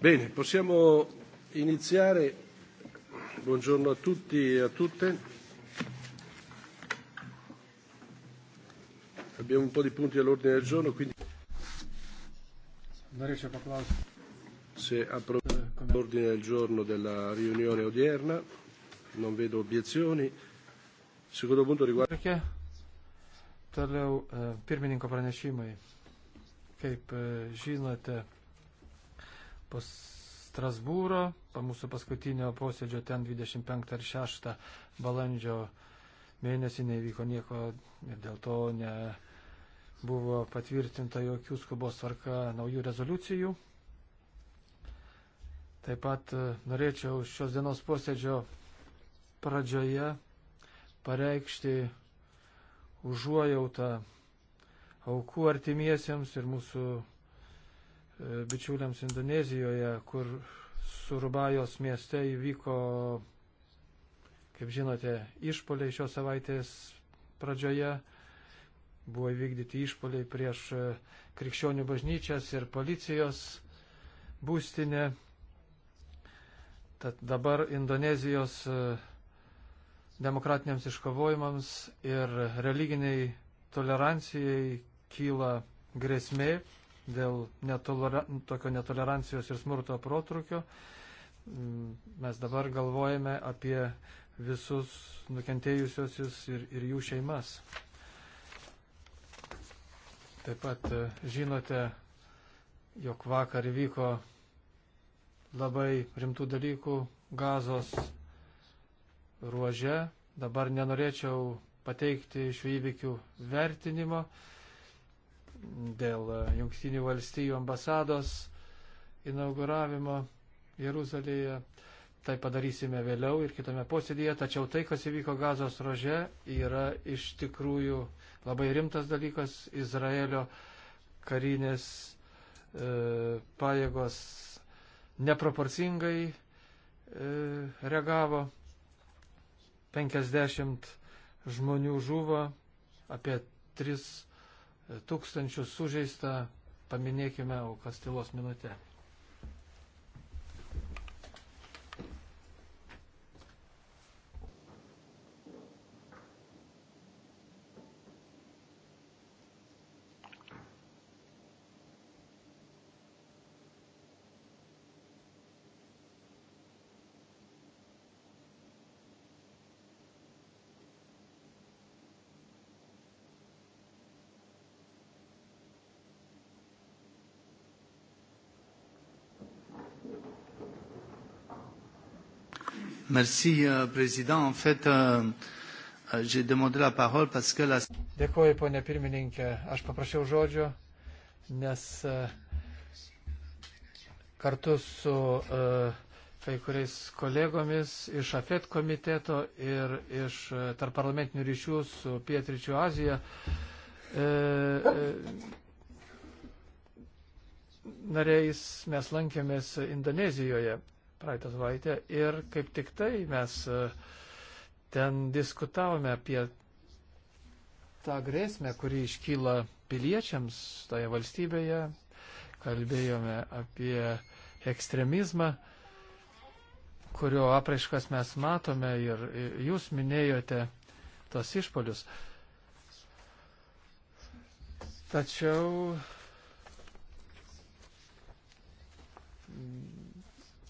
Bene, possiamo iniziare. Buongiorno a tutti e a tutte. Abbiamo un po' di punti all'ordine del giorno, quindi Norėčiau paklausti. Se approvato eh, l'ordine del giorno della riunione odierna, non vedo obiezioni. Il secondo punto riguarda. Perché? Toliau eh, pirmininko pranešimai. Kaip eh, žinote, po Strasbūro, po mūsų paskutinio posėdžio ten 25 ar 6 balandžio mėnesį nevyko nieko ir dėl to nebuvo patvirtinta jokių skubos tvarka naujų rezoliucijų. Taip pat e, norėčiau šios dienos posėdžio pradžioje pareikšti užuojautą aukų artimiesiems ir mūsų bičiuliams Indonezijoje, kur Surubajos mieste įvyko, kaip žinote, išpoliai šios savaitės pradžioje. Buvo įvykdyti išpoliai prieš e, krikščionių bažnyčias ir policijos būstinę. Tad dabar Indonezijos e, demokratiniams iškovojimams ir religiniai tolerancijai kyla grėsmė dėl netolera, tokio netolerancijos ir smurto protrukio. Mes dabar galvojame apie visus nukentėjusiosius ir, ir jų šeimas. Taip pat e, žinote, jog vakar vyko labai rimtų dalykų gazos ruože. Dabar nenorėčiau pateikti šių įvykių vertinimo dėl e, Junktinių valstybių ambasados inauguravimo Jeruzalėje. Tai padarysime vėliau ir kitame posėdėje, tačiau tai, kas įvyko gazos rože, yra iš tikrųjų labai rimtas dalykas. Izraelio karinės e, pajėgos neproporcingai e, reagavo. 50 žmonių žuvo, apie 3 tūkstančių sužeista, paminėkime aukas tylos minutę. Merci, euh, Président. En fait, euh, euh, j'ai demandé la parole parce que la... Dėkuoju, ponė pirmininkė. Aš paprašiau žodžio, nes e, kartu su e, kai kuriais kolegomis iš AFET komiteto ir iš e, tarparlamentinių ryšių su Pietričių Azija nariais mes lankėmės Indonezijoje praeitą savaitę ir kaip tik tai mes e, ten diskutavome apie tą grėsmę, kuri iškyla piliečiams toje valstybėje, kalbėjome apie ekstremizmą, kurio apraiškas mes matome ir jūs minėjote tos išpolius. Tačiau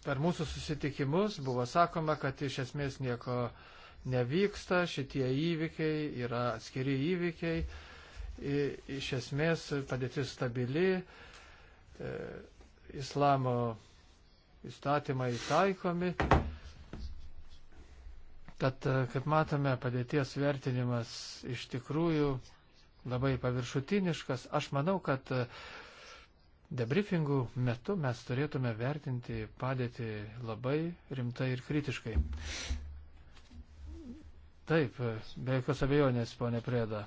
per mūsų susitikimus buvo sakoma, kad iš esmės nieko nevyksta, šitie įvykiai yra atskiri įvykiai, iš esmės padėtis stabili, e, islamo įstatymai taikomi, kad, e, kaip matome, padėties vertinimas iš tikrųjų labai paviršutiniškas. Aš manau, kad e, Debriefingų metu mes turėtume vertinti padėtį labai rimtai ir kritiškai. Taip, be jokios abejonės, ponė Prėda.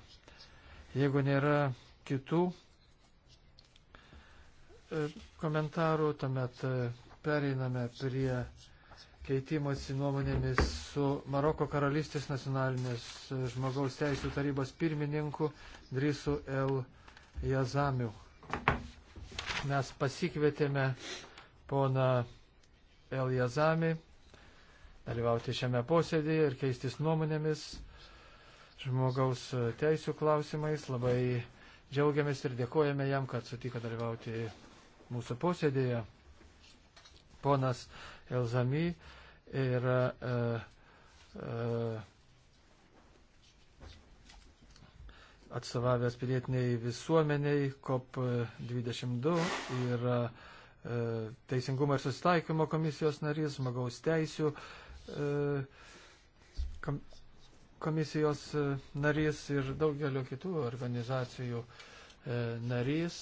Jeigu nėra kitų e, komentarų, tuomet e, pereiname prie keitimosi nuomonėmis su Maroko karalystės nacionalinės e, žmogaus teisų tarybos pirmininku Drisu El Jazamiu mes pasikvietėme poną Eliazami dalyvauti šiame posėdėje ir keistis nuomonėmis žmogaus teisų klausimais. Labai džiaugiamės ir dėkojame jam, kad sutiko dalyvauti mūsų posėdėje. Ponas Elzami ir e, e, atstovavęs pilietiniai visuomeniai, COP22 yra e, Teisingumo ir susitaikymo komisijos narys, žmogaus teisų e, komisijos e, narys ir daugelio kitų organizacijų narys.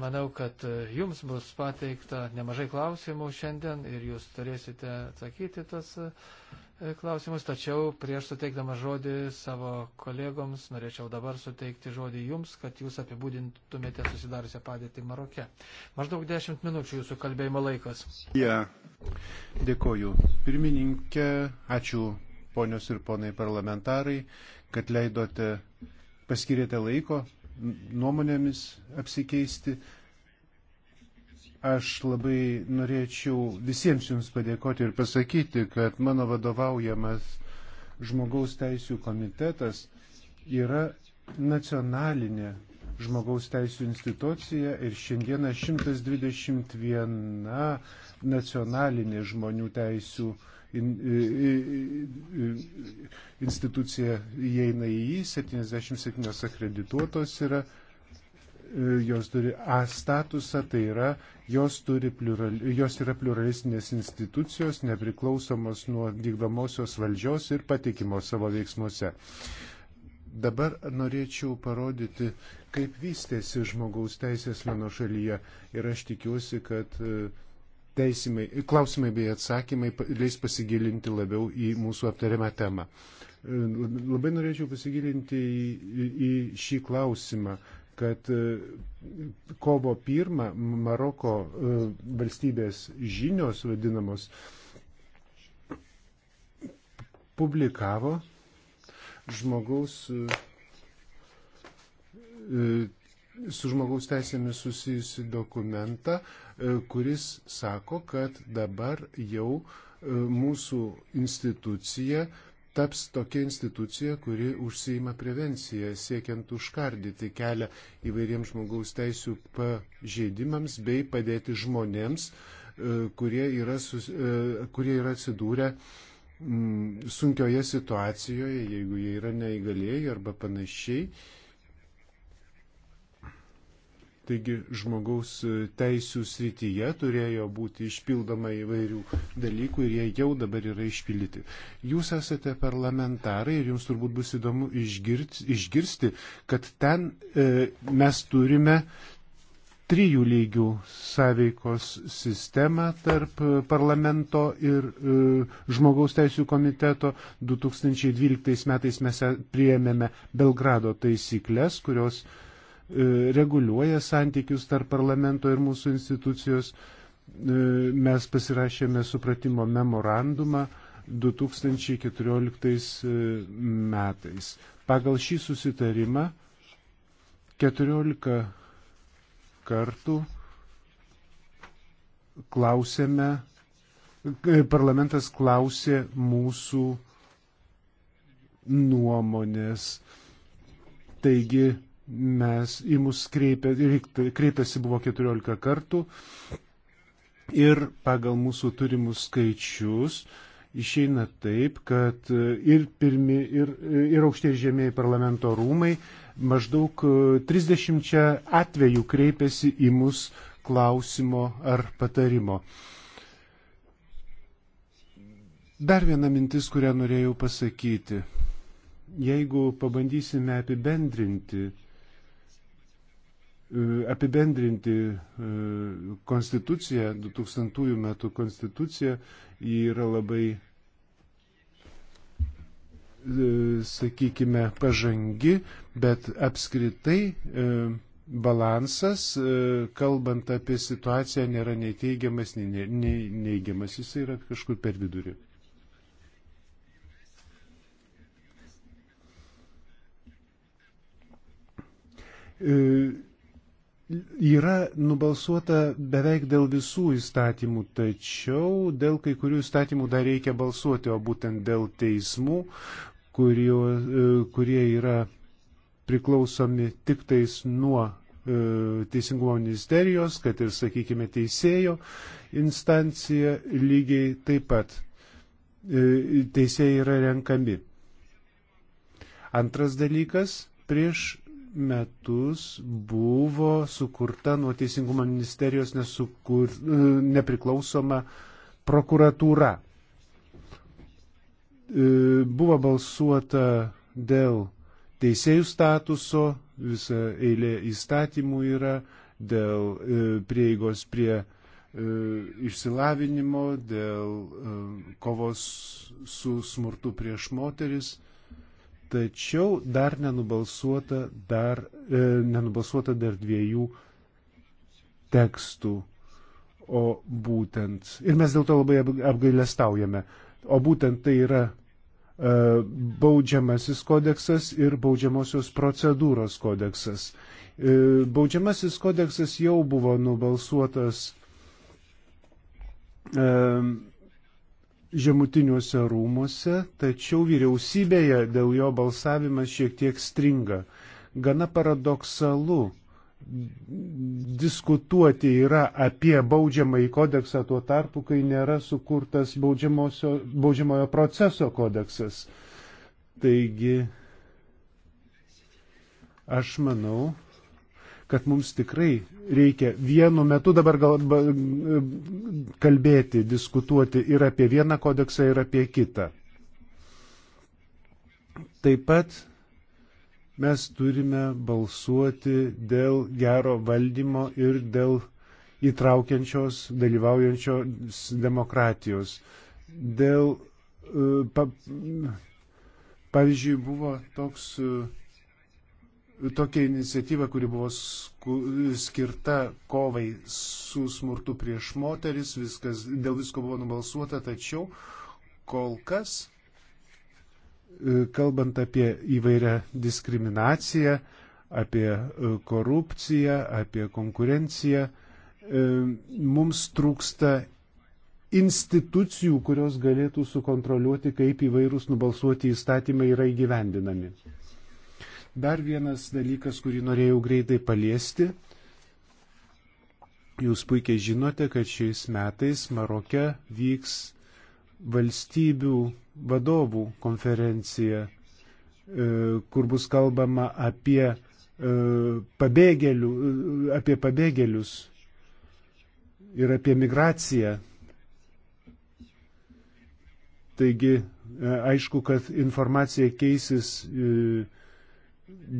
Manau, kad jums bus pateikta nemažai klausimų šiandien ir jūs turėsite atsakyti tas klausimus E, klausimus, tačiau prieš suteikdama žodį savo kolegoms norėčiau dabar suteikti žodį jums, kad jūs apibūdintumėte susidariusią padėtį Maroke. Maždaug 10 minučių jūsų kalbėjimo laikas. Ja. Dėkoju. Pirmininkė, ačiū ponios ir ponai parlamentarai, kad leidote, paskirėte laiko nuomonėmis apsikeisti. Aš labai norėčiau visiems Jums padėkoti ir pasakyti, kad mano vadovaujamas žmogaus teisų komitetas yra nacionalinė žmogaus teisų institucija ir šiandieną 121 nacionalinė žmonių teisų in, in, in, institucija įeina į jį, 77 akredituotos yra jos turi A statusą, tai yra jos, plural, jos yra pluralistinės institucijos, nepriklausomos nuo vykdomosios valdžios ir patikimos savo veiksmuose. Dabar norėčiau parodyti, kaip vystėsi žmogaus teisės mano šalyje ir aš tikiuosi, kad e, teisimai, klausimai bei atsakymai leis pasigilinti labiau į mūsų aptariamą temą. E, labai norėčiau pasigilinti į, į šį klausimą, kad e, kovo pirmą Maroko e, valstybės žinios vadinamos publikavo žmogaus e, su žmogaus teisėmis susijusi dokumentą, kuris sako, kad dabar jau mūsų institucija uh, taps tokia institucija, kuri užsieima prevenciją, siekiant užkardyti kelią įvairiems žmogaus teisų pažeidimams bei padėti žmonėms, e, kurie yra, sus, e, kurie yra atsidūrę sunkioje situacijoje, jeigu jie yra neįgalėjai arba panašiai. Taigi žmogaus teisų srityje turėjo būti išpildoma įvairių dalykų ir jie jau dabar yra išpildyti. Jūs esate parlamentarai ir jums turbūt bus įdomu išgirti, išgirsti, kad ten e, mes turime trijų lygių sąveikos sistemą tarp parlamento ir e, žmogaus teisų komiteto. 2012 metais mes priėmėme Belgrado taisyklės, kurios e, E, reguliuoja santykius tarp parlamento ir mūsų institucijos. E, mes pasirašėme supratimo memorandumą 2014 e, metais. Pagal šį susitarimą 14 kartų klausėme, parlamentas klausė mūsų nuomonės. Taigi Mes į mus kreipė, kreipėsi buvo 14 kartų ir pagal mūsų turimus skaičius išeina taip, kad ir, pirmi, ir, ir aukštie žemėjai parlamento rūmai maždaug 30 atvejų kreipėsi į mus klausimo ar patarimo. Dar viena mintis, kurią norėjau pasakyti. Jeigu pabandysime apibendrinti E, apibendrinti e, konstituciją, 2000 metų konstituciją, ji yra labai, e, sakykime, pažangi, bet apskritai balansas, kalbant apie situaciją, nėra nei teigiamas, nei neigiamas, jis yra kažkur per vidurį yra nubalsuota beveik dėl visų įstatymų, tačiau dėl kai kurių įstatymų dar reikia balsuoti, o būtent dėl teismų, kurio, e, kurie yra priklausomi tik tais nuo e, Teisingumo ministerijos, kad ir, sakykime, teisėjo instancija lygiai taip pat e, teisėjai yra renkami. Antras dalykas, prieš metus buvo sukurta nuo Teisingumo ministerijos nesukur, e, nepriklausoma prokuratūra. E, buvo balsuota dėl teisėjų statuso, visa eilė įstatymų yra, dėl e, prieigos prie išsilavinimo, dėl kovos su smurtu prieš moteris tačiau dar nenubalsuota dar, e, nenubalsuota dar dviejų tekstų. O būtent, ir mes dėl to labai apgailestaujame, o būtent tai yra e, baudžiamasis kodeksas ir baudžiamosios procedūros kodeksas. E, baudžiamasis kodeksas jau buvo nubalsuotas e, žemutiniuose rūmuose, tačiau vyriausybėje dėl jo balsavimas šiek tiek stringa. Gana paradoksalu diskutuoti yra apie baudžiamąjį kodeksą tuo tarpu, kai nėra sukurtas baudžiamojo proceso kodeksas. Taigi, aš manau, kad mums tikrai reikia vienu metu dabar gal, kalbėti, diskutuoti ir apie vieną kodeksą, ir apie kitą. Taip pat mes turime balsuoti dėl gero valdymo ir dėl įtraukiančios, dalyvaujančios demokratijos. Dėl, e, pa, pavyzdžiui, buvo toks uh, tokią iniciatyvą, kuri buvo skirta kovai su smurtu prieš moteris, viskas, dėl visko buvo nubalsuota, tačiau kol kas, e, kalbant apie įvairią diskriminaciją, apie e, korupciją, apie konkurenciją, e, mums trūksta institucijų, kurios galėtų sukontroliuoti, kaip įvairūs nubalsuoti įstatymai yra įgyvendinami. Dar vienas dalykas, kurį norėjau greitai paliesti. Jūs puikiai žinote, kad šiais metais Maroke vyks valstybių vadovų konferencija, e, kur bus kalbama apie, e, pabėgėlių, e, apie pabėgėlius ir apie migraciją. Taigi, aišku, kad informacija keisis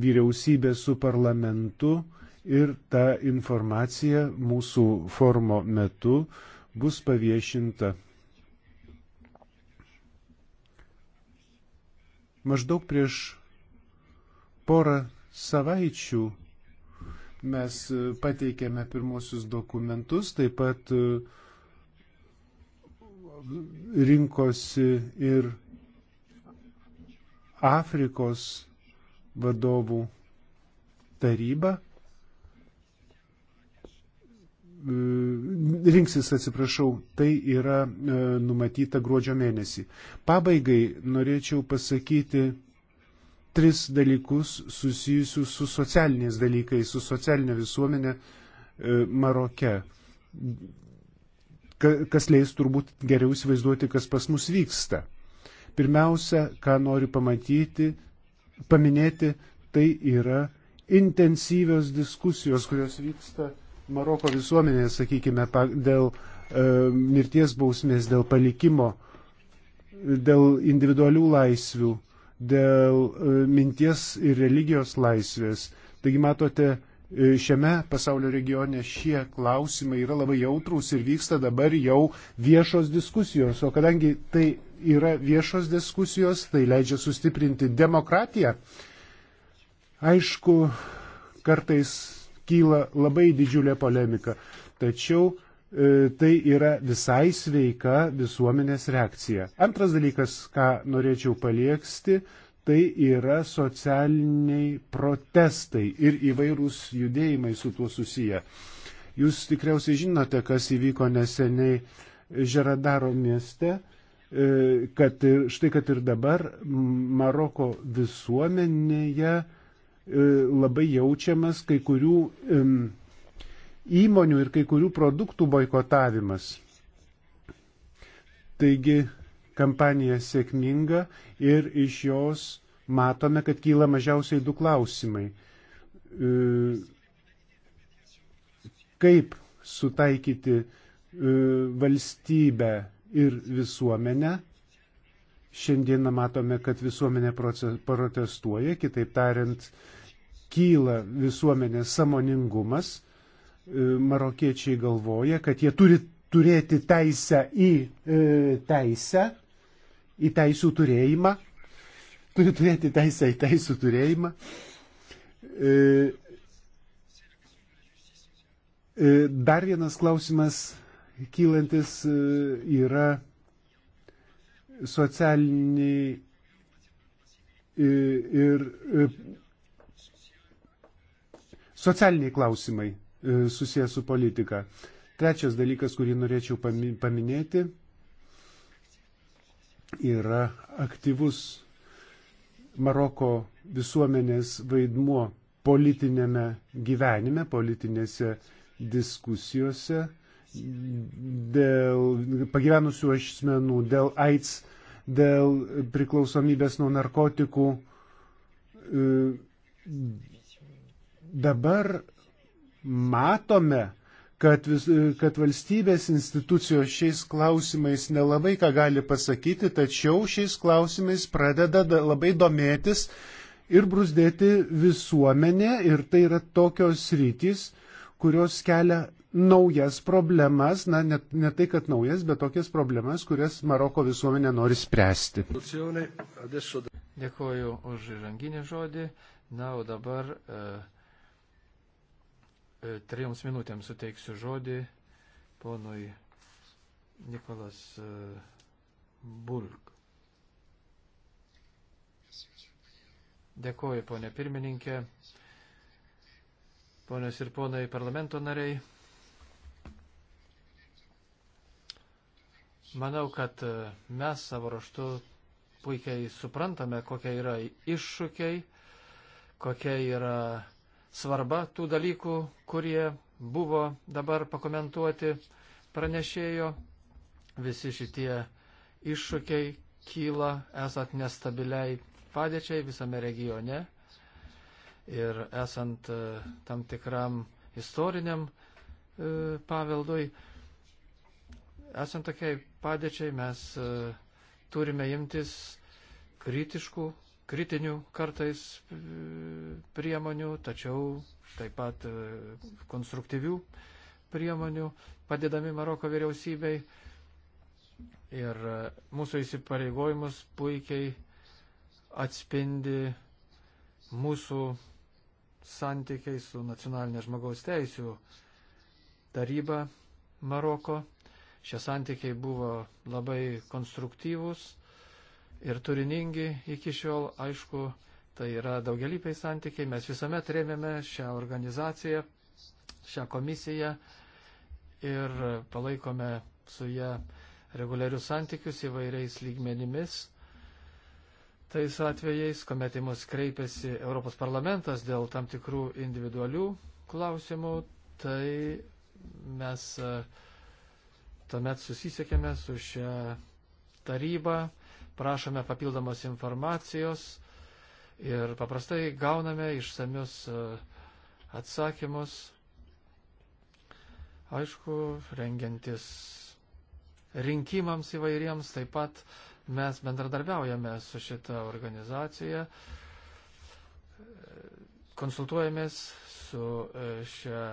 vyriausybė su parlamentu ir ta informacija mūsų formo metu bus paviešinta. Maždaug prieš porą savaičių mes e, pateikėme pirmosius dokumentus, taip pat e, rinkosi ir Afrikos vadovų taryba e, rinksis, atsiprašau, tai yra e, numatyta gruodžio mėnesį. Pabaigai norėčiau pasakyti tris dalykus susijusius su socialiniais dalykais, su socialinė visuomenė e, Maroke. Kas leis turbūt geriau įsivaizduoti, kas pas mus vyksta. Pirmiausia, ką noriu pamatyti, paminėti, tai yra intensyvios diskusijos, kurios vyksta Maroko visuomenėje, sakykime, dėl e, mirties bausmės, dėl palikimo, dėl individualių laisvių, dėl e, minties ir religijos laisvės. Taigi matote, E, šiame pasaulio regione šie klausimai yra labai jautrūs ir vyksta dabar jau viešos diskusijos. O kadangi tai yra viešos diskusijos, tai leidžia sustiprinti demokratiją. Aišku, kartais kyla labai didžiulė polemika, tačiau e, tai yra visai sveika visuomenės reakcija. Antras dalykas, ką norėčiau palieksti, e, tai yra socialiniai protestai ir įvairūs judėjimai su tuo susiję. Jūs tikriausiai žinote, kas įvyko neseniai Žeradaro mieste, e, kad štai kad ir dabar Maroko visuomenėje e, labai jaučiamas kai kurių įmonių ir kai kurių produktų boikotavimas. Taigi kampanija sėkminga ir iš jos matome, kad kyla mažiausiai du klausimai. E, kaip sutaikyti e, valstybę ir visuomenę? Šiandieną matome, kad visuomenė protestuoja, kitaip tariant, kyla visuomenės samoningumas. E, marokiečiai galvoja, kad jie turi turėti teisę į e, teisę į teisų turėjimą, turi turėti teisę į teisų turėjimą. E, e, dar vienas klausimas kylantis e, yra socialiniai ir socialiniai klausimai susijęs su politika. Trečias dalykas, kurį norėčiau paminėti yra aktyvus Maroko visuomenės vaidmuo politinėme gyvenime, politinėse diskusijose dėl pagyvenusių asmenų, dėl AIDS, dėl priklausomybės nuo narkotikų. E, dabar matome, kad, vis, kad valstybės institucijos šiais klausimais nelabai ką gali pasakyti, tačiau šiais klausimais pradeda labai domėtis ir brusdėti visuomenė ir tai yra tokios rytis, kurios kelia naujas problemas, na ne, ne tai, kad naujas, bet tokias problemas, kurias Maroko visuomenė nori spręsti. Dėkuoju už įžanginį žodį. Na, o dabar. Uh... E E, trijoms minutėms suteiksiu žodį ponui Nikolas e, Bulk. Dėkuoju, ponė pirmininkė, ponios ir ponai parlamento nariai. Manau, kad e, mes savo raštu puikiai suprantame, kokie yra iššūkiai, kokie yra svarba tų dalykų, kurie buvo dabar pakomentuoti pranešėjo. Visi šitie iššūkiai kyla esant nestabiliai padėčiai visame regione ir esant e, tam tikram istoriniam e, paveldui. Esant tokiai padėčiai mes e, turime imtis kritiškų kritinių kartais e, priemonių, tačiau taip pat e, konstruktyvių priemonių padedami Maroko vyriausybei. Ir e, mūsų įsipareigojimus puikiai atspindi mūsų santykiai su nacionalinė žmogaus teisų taryba Maroko. Šie santykiai buvo labai konstruktyvūs ir turiningi iki šiol, aišku, tai yra daugelypiai santykiai. Mes visuomet rėmėme šią organizaciją, šią komisiją ir palaikome su ją reguliarius santykius įvairiais lygmenimis. Tais atvejais, kuomet į mus kreipiasi Europos parlamentas dėl tam tikrų individualių klausimų, tai mes e, tuomet susisiekėme su šia taryba prašome papildomos informacijos ir paprastai gauname išsamius e, atsakymus. Aišku, rengiantis rinkimams įvairiems, taip pat mes bendradarbiaujame su šita organizacija, e, konsultuojamės su e, šia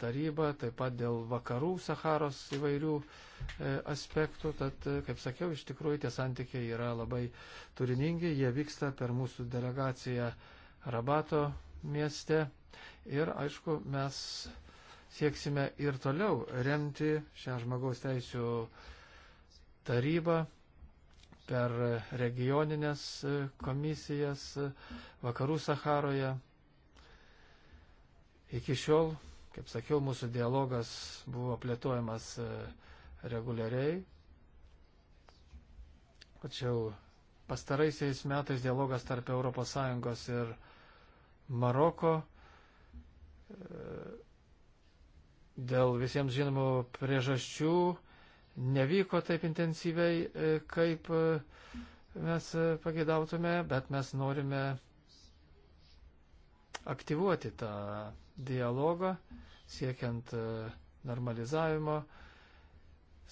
taryba, taip pat dėl vakarų Saharos įvairių e, aspektų. Tad, e, kaip sakiau, iš tikrųjų tie santykiai yra labai turiningi, jie vyksta per mūsų delegaciją Rabato mieste. Ir, aišku, mes sieksime ir toliau remti šią žmogaus teisų tarybą per regioninės e, komisijas vakarų Saharoje. Iki šiol Kaip sakiau, mūsų dialogas buvo plėtojamas e, reguliariai, tačiau pastaraisiais metais dialogas tarp ES ir Maroko e, dėl visiems žinomų priežasčių nevyko taip intensyviai, e, kaip mes pagėdautume, bet mes norime aktyvuoti tą dialogą, siekiant e, normalizavimo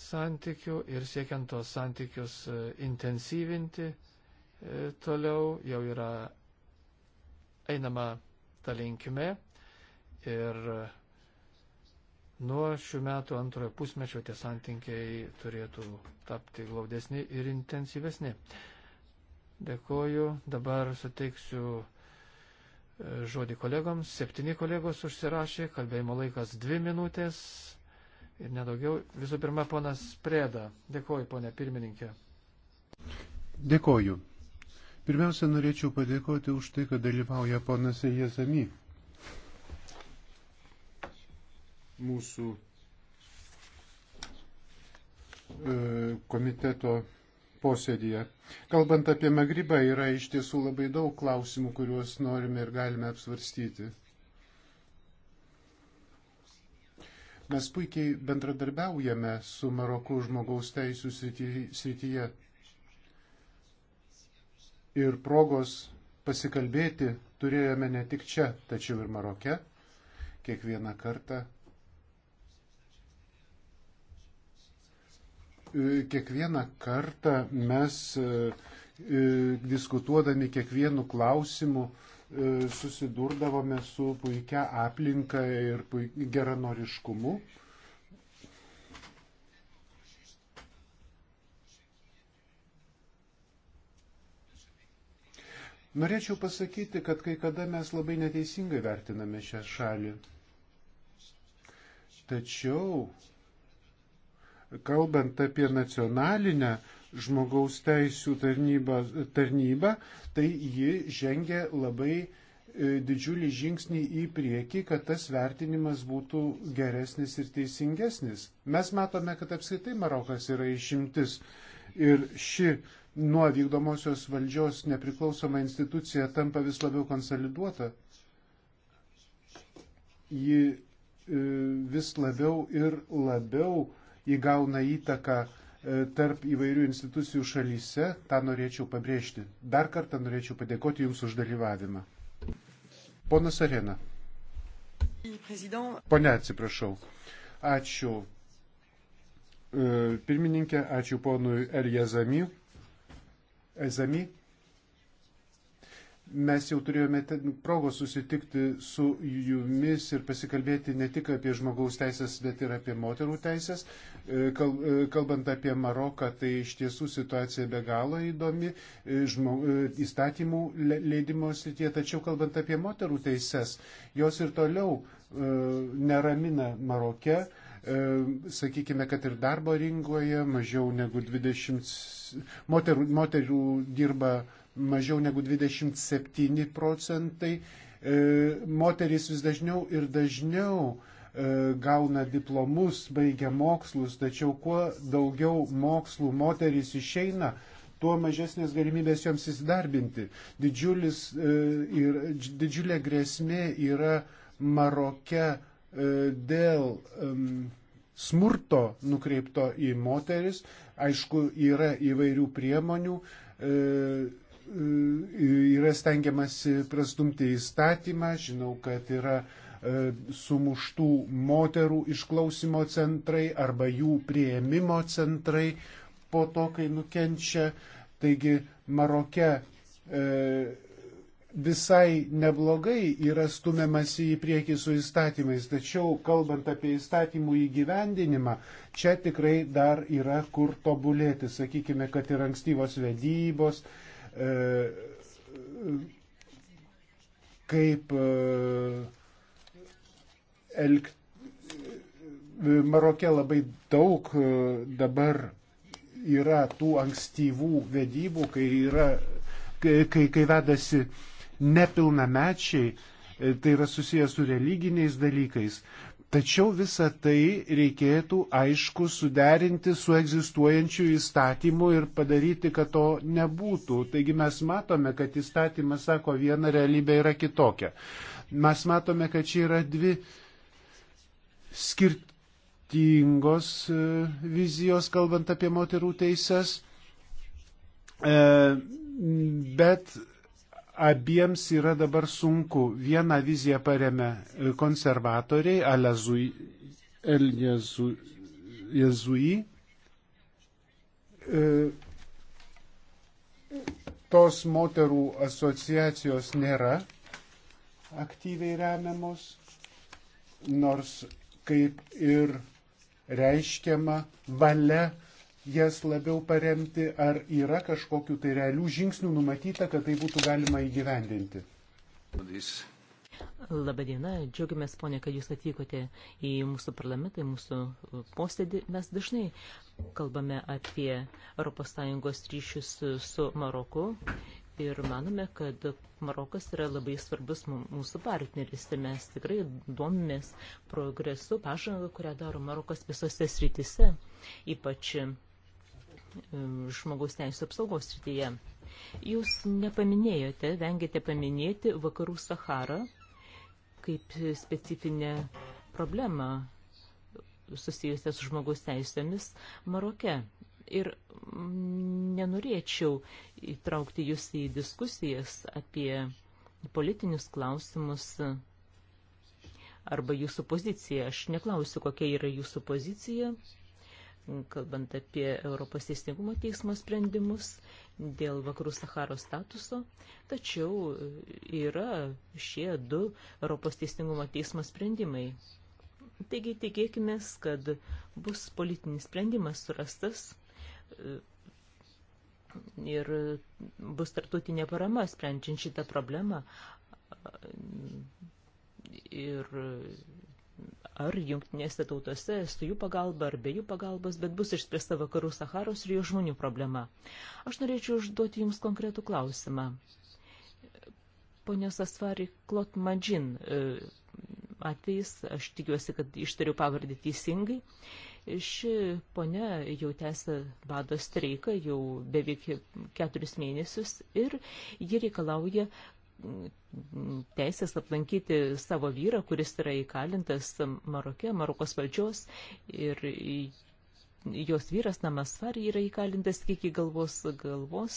santykių ir siekiant tos santykius e, intensyvinti e, toliau, jau yra einama ta linkime ir nuo šių metų antrojo pusmečio tie santykiai turėtų tapti glaudesni ir intensyvesni. Dėkoju, dabar suteiksiu žodį kolegoms. Septyni kolegos užsirašė, kalbėjimo laikas dvi minutės ir nedaugiau. Visų pirma, ponas Prėda. Dėkoju, ponė pirmininkė. Dėkoju. Pirmiausia, norėčiau padėkoti už tai, kad dalyvauja ponas Jėzami. Mūsų e, komiteto posėdėje. Kalbant apie Magribą, yra iš tiesų labai daug klausimų, kuriuos norime ir galime apsvarstyti. Mes puikiai bendradarbiaujame su Maroku žmogaus teisų srityje. Ir progos pasikalbėti turėjome ne tik čia, tačiau ir Maroke. Kiekvieną kartą kiekvieną kartą mes e, e, diskutuodami kiekvienu klausimu e, susidurdavome su puikia aplinka ir geranoriškumu. Norėčiau pasakyti, kad kai kada mes labai neteisingai vertiname šią šalį. Tačiau kalbant apie nacionalinę žmogaus teisų tarnybą, tarnybą tai ji žengia labai e, didžiulį žingsnį į priekį, kad tas vertinimas būtų geresnis ir teisingesnis. Mes matome, kad apskaitai Marokas yra išimtis ir ši nuo vykdomosios valdžios nepriklausoma institucija tampa vis labiau konsoliduota. Ji e, vis labiau ir labiau uh, įgauna įtaką e, tarp įvairių institucijų šalyse, tą norėčiau pabrėžti. Dar kartą norėčiau padėkoti Jums už dalyvavimą. Ponas Arena. Pone, atsiprašau. Ačiū e, pirmininkė, ačiū ponui Eljazami. Ezami. Mes jau turėjome progos susitikti su jumis ir pasikalbėti ne tik apie žmogaus teisės, bet ir apie moterų teisės. E, e, kalbant apie Maroką, tai iš tiesų situacija be galo įdomi e, žmog, įstatymų leidimo srityje, tačiau kalbant apie moterų teises, jos ir toliau neramina Maroke sakykime, kad ir darbo rinkoje mažiau negu 20 moterų, moterų dirba mažiau negu 27 procentai. E, moterys vis dažniau ir dažniau e, gauna diplomus, baigia mokslus, tačiau kuo daugiau mokslų moterys išeina, tuo mažesnės galimybės joms įsidarbinti. Didžiulis, e, ir, didžiulė grėsmė yra Maroke dėl smurto nukreipto į moteris. Aišku, yra įvairių priemonių E, yra stengiamasi prastumti įstatymą, žinau, kad yra e, sumuštų moterų išklausimo centrai arba jų prieimimo centrai po to, kai nukenčia. Taigi Maroke e, visai neblogai yra stumiamasi į priekį su įstatymais, tačiau kalbant apie įstatymų įgyvendinimą, čia tikrai dar yra kur tobulėti, sakykime, kad ir ankstyvos vedybos, e, E, kaip e, elgti. E, Marokė labai daug dabar yra tų ankstyvų vedybų, kai, yra, kai, kai vedasi nepilnamečiai, tai yra susijęs su religiniais dalykais. Tačiau visą tai reikėtų aišku suderinti su egzistuojančiu įstatymu ir padaryti, kad to nebūtų. Taigi mes matome, kad įstatymas sako vieną realybę yra kitokia. Mes matome, kad čia yra dvi skirtingos e, vizijos, kalbant apie moterų teises. E, bet abiems yra dabar sunku. Vieną viziją paremė e, konservatoriai, Alezui, El Jezui, Jezui. Tos moterų asociacijos nėra aktyviai remiamos, nors kaip ir reiškiama valia jas labiau paremti, ar yra kažkokiu tai realių žingsnių numatyta, kad tai būtų galima įgyvendinti? Labadiena, džiaugiamės, ponė, kad jūs atvykote į mūsų parlamentą, į mūsų posėdį. Mes dažnai kalbame apie ES ryšius su Maroku ir manome, kad Marokas yra labai svarbus mūsų partneris ir mes tikrai domimės progresu, pažangą, kurią daro Marokas visose srityse, ypač E, žmogaus teisų apsaugos srityje. Jūs nepaminėjote, vengėte paminėti vakarų Saharą kaip specifinę problemą susijusią su žmogaus teisėmis Maroke. Ir nenorėčiau įtraukti jūs į diskusijas apie politinius klausimus arba jūsų poziciją. Aš neklausiu, kokia yra jūsų pozicija kalbant apie Europos teisingumo teismo sprendimus dėl vakarų Saharo statuso, tačiau yra šie du Europos teisingumo teismo sprendimai. Taigi tikėkime, kad bus politinis sprendimas surastas e, ir bus tartutinė parama sprendžiant šitą problemą ir ar jungtinėse tautose su jų pagalba ar be jų pagalbos, bet bus išspręsta vakarų Saharos ir jo žmonių problema. Aš norėčiau užduoti Jums konkretų klausimą. Ponios Asvari Klot Madžin e, atvejais, aš tikiuosi, kad ištariu pavardį teisingai. Ši ponia jau tęsia bado streiką jau beveik keturis mėnesius ir ji reikalauja, teisės aplankyti savo vyrą, kuris yra įkalintas Marokė, Marokos valdžios ir jos vyras Namasfar yra įkalintas iki galvos galvos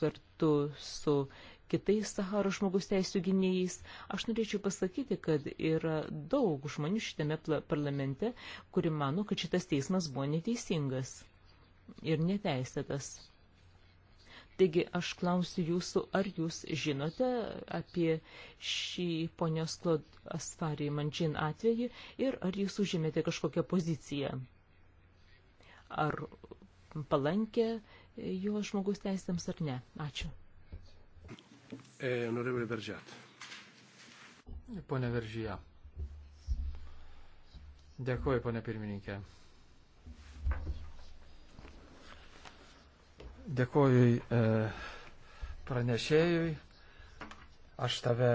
kartu su kitais Saharo žmogus teisų gynėjais. Aš norėčiau pasakyti, kad yra daug žmonių šitame parlamente, kuri mano, kad šitas teismas buvo neteisingas ir neteisėtas. Taigi aš klausiu jūsų, ar jūs žinote apie šį ponios Klod Asfarį Manžin atvejį ir ar jūs užėmėte kažkokią poziciją? Ar palankė jo žmogus teisėms ar ne? Ačiū. E, Norėjau veržėti. Pone Veržyje. Dėkuoju, pone pirmininkė. Dėkuoju e, pranešėjui. Aš tave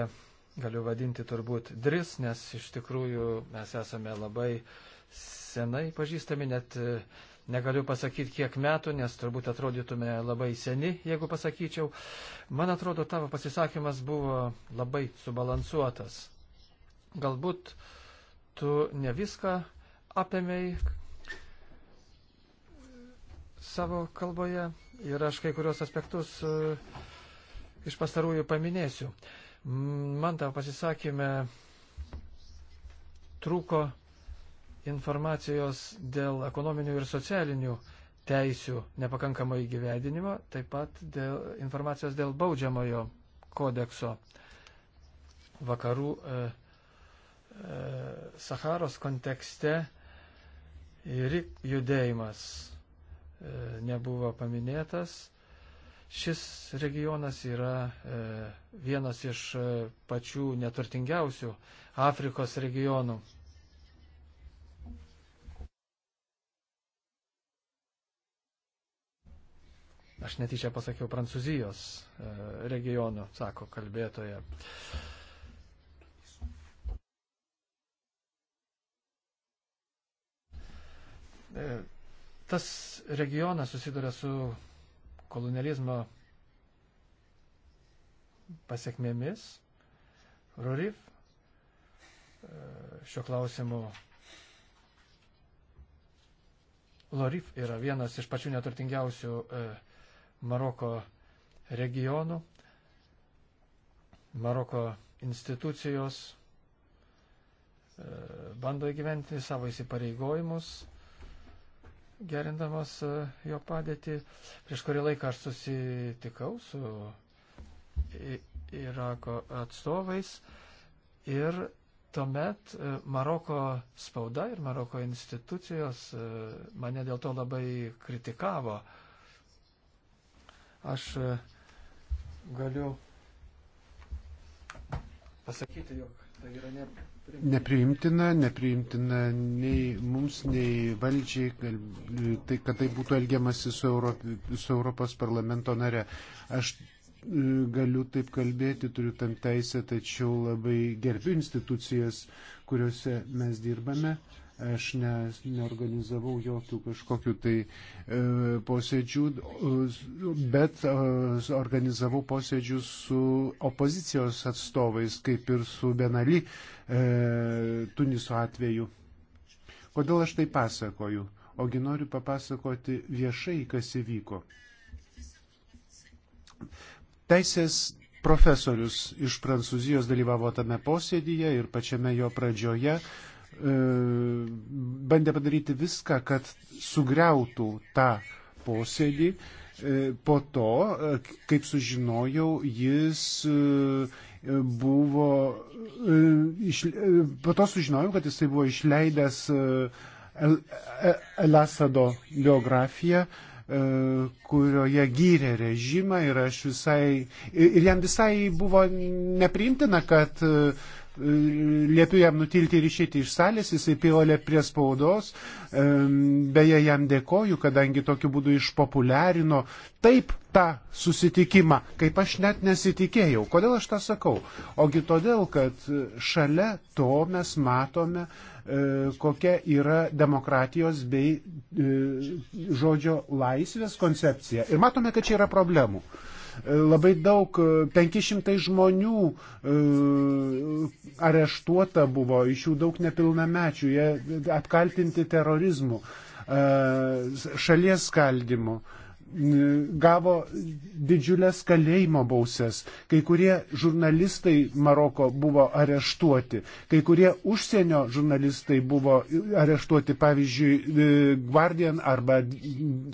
galiu vadinti turbūt Dris, nes iš tikrųjų mes esame labai senai pažįstami, net e, negaliu pasakyti kiek metų, nes turbūt atrodytume labai seni, jeigu pasakyčiau. Man atrodo, tavo pasisakymas buvo labai subalansuotas. Galbūt tu ne viską apėmėjai savo kalboje, ir aš kai kurios aspektus e, iš pastarųjų paminėsiu. Man tą pasisakymę trūko informacijos dėl ekonominių ir socialinių teisių nepakankamo įgyvedinimo, taip pat dėl informacijos dėl baudžiamojo kodekso vakarų e, e, Saharos kontekste ir judėjimas E, nebuvo paminėtas. Šis regionas yra e, vienas iš e, pačių neturtingiausių Afrikos regionų. Aš netyčia pasakiau Prancūzijos regionų, sako kalbėtoja. E, Tas regionas susiduria su kolonializmo pasiekmėmis. Rorif e, šio klausimu. Lorif yra vienas iš pačių neturtingiausių e, Maroko regionų. Maroko institucijos e, bando įgyventi savo įsipareigojimus gerindamas e, jo padėtį. Prieš kurį laiką aš susitikau su Irako atstovais ir tuomet e, Maroko spauda ir Maroko institucijos e, mane dėl to labai kritikavo. Aš galiu pasakyti, jog tai yra ne nepriimtina, nepriimtina nei mums, nei valdžiai, tai, kad tai būtų elgiamasi su, Europ, su Europos parlamento nare. Aš e, galiu taip kalbėti, turiu tam teisę, tačiau labai gerbiu institucijas, kuriuose mes dirbame. Uh, Aš ne, neorganizavau jokių kažkokių tai e, posėdžių, e, bet e, organizavau posėdžius su opozicijos atstovais, kaip ir su Benali e, Tuniso atveju. Kodėl aš tai pasakoju? Ogi noriu papasakoti viešai, kas įvyko. Teisės profesorius iš Prancūzijos dalyvavo tame posėdyje ir pačiame jo pradžioje E, bandė padaryti viską, kad sugriautų tą posėdį. E, po to, e, kaip sužinojau, jis buvo, po to sužinojau, kad jisai buvo išleidęs Elasado biografiją, kurioje gyrė režimą ir aš visai, ir jam visai buvo nepriimtina, kad uh, Liepiu jam nutilti ir išėti iš salės, jisai piolė prie spaudos, beje jam dėkoju, kadangi tokiu būdu išpopuliarino taip tą susitikimą, kaip aš net nesitikėjau. Kodėl aš tą sakau? Ogi todėl, kad šalia to mes matome, e, kokia yra demokratijos bei e, žodžio laisvės koncepcija. Ir matome, kad čia yra problemų. E, labai daug, 500 e, žmonių e, areštuota buvo, iš jų daug nepilnamečių, jie apkaltinti terorizmu, šalies skaldimu gavo didžiulės kalėjimo bausės, kai kurie žurnalistai Maroko buvo areštuoti, kai kurie užsienio žurnalistai buvo areštuoti, pavyzdžiui, e, Guardian arba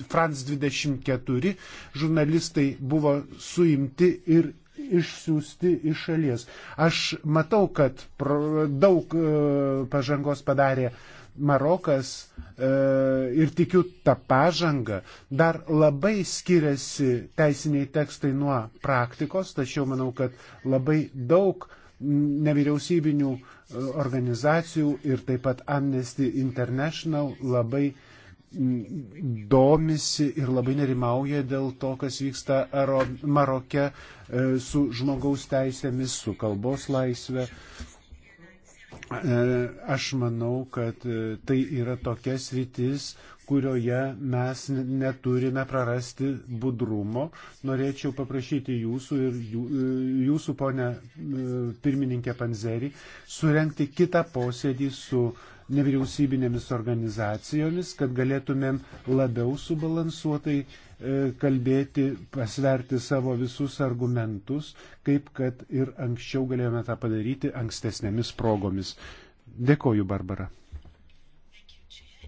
France 24 žurnalistai buvo suimti ir išsiųsti iš šalies. Aš matau, kad daug e, pažangos padarė uh, Marokas e, ir tikiu tą pažangą, dar labai skiriasi teisiniai tekstai nuo praktikos, tačiau manau, kad labai daug nevyriausybinių e, organizacijų ir taip pat Amnesty International labai domisi ir labai nerimauja dėl to, kas vyksta Maroke e, su žmogaus teisėmis, su kalbos laisvė. E, aš manau, kad e, tai yra tokia sritis, kurioje mes neturime prarasti budrumo. Norėčiau paprašyti jūsų ir e, jūsų, ponė pirmininkė Panzerį, surenkti kitą posėdį su nevyriausybinėmis organizacijomis, kad galėtumėm labiau subalansuotai e, kalbėti, pasverti savo visus argumentus, kaip kad ir anksčiau galėjome tą padaryti ankstesnėmis progomis. Dėkoju, Barbara.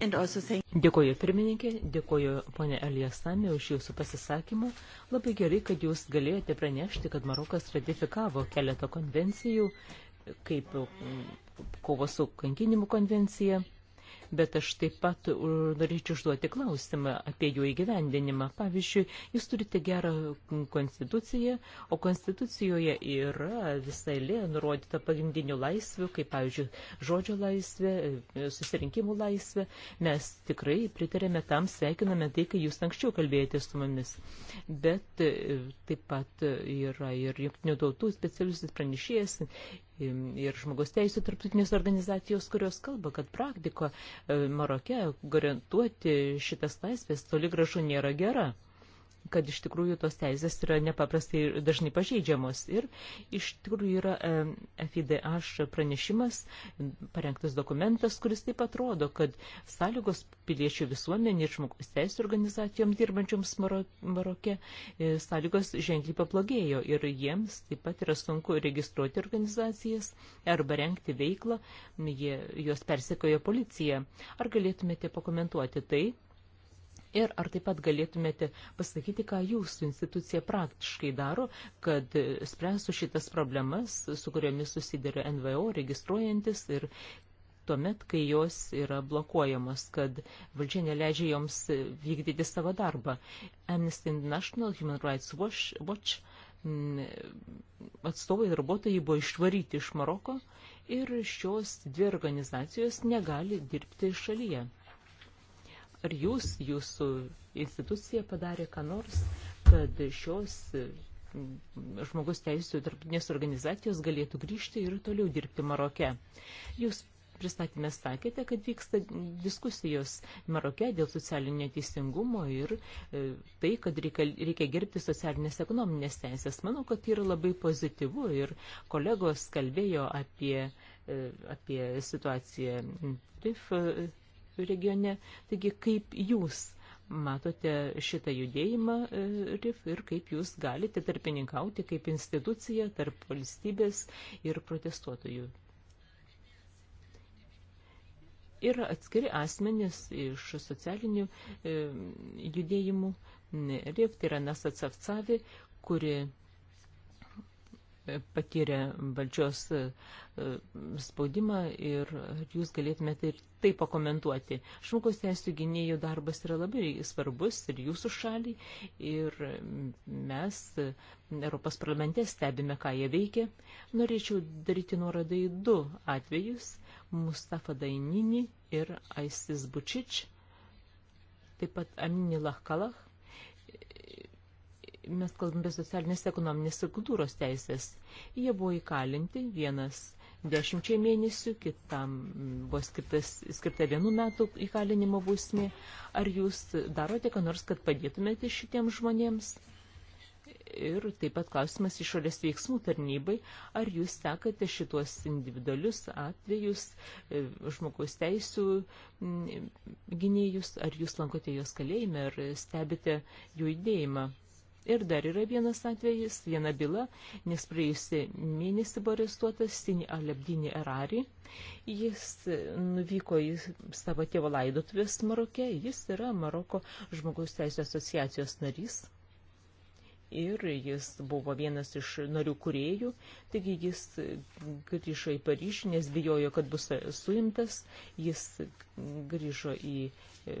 Dėkoju pirmininkė, dėkoju ponė Eliasami už jūsų pasisakymą. Labai gerai, kad jūs galėjote pranešti, kad Marokas ratifikavo keletą konvencijų kaip mm, kovos su kankinimu konvencija, bet aš taip pat norėčiau užduoti klausimą apie jų įgyvendinimą. Pavyzdžiui, jūs turite gerą konstituciją, o konstitucijoje yra visai lė nurodyta pagrindinių laisvių, kaip pavyzdžiui, žodžio laisvė, e, susirinkimų laisvė. Mes tikrai pritarėme tam, sveikiname tai, kai jūs anksčiau kalbėjote su mumis. Bet e, taip pat yra ir jungtinių tautų specialistas pranešėjas ir žmogus teisų tarptautinės organizacijos, kurios kalba, kad praktiko e, Maroke garantuoti šitas laisvės toli gražu nėra gera kad iš tikrųjų tos teisės yra nepaprastai dažnai pažeidžiamos. Ir iš tikrųjų yra FIDH pranešimas, parengtas dokumentas, kuris taip pat rodo, kad sąlygos piliečių visuomenė ir žmogus teisų organizacijom dirbančioms Maroke e, sąlygos ženkliai pablogėjo ir jiems taip pat yra sunku registruoti organizacijas arba renkti veiklą, jie, juos persekoja policija. Ar galėtumėte pakomentuoti tai? Ir ar taip pat galėtumėte pasakyti, ką jūsų institucija praktiškai daro, kad e, spręstų šitas problemas, su kuriomis susiduria NVO registruojantis ir tuomet, kai jos yra blokuojamos, kad valdžia neleidžia joms e, vykdyti savo darbą. Amnesty International, Human Rights Watch, Watch mm, atstovai darbuotojai buvo išvaryti iš Maroko ir šios dvi organizacijos negali dirbti šalyje. Ar jūs, jūsų institucija padarė ką nors, kad šios mm, žmogus teisų tarptautinės organizacijos galėtų grįžti ir toliau dirbti Maroke. Jūs pristatymė sakėte, kad vyksta diskusijos Maroke dėl socialinio teisingumo ir e, tai, kad reikia, reikia gerbti socialinės ekonominės teisės. Manau, kad tai yra labai pozityvu ir kolegos kalbėjo apie, e, apie situaciją TIF regione. Taigi, kaip jūs matote šitą judėjimą e, RIF ir kaip jūs galite tarpininkauti kaip institucija tarp valstybės ir protestuotojų? Ir atskiri asmenys iš socialinių e, judėjimų, RIF, tai yra Nasat Savcavi, kuri patyrė valdžios e, e, spaudimą ir jūs galėtumėte ir tai pakomentuoti. Žmogaus teisų gynėjų darbas yra labai svarbus ir jūsų šaliai, ir mes e, Europos parlamente stebime, ką jie veikia. Norėčiau daryti nuorodą į du atvejus - Mustafa Dainini ir Aisis Bučič, taip pat Amini Lahkalach mes kalbame apie socialinės ekonominės ir kultūros teisės. Jie buvo įkalinti vienas dešimčiai mėnesių, kitam buvo skirtas, skirta vienų metų įkalinimo būsmė. Ar jūs darote ką nors, kad padėtumėte šitiems žmonėms? Ir taip pat klausimas išorės veiksmų tarnybai, ar jūs sekate šituos individualius atvejus, e, žmogaus teisų gynėjus, ar jūs lankote juos kalėjime ir stebite jų judėjimą. Ir dar yra vienas atvejis, viena byla, nes praėjusį mėnesį buvo arestuotas Sini Alebdini Erari. Jis e, nuvyko į savo tėvo laidotuvės Marokė, jis yra Maroko žmogaus teisų asociacijos narys. Ir jis buvo vienas iš narių kuriejų, taigi jis e, grįžo į Paryžį, nes bijojo, kad bus suimtas, jis grįžo į E,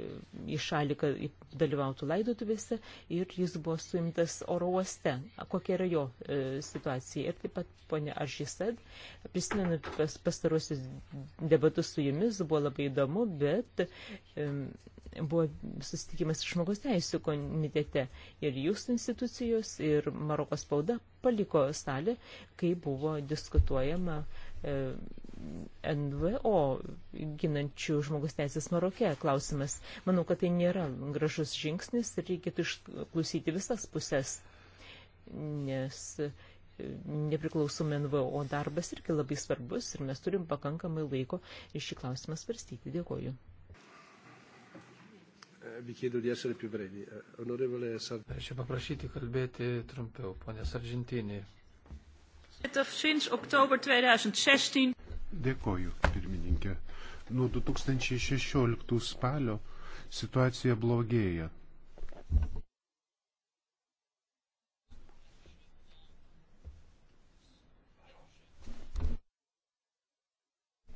į šalį, kad dalyvautų laidotuvėse ir jis buvo suimtas oro uoste. Kokia yra jo e, situacija? Ir taip pat, ponė Aržysad, prisimenu pas, pastarosius debatus su jumis, buvo labai įdomu, bet e, buvo susitikimas žmogus teisų komitete ir jūsų institucijos, ir Maroko spauda paliko salę, kai buvo diskutuojama e, NVO ginančių žmogus teisės Marokė klausimas. Manau, kad tai nėra gražus žingsnis ir reikėtų išklausyti visas pusės, nes e, nepriklausomai NVO darbas irgi labai svarbus ir mes turim pakankamai laiko ir šį klausimą svarstyti. Dėkoju. Eh, eh, Norėčiau paprašyti kalbėti trumpiau, ponės Argentinį. 20 oktober 2016. Dėkoju, pirmininkė. Nuo 2016 spalio situacija blogėja.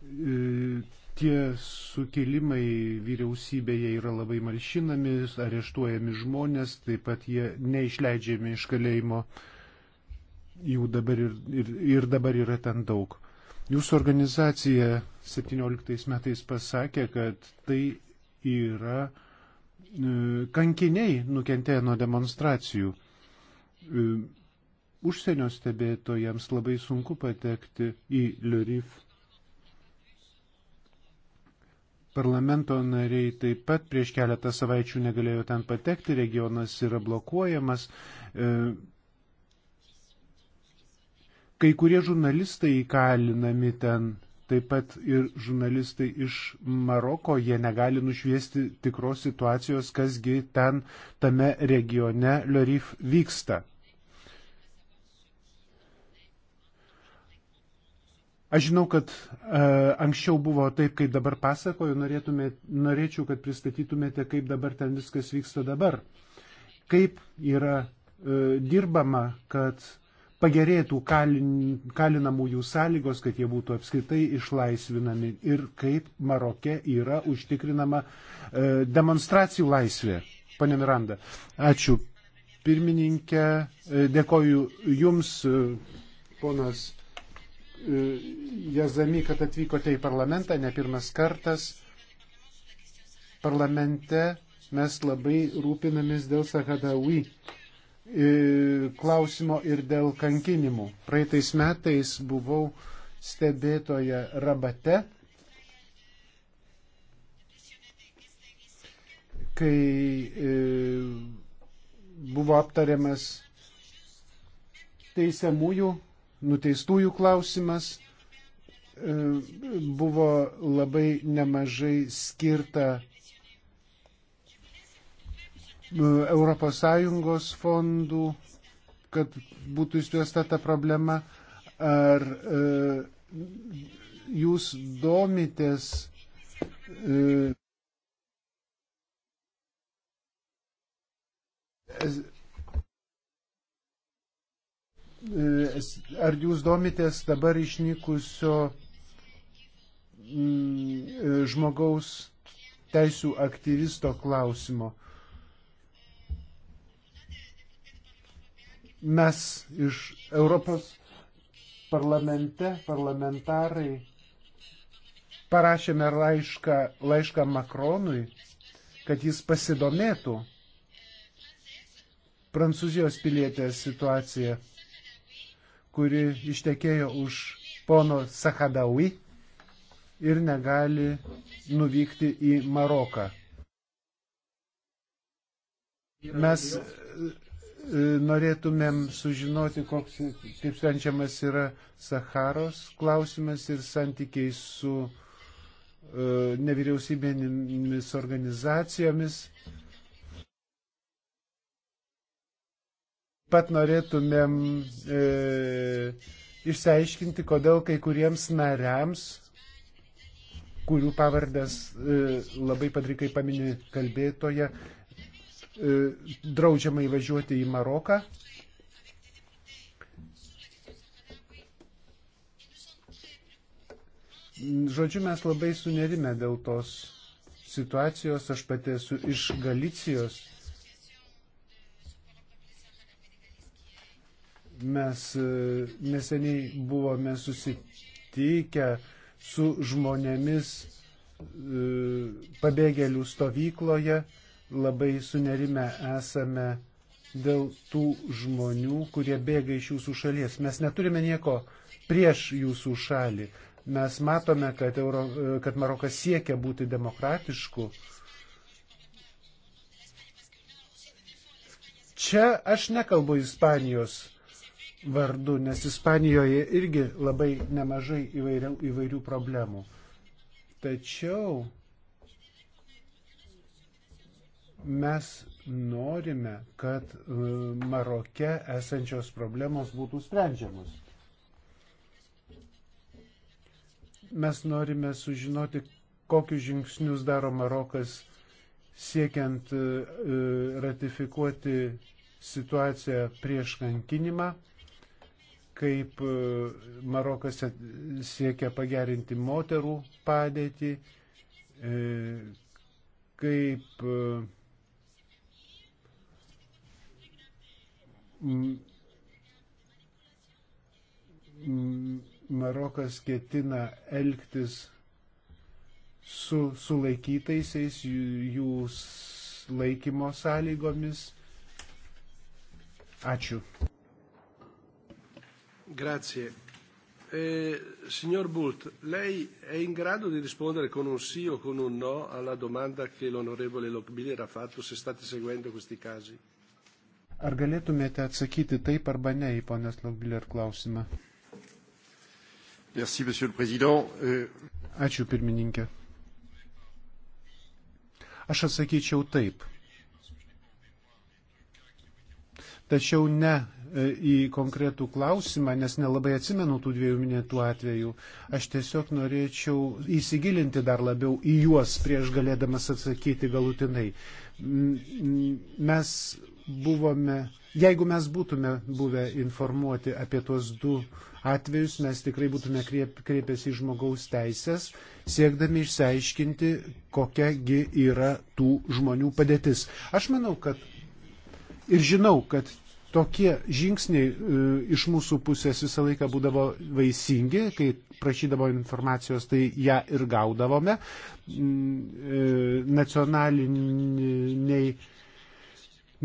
E, tie sukilimai vyriausybėje yra labai malšinami, areštuojami žmonės, taip pat jie neišleidžiami iš kalėjimo. Jų dabar ir, ir, ir dabar yra ten daug. Jūsų organizacija 17 metais pasakė, kad tai yra e, kankiniai nukentėję nuo demonstracijų. E, užsienio stebėtojams labai sunku patekti į Liurif. Parlamento nariai taip pat prieš keletą savaičių negalėjo ten patekti, regionas yra blokuojamas, e, Kai kurie žurnalistai įkalinami ten, taip pat ir žurnalistai iš Maroko, jie negali nušviesti tikros situacijos, kasgi ten tame regione Lorif vyksta. Aš žinau, kad e, anksčiau buvo taip, kaip dabar pasakoju, norėtume, norėčiau, kad pristatytumėte, kaip dabar ten viskas vyksta dabar. Kaip yra e, dirbama, kad pagerėtų kalin, kalinamųjų sąlygos, kad jie būtų apskritai išlaisvinami ir kaip Maroke yra užtikrinama e, demonstracijų laisvė. Pane Miranda, ačiū pirmininkė, e, dėkoju Jums, e, ponas e, Jazami, kad atvykote į parlamentą, ne pirmas kartas. Parlamente mes labai rūpinamės dėl Sahadawi klausimo ir dėl kankinimų. Praeitais metais buvau stebėtoje rabate, kai e, buvo aptariamas teisiamųjų, nuteistųjų klausimas, e, buvo labai nemažai skirta ES fondų, kad būtų išspręsta ta problema? Ar e, jūs domitės e, e Ar jūs domitės dabar išnykusio mm, e, žmogaus teisų aktyvisto klausimo? mes iš Europos parlamente, parlamentarai parašėme laišką, laišką Makronui, kad jis pasidomėtų prancūzijos pilietės situaciją, kuri ištekėjo už pono Sahadawi ir negali nuvykti į Maroką. Mes norėtumėm sužinoti, koks, kaip sprendžiamas yra Saharos klausimas ir santykiai su e, nevyriausybinėmis organizacijomis. Pat norėtumėm e, išsiaiškinti, kodėl kai kuriems nariams, kurių pavardės e, labai padrikai paminė kalbėtoje, E, draudžiama įvažiuoti į Maroką. Žodžiu, mes labai sunerime dėl tos situacijos. Aš pati esu iš Galicijos. Mes e, neseniai buvome susitikę su žmonėmis e, pabėgėlių stovykloje labai sunerime esame dėl tų žmonių, kurie bėga iš jūsų šalies. Mes neturime nieko prieš jūsų šalį. Mes matome, kad, Euro, kad Marokas siekia būti demokratišku. Čia aš nekalbu Ispanijos vardu, nes Ispanijoje irgi labai nemažai įvairių, įvairių problemų. Tačiau Mes norime, kad e, Maroke esančios problemos būtų sprendžiamos. Mes norime sužinoti, kokius žingsnius daro Marokas siekiant e, e, ratifikuoti situaciją prieš kankinimą, kaip Marokas siekia pagerinti moterų padėtį, kaip Marokas ketina elgtis su sulaikytaisiais, jų laikymo sąlygomis. Ačiū. Grazie. Eh, signor Bult, lei è in grado di rispondere con un sì o con un no alla domanda che l'onorevole Lockbiller ha fatto se state seguendo questi casi? Ar galėtumėte atsakyti taip arba ne į ponės Laugbiler klausimą? Merci, monsieur le président. Euh, Ačiū, pirmininkė. Aš atsakyčiau taip. Tačiau ne e, į konkretų klausimą, nes nelabai atsimenu tų dviejų minėtų atvejų. Aš tiesiog norėčiau įsigilinti dar labiau į juos prieš galėdamas atsakyti galutinai. Mes buvome, jeigu mes būtume buvę informuoti apie tuos du atvejus, mes tikrai būtume kreip, kreipęsi į žmogaus teisės, siekdami išsiaiškinti, kokiagi yra tų žmonių padėtis. Aš manau, kad ir žinau, kad tokie žingsniai e, iš mūsų pusės visą laiką būdavo vaisingi, kai prašydavo informacijos, tai ją ir gaudavome. Mm, e, nacionaliniai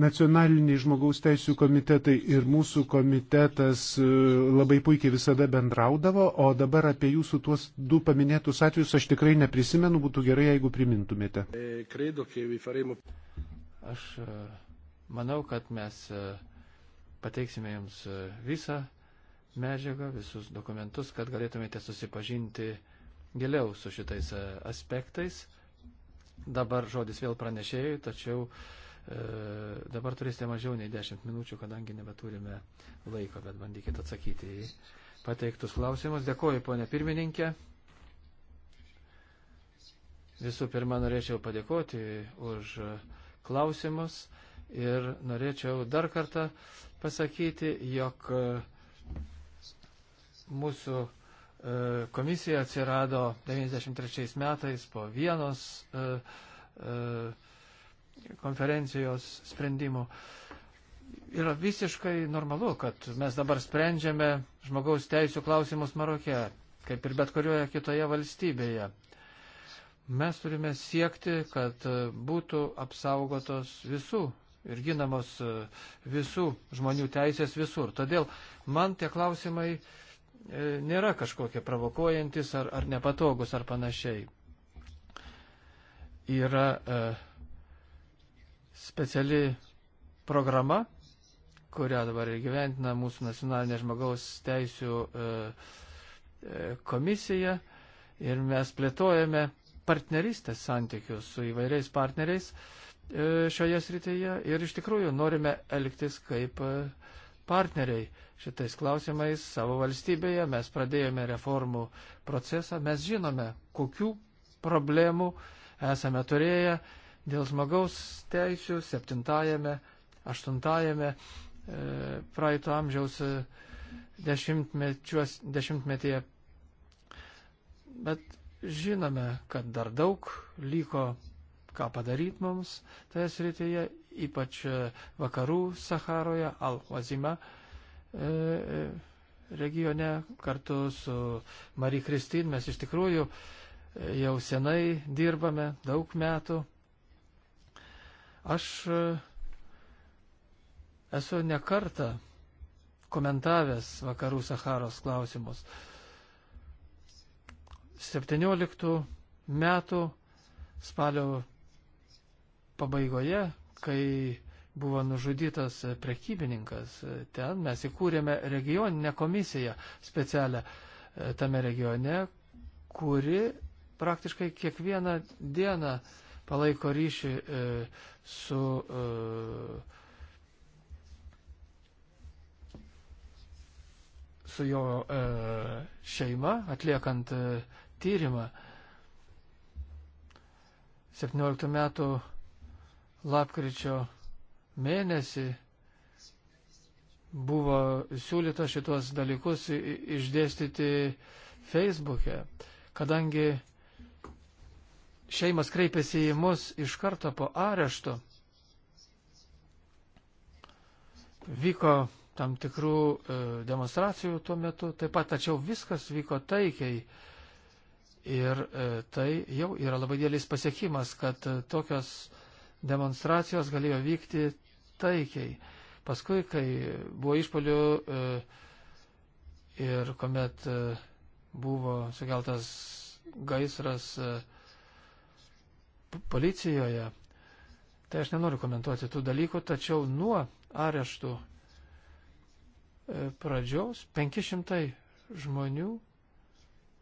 Nacionaliniai žmogaus teisų komitetai ir mūsų komitetas e, labai puikiai visada bendraudavo, o dabar apie jūsų tuos du paminėtus atvejus aš tikrai neprisimenu, būtų gerai, jeigu primintumėte. E, aš e, manau, kad mes pateiksime jums visą medžiagą, visus dokumentus, kad galėtumėte susipažinti giliau su šitais aspektais. Dabar žodis vėl pranešėjai, tačiau uh, E, dabar turėsite mažiau nei 10 minučių, kadangi nebeturime laiko, bet bandykite atsakyti į pateiktus klausimus. Dėkuoju, ponė pirmininkė. Visų pirma, norėčiau padėkoti už klausimus ir norėčiau dar kartą pasakyti, jog e, mūsų e, komisija atsirado 93 metais po vienos konferencijos sprendimų. Yra visiškai normalu, kad mes dabar sprendžiame žmogaus teisų klausimus Marokė, kaip ir bet kurioje kitoje valstybėje. Mes turime siekti, kad būtų apsaugotos visų ir ginamos visų žmonių teisės visur. Todėl man tie klausimai e, nėra kažkokie provokuojantis ar, ar nepatogus ar panašiai. Yra uh, speciali programa, kurią dabar įgyventina mūsų nacionalinė žmogaus teisų e, e, komisija ir mes plėtojame partneristės santykius su įvairiais partneriais e, šioje srityje ir iš tikrųjų norime elgtis kaip partneriai šitais klausimais savo valstybėje. Mes pradėjome reformų procesą, mes žinome, kokių problemų esame turėję dėl žmogaus teisių 7-ame, 8-ame e, praeito amžiaus e, dešimtmetyje. Bet žinome, kad dar daug liko ką padaryti mums toje srityje, ypač e, vakarų Saharoje, Al-Wazima regione kartu su Marie Kristin mes iš tikrųjų jau senai dirbame, daug metų Aš e, esu nekarta komentavęs vakarų Saharos klausimus. 17 metų spalio pabaigoje, kai buvo nužudytas prekybininkas, ten mes įkūrėme regioninę komisiją specialią e, tame regione, kuri praktiškai kiekvieną dieną uh, palaiko ryšį e, su e, su jo e, šeima atliekant e, tyrimą. 17 metų lapkričio mėnesį buvo siūlyta šitos dalykus išdėstyti Facebook'e, kadangi šeimas kreipėsi į mus iš karto po arešto. Vyko tam tikrų e, demonstracijų tuo metu, taip pat tačiau viskas vyko taikiai. Ir e, tai jau yra labai dėlis pasiekimas, kad e, tokios demonstracijos galėjo vykti taikiai. Paskui, kai buvo išpolių e, ir kuomet e, buvo sukeltas gaisras e, policijoje, tai aš nenoriu komentuoti tų dalykų, tačiau nuo areštų e, pradžios 500 žmonių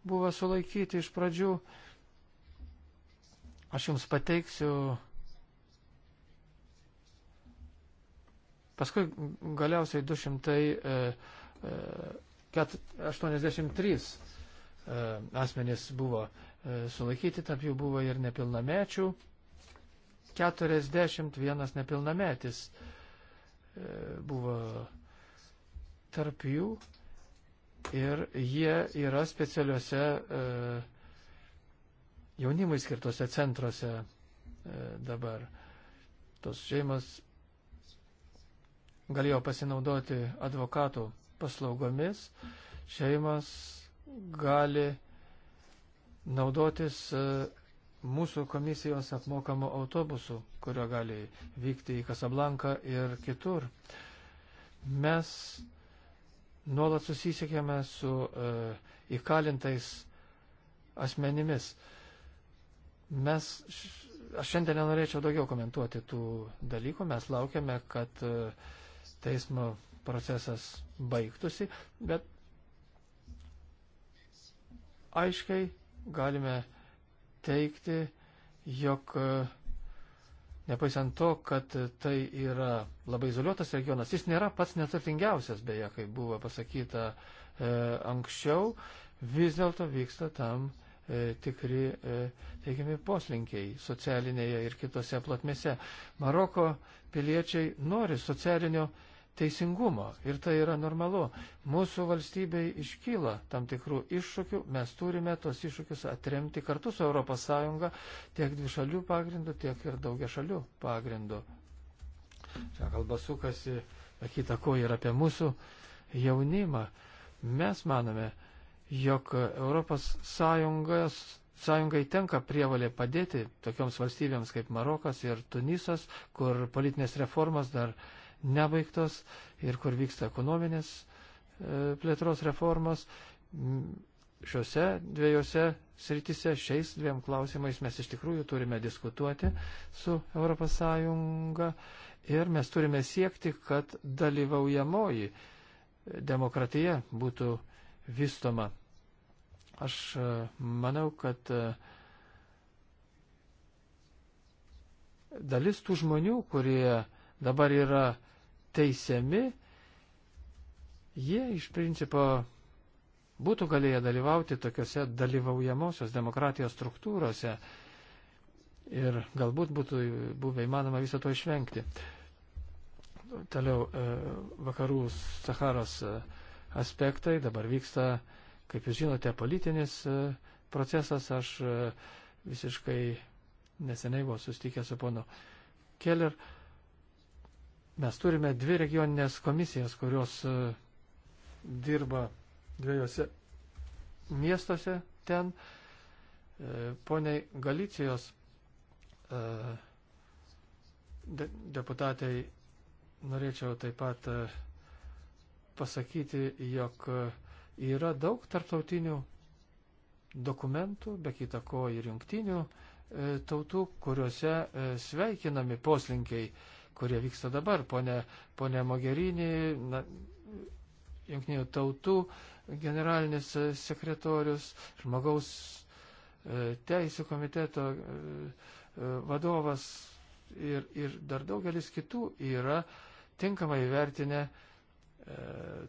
buvo sulaikyti iš pradžių. Aš jums pateiksiu. Paskui galiausiai 283 e, e, asmenys buvo E, sulaikyti, tarp jų buvo ir nepilnamečių. 41 nepilnametis e, buvo tarp jų ir jie yra specialiuose e, jaunimui skirtose centruose dabar. Tos šeimos galėjo pasinaudoti advokatų paslaugomis, šeimos gali naudotis e, mūsų komisijos apmokamų autobusų, kurio gali vykti į Kasablanką ir kitur. Mes nuolat susisiekėme su e, įkalintais asmenimis. Mes, aš šiandien nenorėčiau daugiau komentuoti tų dalykų, mes laukiame, kad e, teismo procesas baigtųsi, bet aiškiai galime teikti, jog e, nepaisant to, kad tai yra labai izoliuotas regionas, jis nėra pats neturtingiausias, beje, kaip buvo pasakyta e, anksčiau, vis dėlto vyksta tam e, tikri e, teigiami poslinkiai socialinėje ir kitose platmėse. Maroko piliečiai nori socialinio teisingumo ir tai yra normalu. Mūsų valstybei iškyla tam tikrų iššūkių, mes turime tos iššūkius atremti kartu su ES tiek dvišalių pagrindų, tiek ir daugia šalių pagrindų. Čia kalba sukasi, kita ko ir apie mūsų jaunimą. Mes manome, jog ES Sąjungai tenka prievalė padėti tokioms valstybėms kaip Marokas ir Tunisas, kur politinės reformas dar uh, nebaigtos ir kur vyksta ekonominės e, plėtros reformos. Šiuose dviejose sritise šiais dviem klausimais mes iš tikrųjų turime diskutuoti su ES ir mes turime siekti, kad dalyvaujamoji demokratija būtų vystoma. Aš e, manau, kad e, dalis tų žmonių, kurie dabar yra teisiami, jie iš principo būtų galėję dalyvauti tokiuose dalyvaujamosios demokratijos struktūrose ir galbūt būtų buvę įmanoma viso to išvengti. Toliau e, vakarų Saharos e, aspektai dabar vyksta, kaip jūs žinote, politinis e, procesas. Aš visiškai neseniai buvau sustikęs su ponu Keller. Mes turime dvi regioninės komisijas, kurios e, dirba dviejose miestuose ten. E, poniai Galicijos e, deputatai norėčiau taip pat pasakyti, jog yra daug tarptautinių dokumentų, be kita ko ir jungtinių tautų, kuriuose sveikinami poslinkiai kurie vyksta dabar. Pone, pone Mogherini, jungtinių tautų generalinis sekretorius, žmogaus e, teisų komiteto e, e, vadovas ir, ir dar daugelis kitų yra tinkamai vertinę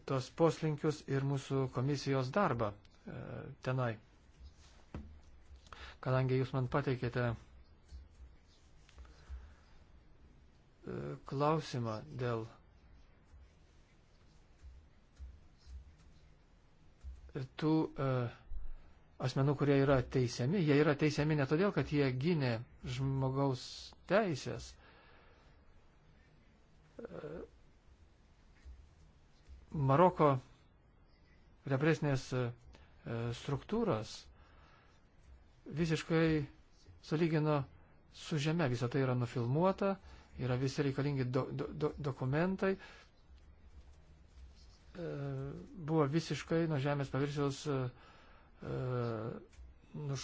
tos poslinkius ir mūsų komisijos darbą tenai. Kadangi jūs man pateikėte klausimą dėl tų e, asmenų, kurie yra teisiami. Jie yra teisiami ne todėl, kad jie gynė žmogaus teisės. E, Maroko represinės e, struktūros visiškai sulygino su žeme. Visą tai yra nufilmuota, yra visi reikalingi do, do, do, dokumentai. E, buvo visiškai nuo žemės paviršiaus e, e nuš,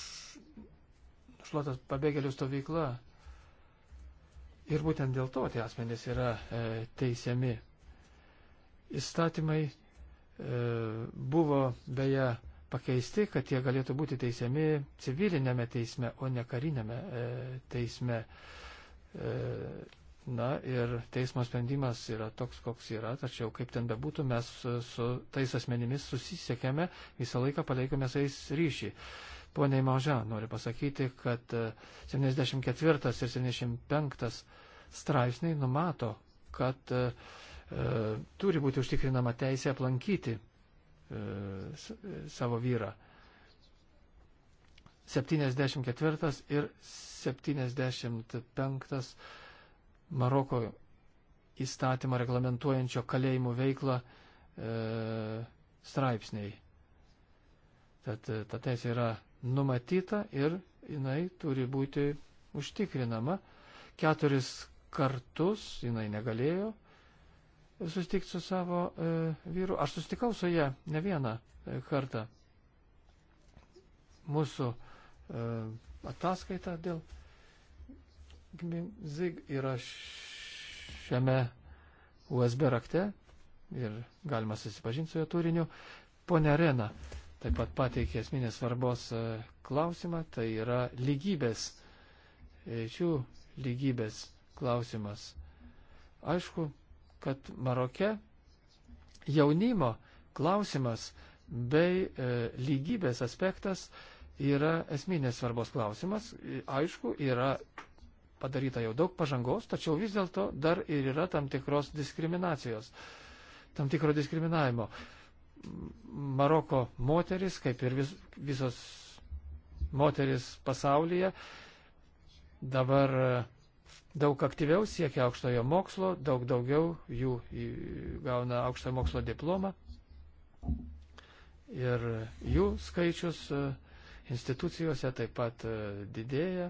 nušluotas pabėgėlių stovykla. Ir būtent dėl to tie asmenys yra e, teisiami. Įstatymai e, buvo beje pakeisti, kad jie galėtų būti teisiami civilinėme teisme, o ne karinėme e, teisme. E, Na ir teismo sprendimas yra toks, koks yra, tačiau kaip ten bebūtų, mes su, su tais asmenimis susisiekėme, visą laiką palaikome su jais ryšį. Pone Maža, noriu pasakyti, kad 74 e, ir 75 straipsniai numato, kad e, e, turi būti užtikrinama teisė aplankyti e, e savo vyrą. 74 ir 75 Maroko įstatymą reglamentuojančio kalėjimų veiklą e, straipsniai. Tad e, ta teisė yra numatyta ir jinai turi būti užtikrinama. Keturis kartus jinai negalėjo susitikti su savo e, vyru. Aš susitikau su ją ne vieną e, kartą. Mūsų e, ataskaita dėl zig yra šiame USB rakte ir galima susipažinti su jo turiniu. Pone Rena taip pat pateikė esminės svarbos e, klausimą, tai yra lygybės, e, šių lygybės klausimas. Aišku, kad Maroke jaunimo klausimas bei e, lygybės aspektas yra esminės svarbos klausimas. E, aišku, yra padaryta jau daug pažangos, tačiau vis dėlto dar ir yra tam tikros diskriminacijos, tam tikro diskriminavimo. Maroko moteris, kaip ir vis, visos moteris pasaulyje, dabar e, daug aktyviau siekia aukštojo mokslo, daug daugiau jų gauna aukštojo mokslo diplomą. Ir jų skaičius e, institucijose taip pat e, didėja,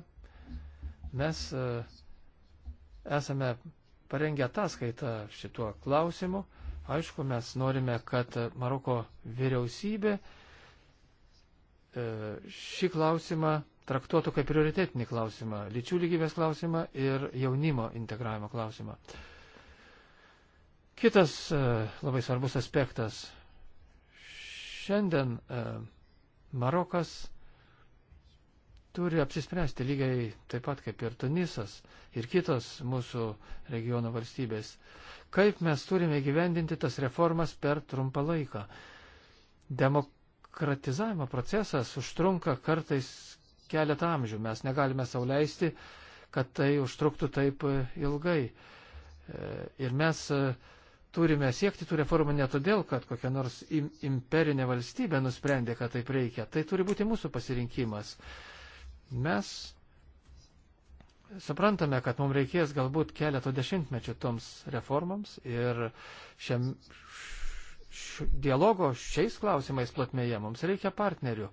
Mes e, esame parengę ataskaitą šituo klausimu. Aišku, mes norime, kad Maroko vyriausybė e, šį klausimą traktuotų kaip prioritetinį klausimą, lyčių lygybės klausimą ir jaunimo integravimo klausimą. Kitas e, labai svarbus aspektas. Šiandien Marokas turi apsispręsti lygiai taip pat kaip ir Tunisas ir kitos mūsų regiono valstybės. Kaip mes turime gyvendinti tas reformas per trumpą laiką? Demokratizavimo procesas užtrunka kartais keletą amžių. Mes negalime sauliaisti, kad tai užtruktų taip ilgai. E, ir mes e, turime siekti tų reformų ne todėl, kad kokia nors im imperinė valstybė nusprendė, kad taip reikia. Tai turi būti mūsų pasirinkimas. Mes suprantame, kad mums reikės galbūt keleto dešimtmečių toms reformams ir šiam š, dialogo šiais klausimais platmėje mums reikia partnerių.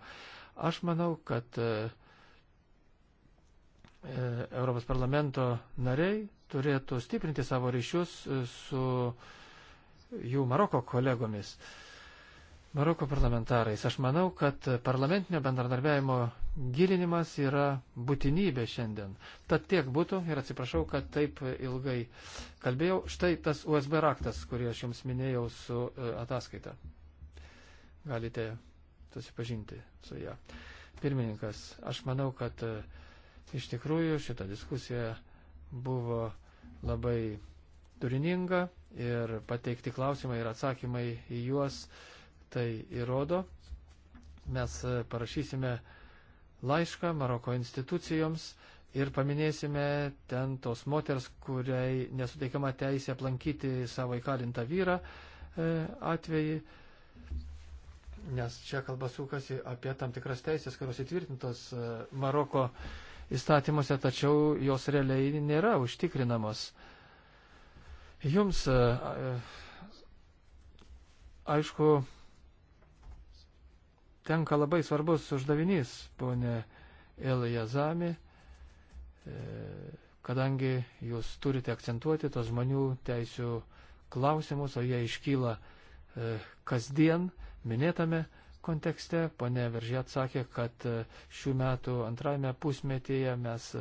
Aš manau, kad e, e, Europos parlamento nariai turėtų stiprinti savo ryšius e, su jų Maroko kolegomis. Maroko parlamentarais. Aš manau, kad parlamentinio bendradarbiavimo gilinimas yra būtinybė šiandien. Tad tiek būtų ir atsiprašau, kad taip ilgai kalbėjau. Štai tas USB raktas, kurį aš jums minėjau su e, ataskaita. Galite susipažinti su ją. Pirmininkas, aš manau, kad e, iš tikrųjų šita diskusija buvo labai turininga ir pateikti klausimai ir atsakymai į juos tai įrodo. Mes e, parašysime laišką Maroko institucijoms ir paminėsime ten tos moters, kuriai nesuteikiama teisė aplankyti savo įkalintą vyrą e, atvejį, nes čia kalba sukasi apie tam tikras teisės, kurios įtvirtintos e, Maroko įstatymuose, tačiau jos realiai nėra užtikrinamos. Jums, e, aišku, tenka labai svarbus uždavinys, ponė Elijazami, e, kadangi jūs turite akcentuoti tos žmonių teisių klausimus, o jie iškyla e, kasdien minėtame kontekste. Pone Veržė atsakė, kad e, šių metų antrajame pusmetyje mes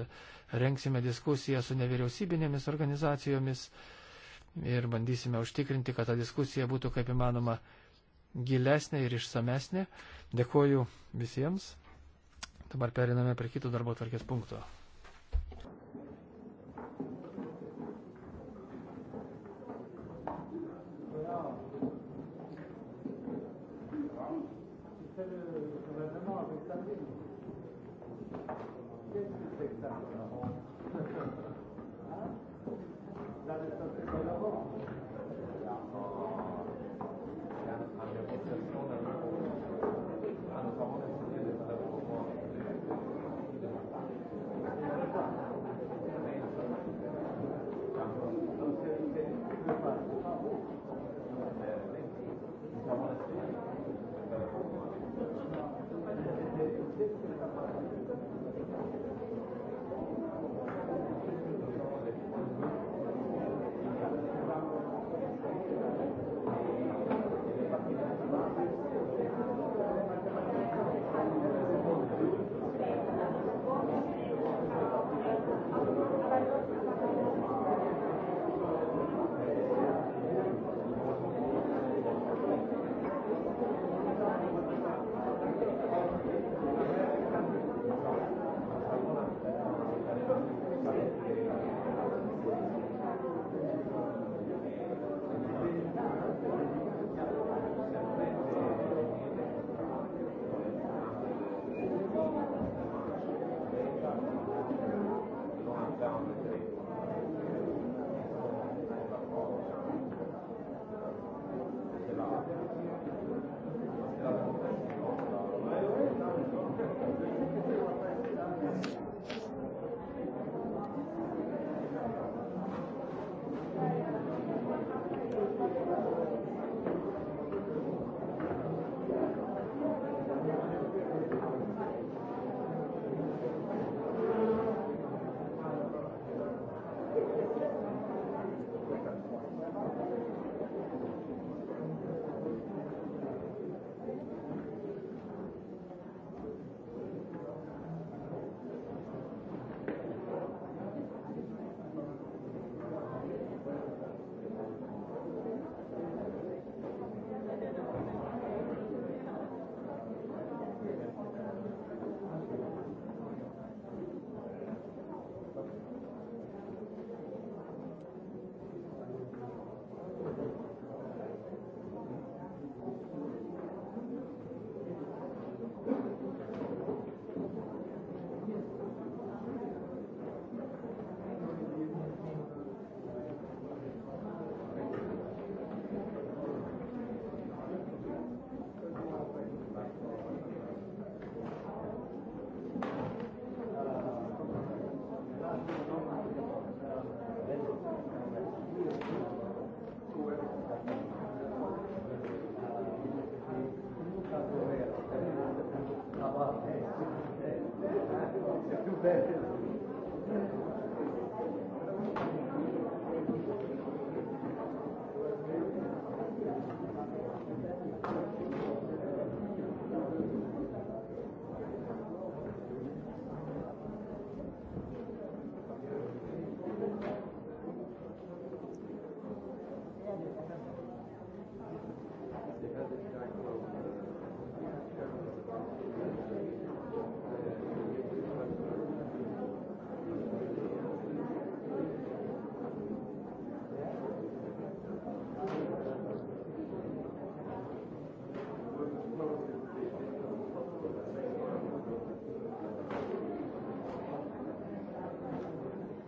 rengsime diskusiją su nevyriausybinėmis organizacijomis ir bandysime užtikrinti, kad ta diskusija būtų kaip įmanoma gilesnė ir išsamesnė. Dėkuoju visiems. Dabar periname prie kito darbo tvarkės punkto.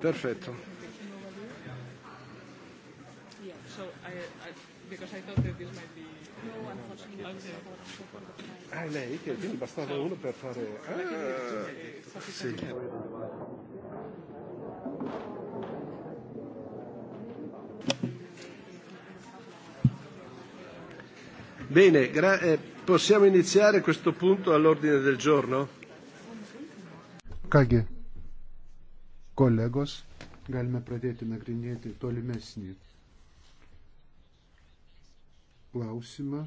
Perfetto. Yeah, so I, I, because I thought that this might be... No, unfortunately, okay. Ah, lei? Che, quindi bastava uno per fare... Ah, sì. Bene, gra- eh, possiamo iniziare questo punto all'ordine del giorno? Kągi, kolegos, galime pradėti nagrinėti tolimesnį klausimą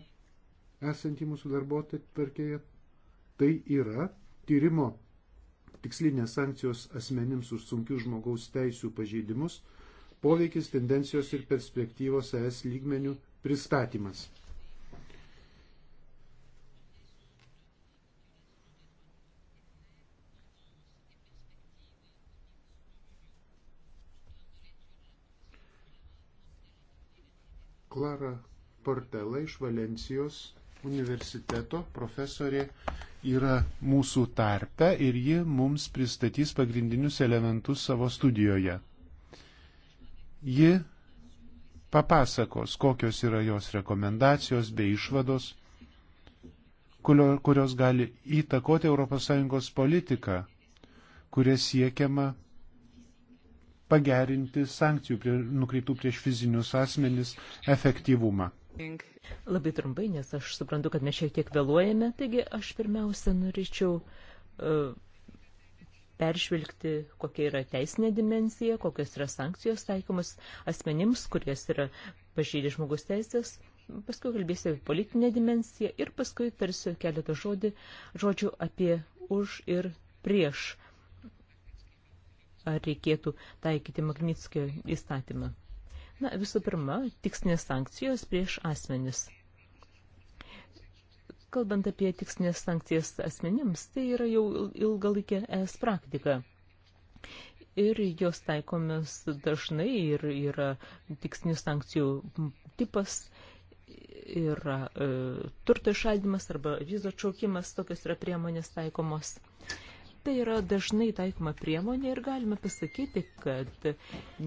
esantį mūsų darbo tvarkėje. Tai yra tyrimo tikslinės sankcijos asmenims už sunkius žmogaus teisų pažeidimus, poveikis, tendencijos ir perspektyvos ES lygmenių pristatymas. Klara Portela iš Valencijos universiteto profesorė yra mūsų tarpe ir ji mums pristatys pagrindinius elementus savo studijoje. Ji papasakos, kokios yra jos rekomendacijos bei išvados, kurios gali įtakoti ES politiką, kuria siekiama pagerinti sankcijų prie, nukreiptų prieš fizinius asmenis efektyvumą. Labai trumpai, nes aš suprantu, kad mes šiek tiek vėluojame, taigi aš pirmiausia norėčiau uh, peržvelgti, kokia yra teisinė dimensija, kokios yra sankcijos taikomas asmenims, kuries yra pažydė žmogus teisės, paskui kalbėsiu apie politinę dimensiją ir paskui tarsiu keletą žodį, žodžių apie už ir prieš ar reikėtų taikyti Magnitskio įstatymą. Na, visų pirma, tikslinės sankcijos prieš asmenis. Kalbant apie tikslinės sankcijas asmenims, tai yra jau ilgalaikė es praktika. Ir jos taikomis dažnai ir yra tikslinių sankcijų tipas yra e, turto išaldymas arba vizų atšaukimas, tokios yra priemonės taikomos. Tai yra dažnai taikoma priemonė ir galime pasakyti, kad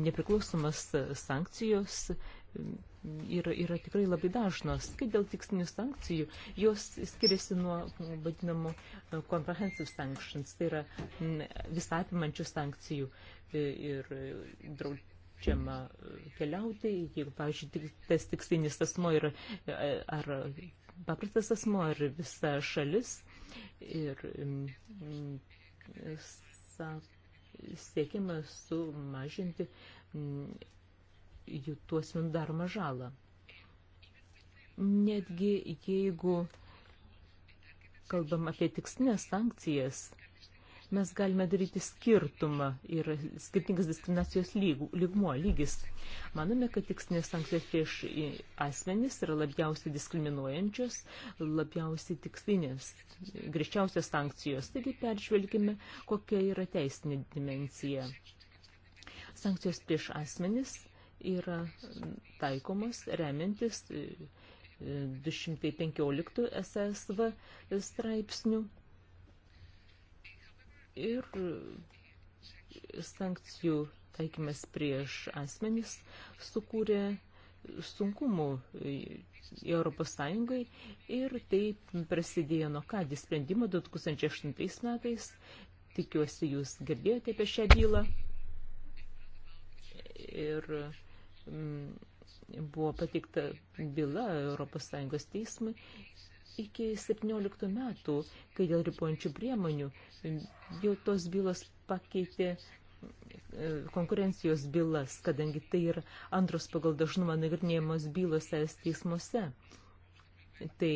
nepriklausomas sankcijos yra, yra tikrai labai dažnos. Kai dėl tikslinių sankcijų, jos skiriasi nuo vadinamų e, comprehensive sanctions, tai yra visatimančių sankcijų e, ir draudžiama e, keliauti, jeigu, pavyzdžiui, tas tikslinis asmo yra ar paprastas asmo ar visa šalis. Ir siekiama sumažinti mm, jų tuos daromą žalą. Netgi jeigu kalbam apie tikslinės sankcijas, mes galime daryti skirtumą ir skirtingas diskriminacijos lygų, lygmuo, lygis. Manome, kad tikslinės sankcijos prieš asmenys yra labiausiai diskriminuojančios, labiausiai tikslinės, grįžčiausios sankcijos. Taigi peržvelgime, kokia yra teisinė dimencija. Sankcijos prieš asmenys yra taikomas remiantis 215 e, e, SSV straipsnių ir e, sankcijų taikymas prieš asmenys sukūrė sunkumų e, Europos Sąjungai ir tai prasidėjo nuo ką sprendimo 2008 metais. Tikiuosi, jūs girdėjote apie šią bylą. Ir mm, buvo patikta byla Europos Sąjungos teismui iki 17 metų, kai dėl ribojančių priemonių jau tos bylos pakeitė e, konkurencijos bylas, kadangi tai yra antros pagal dažnumą nagrinėjamos bylos es teismuose. Tai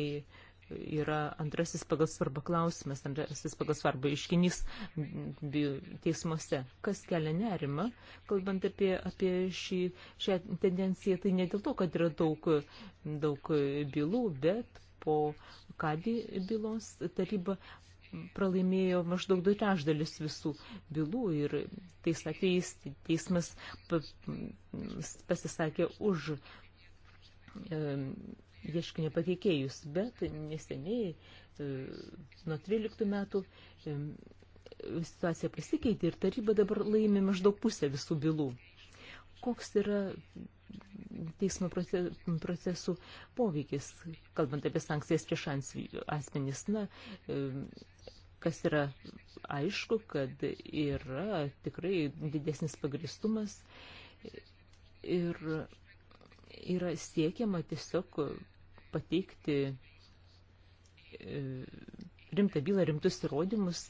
yra antrasis pagal svarbą klausimas, antrasis pagal svarbą iškinys teismuose. Kas kelia nerima, kalbant apie, apie šį, šią tendenciją, tai ne dėl to, kad yra daug, daug bylų, bet po Kadį bylos taryba pralaimėjo maždaug du trešdalis visų bylų ir tais atvejais teismas pasisakė už e, ieškinio pateikėjus, bet neseniai e, nuo 13 metų e, situacija pasikeitė ir taryba dabar laimi maždaug pusę visų bylų. Koks yra teismo procesų poveikis, kalbant apie sankcijas prieš asmenys. Na, kas yra aišku, kad yra tikrai didesnis pagristumas ir yra siekiama tiesiog pateikti e, rimtą bylą, rimtus įrodymus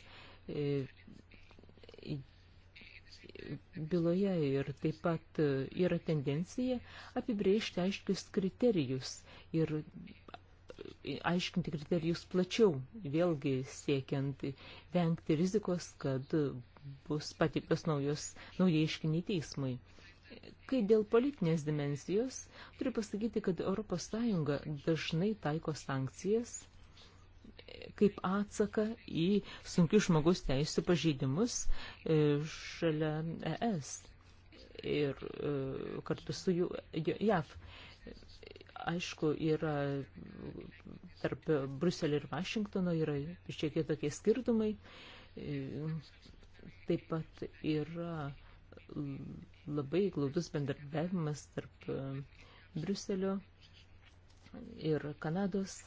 e, byloje ir taip pat yra tendencija apibrėžti aiškius kriterijus ir aiškinti kriterijus plačiau, vėlgi siekiant vengti rizikos, kad bus patiktas naujos, naujai iškiniai teismai. Kai dėl politinės dimensijos, turiu pasakyti, kad ES dažnai taiko sankcijas kaip atsaką į sunkius žmogus teisų pažeidimus e, šalia ES ir e, kartu su jų, JAV. Aišku, yra tarp Bruselio ir Vašingtono yra šiek tiek tokie skirtumai. E, taip pat yra labai glaudus bendradarbiavimas tarp Briuselio ir Kanados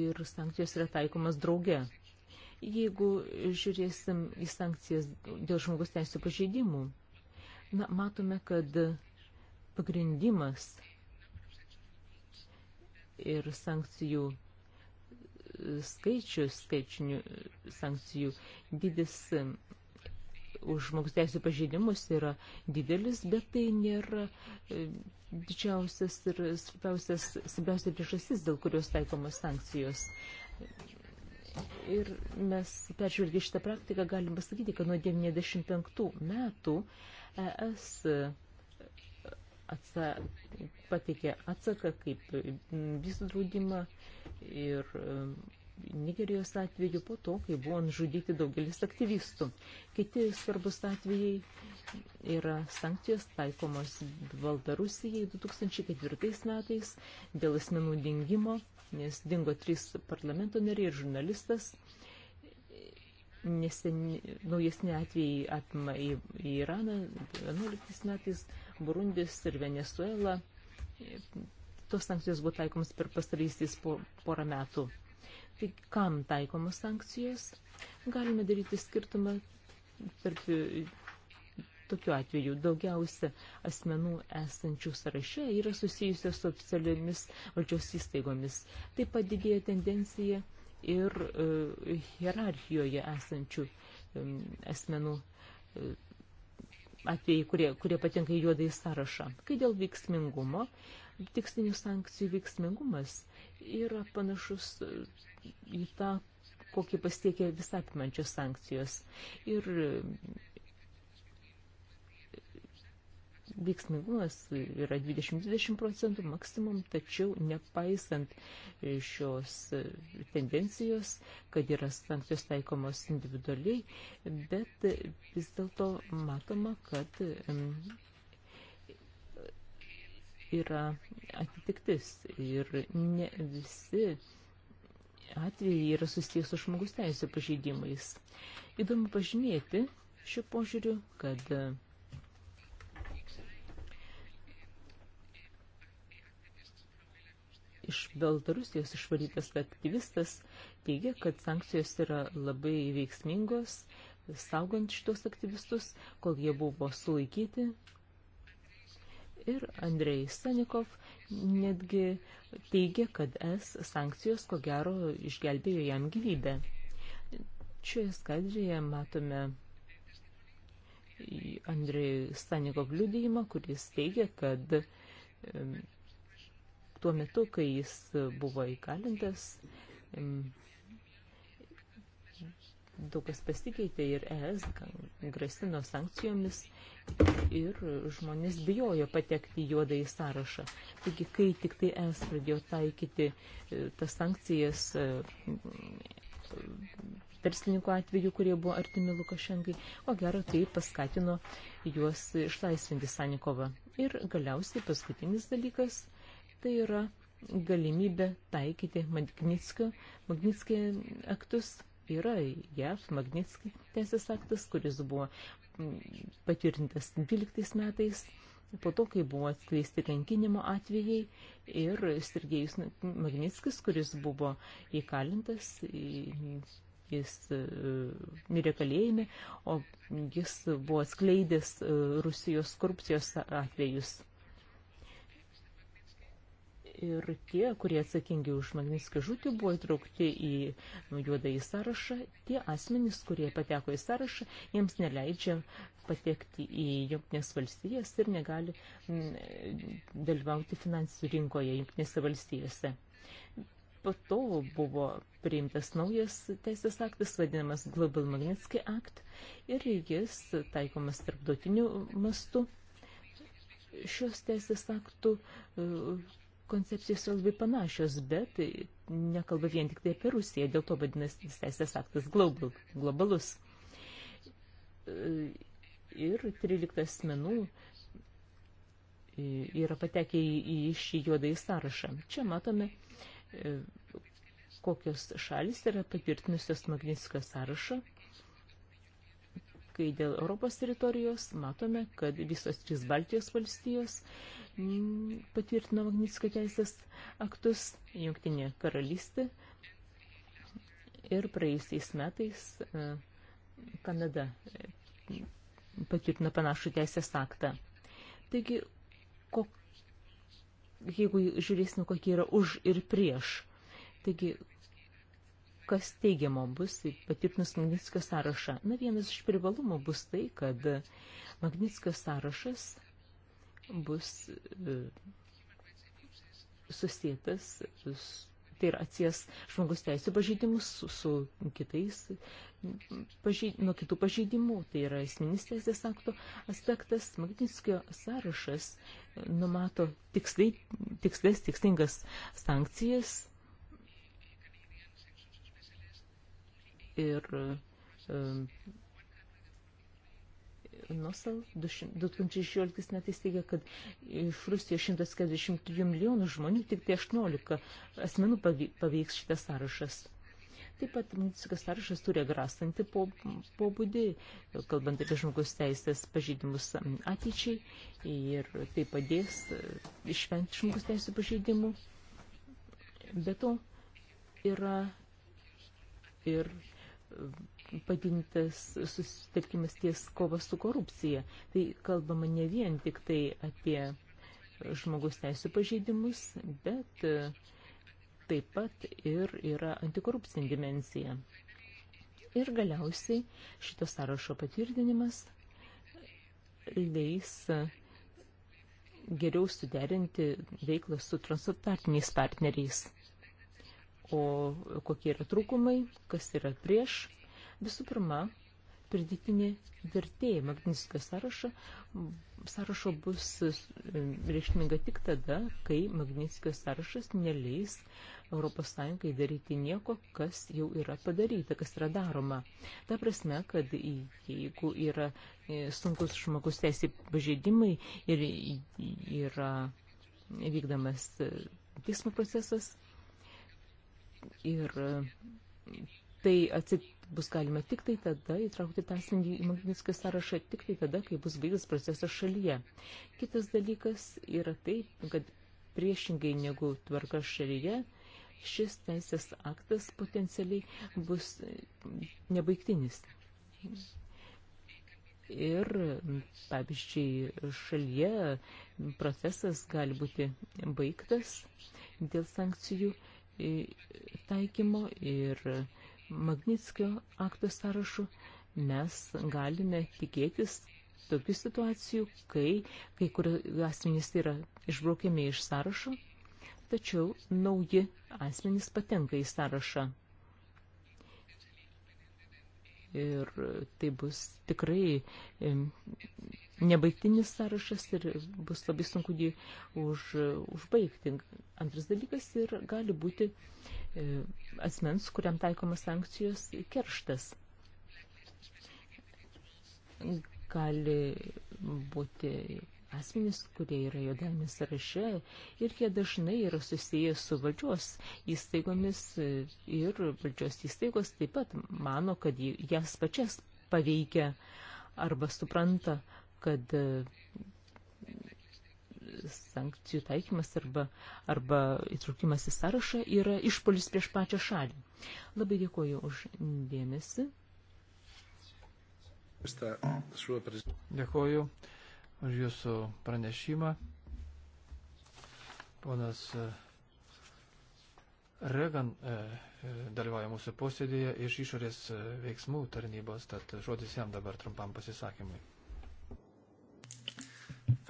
ir sankcijos yra taikomas drauge. Jeigu žiūrėsim į sankcijas dėl žmogus teisų pažeidimų, na, matome, kad pagrindimas ir sankcijų skaičius, skaičinių sankcijų dydis už žmogus teisų pažeidimus yra didelis, bet tai nėra e, didžiausias ir svarbiausias, svarbiausia priežastis, dėl kurios taikomos sankcijos. Ir mes peržvelgę šitą praktiką galim pasakyti, kad nuo 95 metų ES atsa, pateikė atsaką kaip visų draudimą ir Nigerijos atveju po to, kai buvo nužudyti daugelis aktyvistų. Kiti svarbus atvejai yra sankcijos taikomos Baltarusijai 2004 metais dėl asmenų dingimo, nes dingo trys parlamento nariai ir žurnalistas. Neseni, naujesni atvejai apima į, į Iraną 11 metais, Burundis ir Venezuela. Tos sankcijos buvo taikomas per pastarysiais porą metų Tai kam taikomos sankcijos? Galime daryti skirtumą tarp tokiu atveju daugiausia asmenų esančių sąraše yra susijusios su oficialiomis valdžios įstaigomis. Taip pat didėja tendencija ir e, hierarchijoje esančių e, asmenų e, atvejai, kurie, kurie patenka į juodą į sąrašą. Kai dėl veiksmingumo, tikslinių sankcijų veiksmingumas yra panašus į tą, kokį pasiekia visapmančios sankcijos. Ir veiksmingumas yra 20-20 procentų maksimum, tačiau nepaisant šios tendencijos, kad yra sankcijos taikomos individualiai, bet vis dėlto matoma, kad yra atitiktis ir ne visi atvejai yra susijęs su žmogus teisų pažeidimais. Įdomu pažymėti šiuo požiūriu, kad e, iš Baltarusijos išvarytas aktyvistas teigia, kad sankcijos yra labai veiksmingos, saugant šitos aktyvistus, kol jie buvo sulaikyti. Ir Andrei Stanikov netgi teigia, kad es sankcijos ko gero išgelbėjo jam gyvybę. Šioje skaidrėje matome Andrei Stanikov liudijimą, kuris teigia, kad tuo metu, kai jis buvo įkalintas, daug kas pasikeitė ir ES grasino sankcijomis ir žmonės bijojo patekti į juodą į sąrašą. Taigi, kai tik tai ES pradėjo taikyti e, tas sankcijas e, verslininkų atveju, kurie buvo artimi Lukašenkai, o gero tai paskatino juos išlaisvinti Sanikovą. Ir galiausiai paskutinis dalykas tai yra galimybė taikyti Magnitskio aktus yra JAV Magnitskis teisės aktas, kuris buvo patvirtintas 12 metais, po to, kai buvo atskleisti kankinimo atvejai ir Sergejus Magnitskis, kuris buvo įkalintas, jis e, mirė kalėjime, o jis buvo atskleidęs e, Rusijos korupcijos atvejus ir tie, kurie atsakingi už Magnitskį žūtį, buvo įtraukti į juodąjį sąrašą. Tie asmenys, kurie pateko į sąrašą, jiems neleidžia patekti į Junktinės valstijas ir negali mm, dalyvauti finansų rinkoje Junktinėse valstijose. Po to buvo priimtas naujas teisės aktas, vadinamas Global Magnitsky Act, ir jis taikomas tarptautiniu mastu šios teisės aktų koncepcijos labai panašios, bet nekalba vien tik tai apie Rusiją, dėl to vadinasi teisės aktas global, globalus. Ir 13 asmenų yra patekę į šį juodąjį sąrašą. Čia matome, e, kokios šalis yra patvirtinusios Magnitskio sąrašą kai dėl Europos teritorijos matome, kad visos trys Baltijos valstijos mm, patvirtino Magnitskio teisės aktus, Junktinė karalystė ir praėjusiais metais e, Kanada e, patvirtino panašų teisės aktą. Taigi, kok, jeigu žiūrėsime, kokie yra už ir prieš, taigi, kas teigiamo bus tai patvirtinus Magnitskio sąrašą? Na, vienas iš privalumų bus tai, kad Magnitskio sąrašas bus e, susijęs, tai yra atsies žmogus teisų pažeidimus su, su kitais, pažeid, nuo kitų pažeidimų, tai yra esminis teisės akto aspektas. Magnitskio sąrašas numato tikslai, tikslės, tikslingas sankcijas ir um, Nosal 2016 metais teigia, kad iš Rusijos 143 milijonų žmonių tik tai 18 asmenų paveiks šitas sąrašas. Taip pat muzikos sąrašas turi grastantį pobūdį, po kalbant apie žmogus teisės pažeidimus ateičiai ir tai padės e, išvengti žmogus teisų pažeidimų. Be to yra ir padintas susitelkimas ties kova su korupcija. Tai kalbama ne vien tik tai apie žmogus teisų pažeidimus, bet e, taip pat ir yra antikorupcinė dimensija. Ir galiausiai šito sąrašo patvirtinimas leis geriau suderinti veiklą su transatlantinis partneriais o kokie yra trūkumai, kas yra prieš. Visų pirma, pridėtinė vertė Magnitskio sąrašo, sąrašo bus e, reikšminga tik tada, kai Magnitskio sąrašas neleis ES daryti nieko, kas jau yra padaryta, kas yra daroma. Ta prasme, kad jeigu yra e, sunkus žmogus teisė pažeidimai ir yra vykdamas e, teismo procesas, Ir tai atsik bus galima tik tai tada įtraukti tą asmenį į Magnitskio sąrašą, tik tai tada, kai bus baigtas procesas šalyje. Kitas dalykas yra tai, kad priešingai negu tvarka šalyje, šis teisės aktas potencialiai bus nebaigtinis. Ir, pavyzdžiui, šalyje procesas gali būti baigtas dėl sankcijų taikymo ir Magnitskio akto sąrašų mes galime tikėtis tokių situacijų, kai kai kurie asmenys yra išbraukiami iš sąrašo, tačiau nauji asmenys patenka į sąrašą ir tai bus tikrai nebaigtinis sąrašas ir bus labai sunku jį už, užbaigti. Antras dalykas ir gali būti e, asmens, kuriam taikomas sankcijos kerštas. Gali būti asmenys, kurie yra juodame sąraše ir jie dažnai yra susiję su valdžios įstaigomis ir valdžios įstaigos taip pat mano, kad jas pačias paveikia arba supranta, kad e, sankcijų taikymas arba, arba įtraukimas į sąrašą yra išpolis prieš pačią šalį. Labai dėkuoju už dėmesį. Dėkuoju už Jūsų pranešimą. Ponas e, Regan e, e, dalyvauja mūsų posėdėje iš išorės veiksmų tarnybos, tad žodis jam dabar trumpam pasisakymui.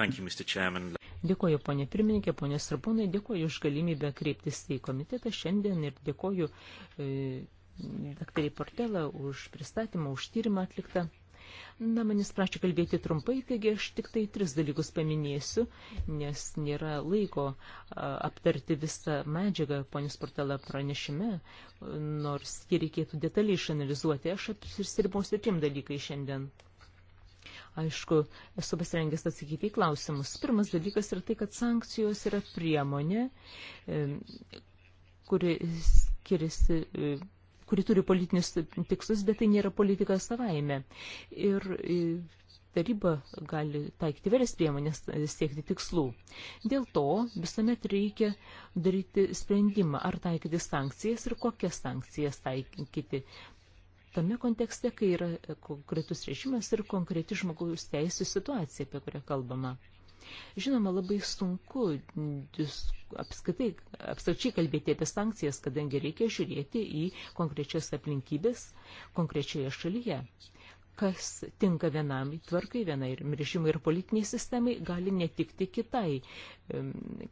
Thank you, Mr. Chairman. Dėkoju, ponė pirmininkė, ponė Sarponai, dėkoju už galimybę kreiptis į komitetą šiandien ir dėkoju e, daktarį Portelą už pristatymą, už tyrimą atliktą. Na, manis prašė kalbėti trumpai, taigi aš tik tai tris dalykus paminėsiu, nes nėra laiko aptarti visą medžiagą ponios portalą pranešime, nors jį reikėtų detaliai išanalizuoti. Aš apsiribosiu trim dalykai šiandien. Aišku, esu pasirengęs atsakyti į klausimus. Pirmas dalykas yra tai, kad sankcijos yra priemonė, kuri skiriasi kuri turi politinius tikslus, bet tai nėra politika savaime. Ir e, taryba gali taikyti vėlės priemonės e, siekti tikslų. Dėl to visuomet reikia daryti sprendimą, ar taikyti sankcijas ir kokias sankcijas taikyti. Tame kontekste, kai yra konkretus režimas ir konkreti žmogaus teisų situacija, apie kurią kalbama. Žinoma, labai sunku apskritai, apskritai kalbėti apie sankcijas, kadangi reikia žiūrėti į konkrečias aplinkybės konkrečioje šalyje. Kas tinka vienam tvarkai, vienai režimui ir politiniai sistemai, gali netikti kitai,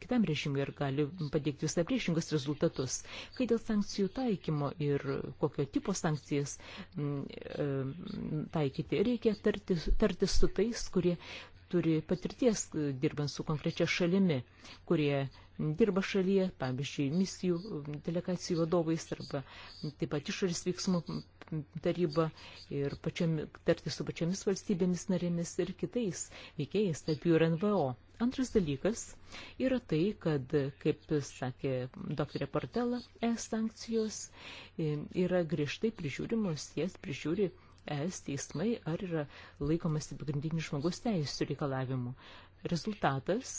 kitam režimui ir gali padėkti visai priešingus rezultatus. Kai dėl sankcijų taikymo ir kokio tipo sankcijas mm, taikyti, reikia tartis, tartis su tais, kurie turi patirties e, dirbant su konkrečia šalimi, kurie dirba šalyje, pavyzdžiui, misijų delegacijų vadovais arba taip pat išorės veiksmų taryba ir pačiam, tarti su pačiamis valstybėmis narėmis ir kitais veikėjais, tarp jų ir NVO. Antras dalykas yra tai, kad, kaip sakė dr. Portela, e sankcijos yra griežtai prižiūrimos, jas prižiūri es teismai, ar yra laikomasi pagrindinių žmogus teisų reikalavimų. Rezultatas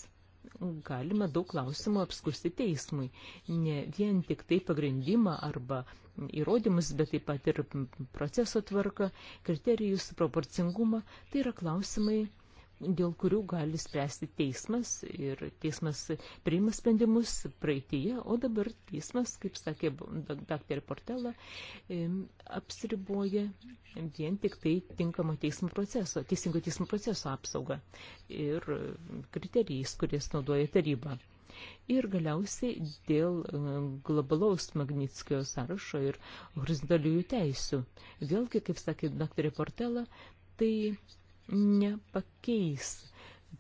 galima daug klausimų apskusti teismui. Ne vien tik tai pagrindimą arba įrodymus, bet taip pat ir proceso tvarką, kriterijus, proporcingumą. Tai yra klausimai, dėl kurių gali spręsti teismas ir teismas priima sprendimus praeitie, o dabar teismas, kaip sakė dr. Portela, apsiriboja vien tik tai tinkamo teismo proceso, teisingo teismo proceso apsaugą ir kriterijais, kuriais naudoja taryba. Ir galiausiai dėl globalaus Magnitskio sąrašo ir horizontaliųjų teisių. Vėlgi, kaip sakė dr. Portela, tai nepakeis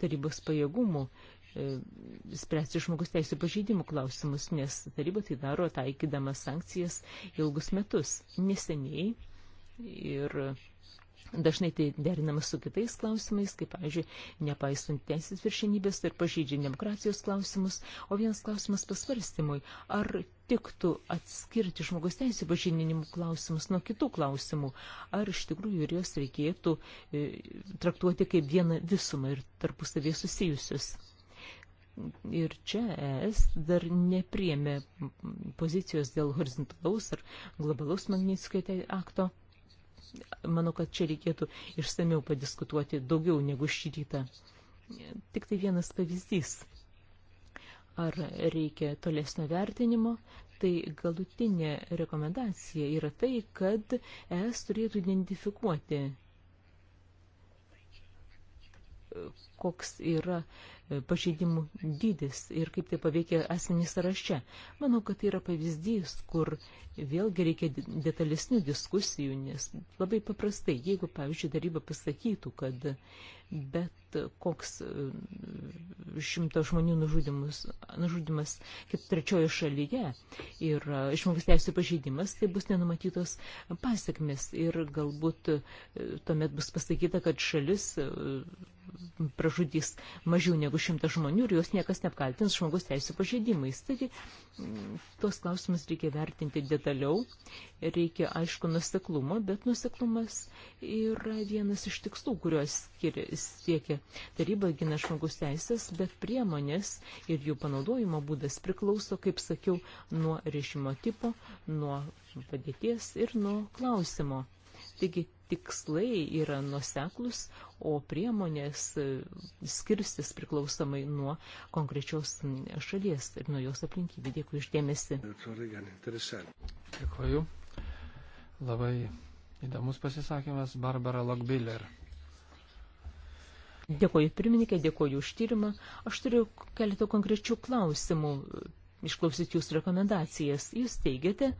tarybos pajėgumų e, spręsti žmogus teisų pažeidimų klausimus, nes taryba tai daro taikydama sankcijas ilgus metus, neseniai ir Dažnai tai derinama su kitais klausimais, kaip, pavyzdžiui, nepaisant teisės viršinybės ir pažydžia demokratijos klausimus, o vienas klausimas pasvarstymui, ar tiktų atskirti žmogus teisų pažinimų klausimus nuo kitų klausimų, ar iš tikrųjų ir jos reikėtų e, traktuoti kaip vieną visumą ir tarpusavėje susijusius. Ir čia ES dar nepriemė pozicijos dėl horizontalaus ar globalaus Magnitskio akto manau, kad čia reikėtų išsameu padiskutuoti daugiau negu šį rytą. Tik tai vienas pavyzdys. Ar reikia tolesnio vertinimo, tai galutinė rekomendacija yra tai, kad es turėtų identifikuoti koks yra E, pažeidimų dydis ir kaip tai paveikia asmenys sąraše. Manau, kad tai yra pavyzdys, kur vėlgi reikia detalesnių diskusijų, nes labai paprastai, jeigu, pavyzdžiui, daryba pasakytų, kad bet koks e, šimto žmonių nužudimus, nužudimas kaip trečiojo šalyje ir išmokas e, teisų pažeidimas, tai bus nenumatytos pasiekmes ir galbūt e, tuomet bus pasakyta, kad šalis pražudys mažiau negu šimtą žmonių ir jos niekas neapkaltins žmogus teisų pažeidimais. Taigi, tuos klausimus reikia vertinti detaliau, reikia aišku nuseklumo, bet nuseklumas yra vienas iš tikslų, kuriuos skiria siekia. Taryba gina žmogus teisės, bet priemonės ir jų panaudojimo būdas priklauso, kaip sakiau, nuo režimo tipo, nuo padėties ir nuo klausimo. Taigi tikslai yra nuseklus, o priemonės e, skirstis priklausomai nuo konkrečios šalies ir nuo jos aplinkybių. Dėkui išdėmesi. Dėkuoju. Labai įdomus pasisakymas Barbara Logbiller. Dėkoju pirmininkė, dėkoju už tyrimą. Aš turiu keletą konkrečių klausimų, išklausyti jūsų rekomendacijas. Jūs teigiate,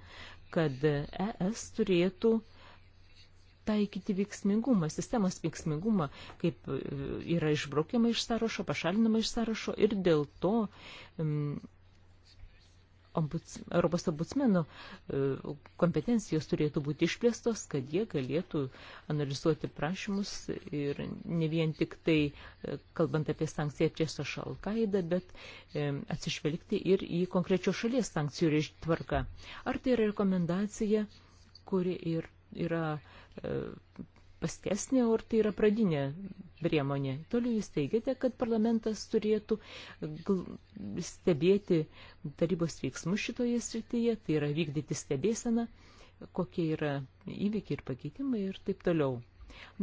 kad ES turėtų taikyti veiksmingumą, sistemos veiksmingumą, kaip yra išbraukiama iš sąrašo, pašalinama iš sąrašo ir dėl to m, mm, ombuds, Europos ombudsmenų e, kompetencijos turėtų būti išplėstos, kad jie galėtų analizuoti prašymus ir ne vien tik tai, e, kalbant apie sankciją prieš Alkaidą, bet e, atsižvelgti ir į konkrečio šalies sankcijų tvarką. Ar tai yra rekomendacija, kuri ir yra paskesnė, ar tai yra pradinė priemonė. Toliau jūs teigiate, kad parlamentas turėtų stebėti tarybos veiksmus šitoje srityje, tai yra vykdyti stebėseną, kokie yra įvykiai ir pakeitimai ir taip toliau.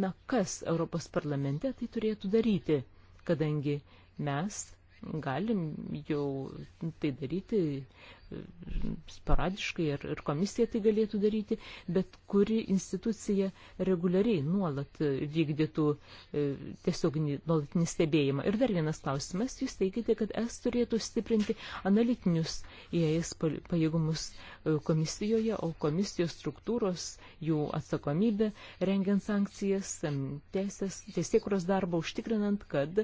Na, kas Europos parlamente tai turėtų daryti, kadangi mes galim jau tai daryti sporadiškai ir, ir komisija tai galėtų daryti, bet kuri institucija reguliariai nuolat vykdytų e, tiesiog nuolatinį stebėjimą. Ir dar vienas klausimas, jūs teikite, kad es turėtų stiprinti analitinius įėjus e pajėgumus e, komisijoje, o komisijos struktūros, jų atsakomybė, rengiant sankcijas, teisėkuros darbą užtikrinant, kad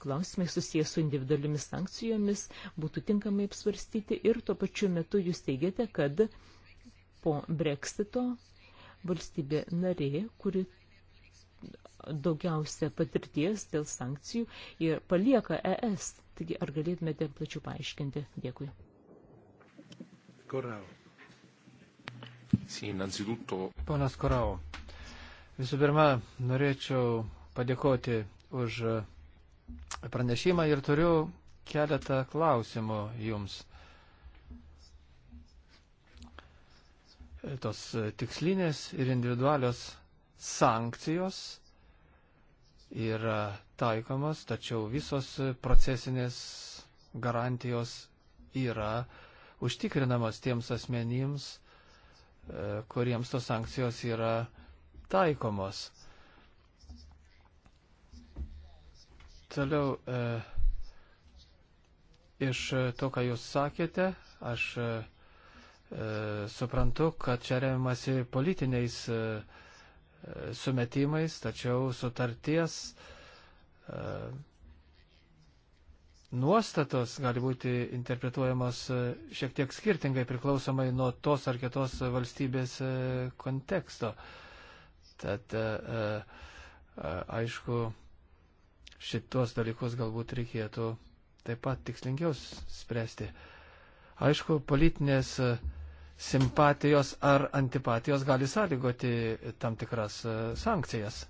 klausimai susijęs su individualiomis sankcijomis būtų tinkamai apsvarstyti ir tuo pačiu metu jūs teigiate, kad po breksito valstybė narė, kuri daugiausia patirties dėl sankcijų ir palieka ES. Taigi, ar galėtumėte plačiau paaiškinti? Dėkui. Korau. Sì, innanzitutto. Ponas Korau, visų pirma, norėčiau padėkoti už pranešimą ir turiu keletą klausimų jums. tos e, tikslinės ir individualios sankcijos yra taikomas, tačiau visos e, procesinės garantijos yra užtikrinamas tiems asmenims, e, kuriems tos sankcijos yra taikomos. Toliau e, iš to, ką jūs sakėte, aš e, E, suprantu, kad čia remiamasi politiniais e, sumetimais, tačiau sutarties e, nuostatos gali būti interpretuojamos šiek tiek skirtingai priklausomai nuo tos ar kitos valstybės konteksto. Tad, aišku, šitos dalykus galbūt reikėtų taip pat tikslingiau spręsti. Aišku, politinės uh, simpatijos ar antipatijos gali sąlygoti tam tikras e, sankcijas.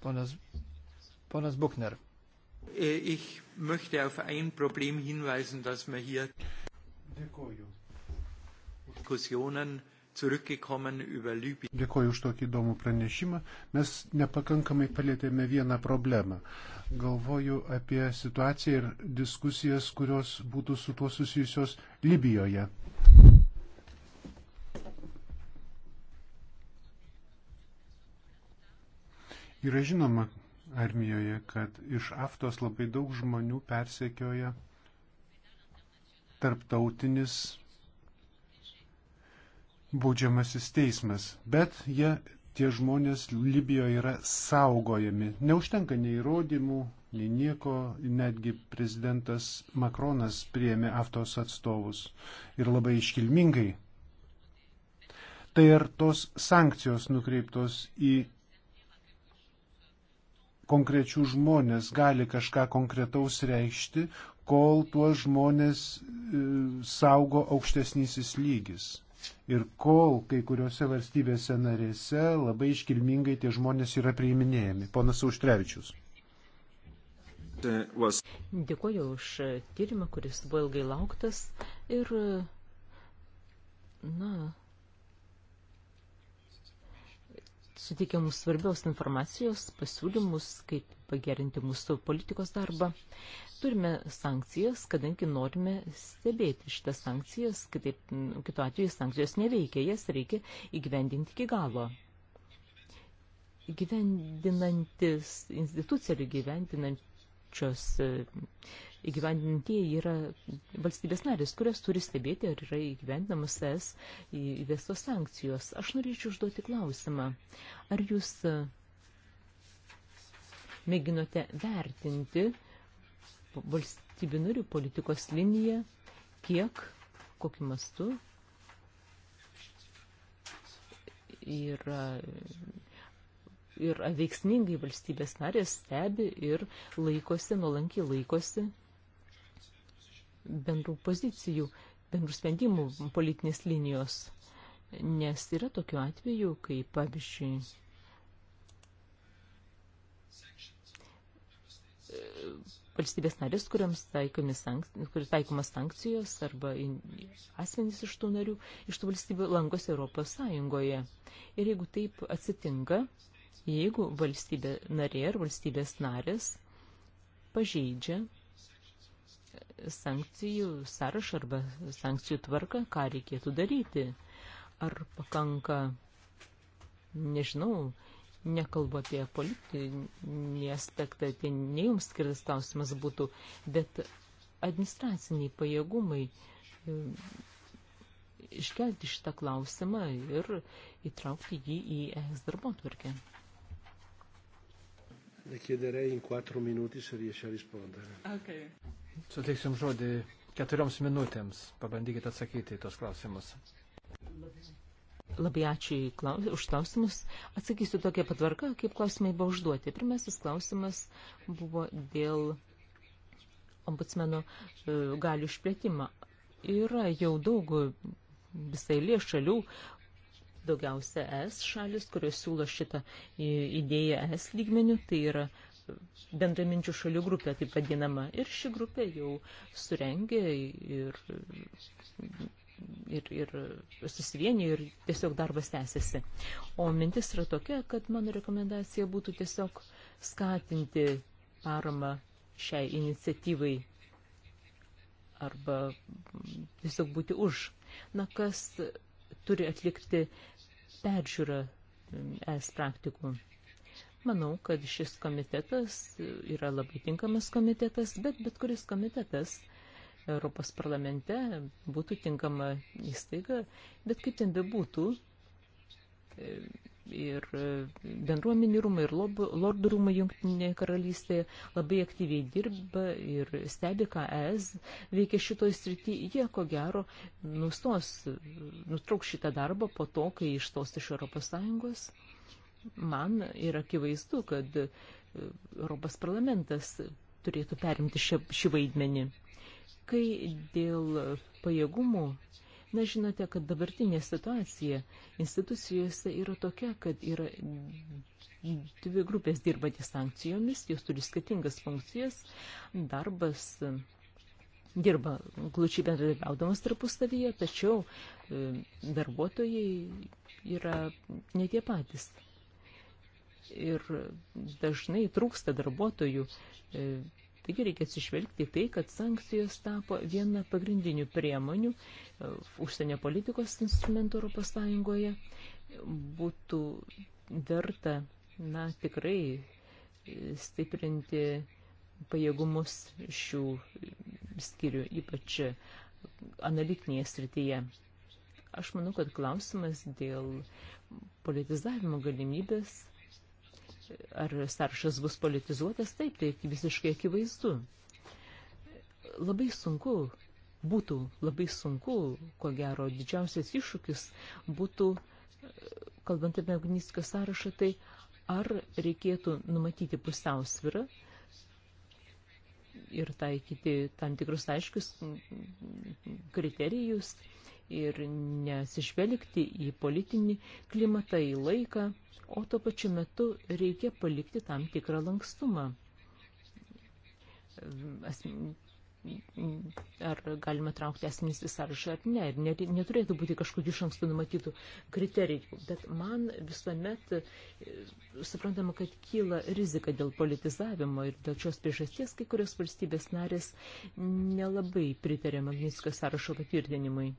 Ponas, ponas Buchner. E, ich möchte auf ein Problem hinweisen, das wir hier Dėkuoju. Diskussionen Dėkuoju už tokį įdomų pranešimą. Mes nepakankamai palėtėme vieną problemą. Galvoju apie situaciją ir diskusijas, kurios būtų su tuo susijusios Libijoje. Yra žinoma armijoje, kad iš aftos labai daug žmonių persekioja tarptautinis baudžiamasis teismas, bet jie, tie žmonės Libijoje yra saugojami. Neužtenka nei įrodymų, nei nieko, netgi prezidentas Makronas priėmė aftos atstovus ir labai iškilmingai. Tai ar tos sankcijos nukreiptos į konkrečių žmonės gali kažką konkretaus reikšti, kol tuos žmonės e, saugo aukštesnysis lygis. Ir kol kai kuriuose valstybėse narėse labai iškilmingai tie žmonės yra priiminėjami. Ponas Auštrevičius. Dėkuoju už tyrimą, kuris buvo ilgai lauktas ir, na, suteikia mums svarbios informacijos, pasiūlymus, kaip pagerinti mūsų politikos darbą. Turime sankcijas, kadangi norime stebėti šitas sankcijas, kitaip, kitu atveju sankcijos neveikia, jas reikia įgyvendinti iki galo. Gyvendinantis institucija ir gyvendinančios įgyvendintieji yra valstybės narės, kurios turi stebėti, ar yra įgyvendinamas es įvestos sankcijos. Aš norėčiau užduoti klausimą. Ar jūs e, mėginote vertinti valstybių narių politikos liniją, kiek, kokiu mastu ir, ir veiksmingai valstybės narės stebi ir laikosi, nuolankiai laikosi bendrų pozicijų, bendrų sprendimų politinės linijos. Nes yra tokių atvejų, kai pavyzdžiui valstybės narės, kuriams taikomas sankcijos arba asmenys iš tų narių, iš tų valstybių langos Europos Sąjungoje. Ir jeigu taip atsitinka, jeigu valstybė narė ar valstybės narės pažeidžia sankcijų sąrašą arba sankcijų tvarką, ką reikėtų daryti. Ar pakanka, nežinau, nekalbu apie politinį aspektą, tai ne jums skirtas klausimas būtų, bet administraciniai pajėgumai e, iškelti šitą klausimą ir įtraukti jį į ES darbo tvarkę. Le chiederei in quattro minuti se riesce a rispondere. Okay. Suteiksim žodį keturioms minutėms. Pabandykite atsakyti į tos klausimus. Labai ačiū klaus, už klausimus. Atsakysiu tokia patvarka, kaip klausimai buvo užduoti. Pirmasis klausimas buvo dėl ombudsmeno e, galių išplėtimą. Yra jau daug visai lė šalių, daugiausia es šalis, kurios siūlo šitą idėją es lygmenių, tai yra bendraminčių šalių grupė, taip vadinama. Ir ši grupė jau surengė ir, ir, ir susivienė ir tiesiog darbas tęsiasi. O mintis yra tokia, kad mano rekomendacija būtų tiesiog skatinti paramą šiai iniciatyvai arba tiesiog būti už. Na, kas turi atlikti peržiūrą es praktikų. Manau, kad šis komitetas yra labai tinkamas komitetas, bet bet kuris komitetas Europos parlamente būtų tinkama įstaiga, bet kaip ten bebūtų, ir e, bendruomenių rūmai, ir lordų rūmai Junktinėje karalystėje labai aktyviai dirba ir stebi, ką ES veikia šitoj srity. Jie, ko gero, nustos, nutrauks šitą darbą po to, kai išstos iš Europos Sąjungos. Man yra akivaizdu, kad e, Europos parlamentas turėtų perimti šį, šį vaidmenį. Kai dėl pajėgumų Na, žinote, kad dabartinė situacija institucijose yra tokia, kad yra dvi grupės dirbantys sankcijomis, jos turi skirtingas funkcijas, darbas dirba glučiai bendradarbiaudamas tarpusavyje, tačiau e, darbuotojai yra ne tie patys. Ir dažnai trūksta darbuotojų e, Taigi reikia atsižvelgti tai, kad sankcijos tapo viena pagrindinių priemonių e, užsienio politikos instrumentų Europos Sąjungoje. Būtų verta, na, tikrai e, stiprinti pajėgumus šių skirių, ypač analitinėje srityje. Aš manau, kad klausimas dėl politizavimo galimybės ar sąrašas bus politizuotas, taip, tai visiškai akivaizdu. Labai sunku, būtų labai sunku, ko gero didžiausias iššūkis būtų, kalbant apie Agniskio sąrašą, tai ar reikėtų numatyti pusiausvirą ir taikyti tam tikrus aiškius kriterijus ir nesižvelgti į politinį klimatą, į laiką, o tuo pačiu metu reikia palikti tam tikrą lankstumą. Ar galime traukti esmės į sąrašą ar ne. Ir neturėtų būti kažkokių iš anksto numatytų kriterijų. Bet man visuomet e, suprantama, kad kyla rizika dėl politizavimo ir dėl šios priežasties kai kurios valstybės narės nelabai pritarė Magnitskio sąrašo patvirtinimui.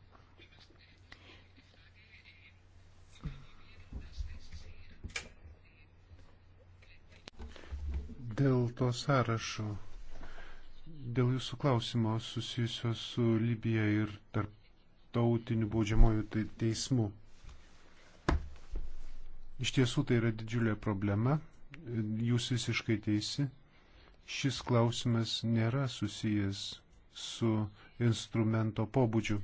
Dėl to sąrašo, dėl jūsų klausimo susijusio su Libija ir tarptautiniu baudžiamoju teismu. Iš tiesų tai yra didžiulė problema, jūs visiškai teisi. Šis klausimas nėra susijęs su instrumento pobūdžiu.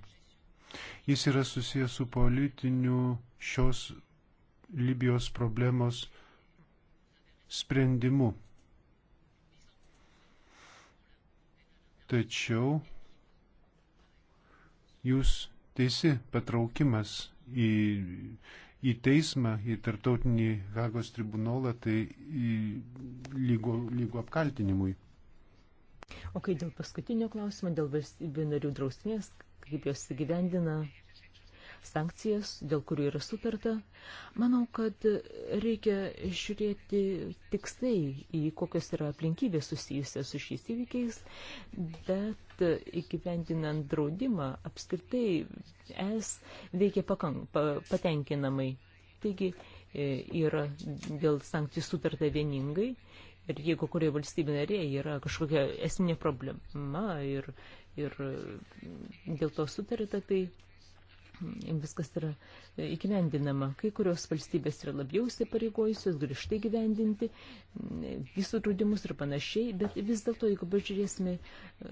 Jis yra susijęs su politiniu šios Libijos problemos sprendimu. Tačiau jūs teisi patraukimas į, į teismą, į tartautinį Hagos tribunolą, tai lygo, lygo apkaltinimui. O kai dėl paskutinio klausimo, dėl valstybių narių drausmės, kaip jos įgyvendina sankcijas, dėl kurių yra sutarta. Manau, kad reikia žiūrėti tiksliai į kokios yra aplinkybės susijusios su šiais įvykiais, bet įgyvendinant draudimą apskritai es veikia pakank, pa, patenkinamai. Taigi e, yra dėl sankcijų sutarta vieningai. Ir jeigu kurioje valstybė narė yra kažkokia esminė problema ir ir dėl to sutarita, tai viskas yra įgyvendinama. Kai kurios valstybės yra labiau įsipareigojusios, grįžtai gyvendinti mm, visų draudimus ir panašiai, bet vis dėlto, jeigu pažiūrėsime e,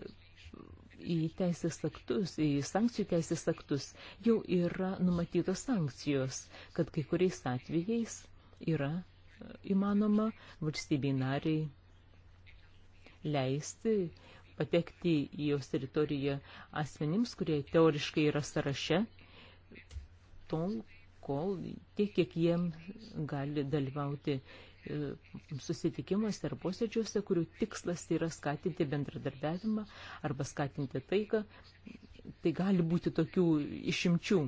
į teisės aktus, į sankcijų teisės aktus, jau yra numatytos sankcijos, kad kai kuriais atvejais yra e, įmanoma valstybei nariai leisti patekti į jos teritoriją asmenims, kurie teoriškai yra sąraše, tol, kol tiek, kiek jiem gali dalyvauti e, susitikimuose ar posėdžiuose, kurių tikslas yra skatinti bendradarbiavimą arba skatinti taiką, tai gali būti tokių išimčių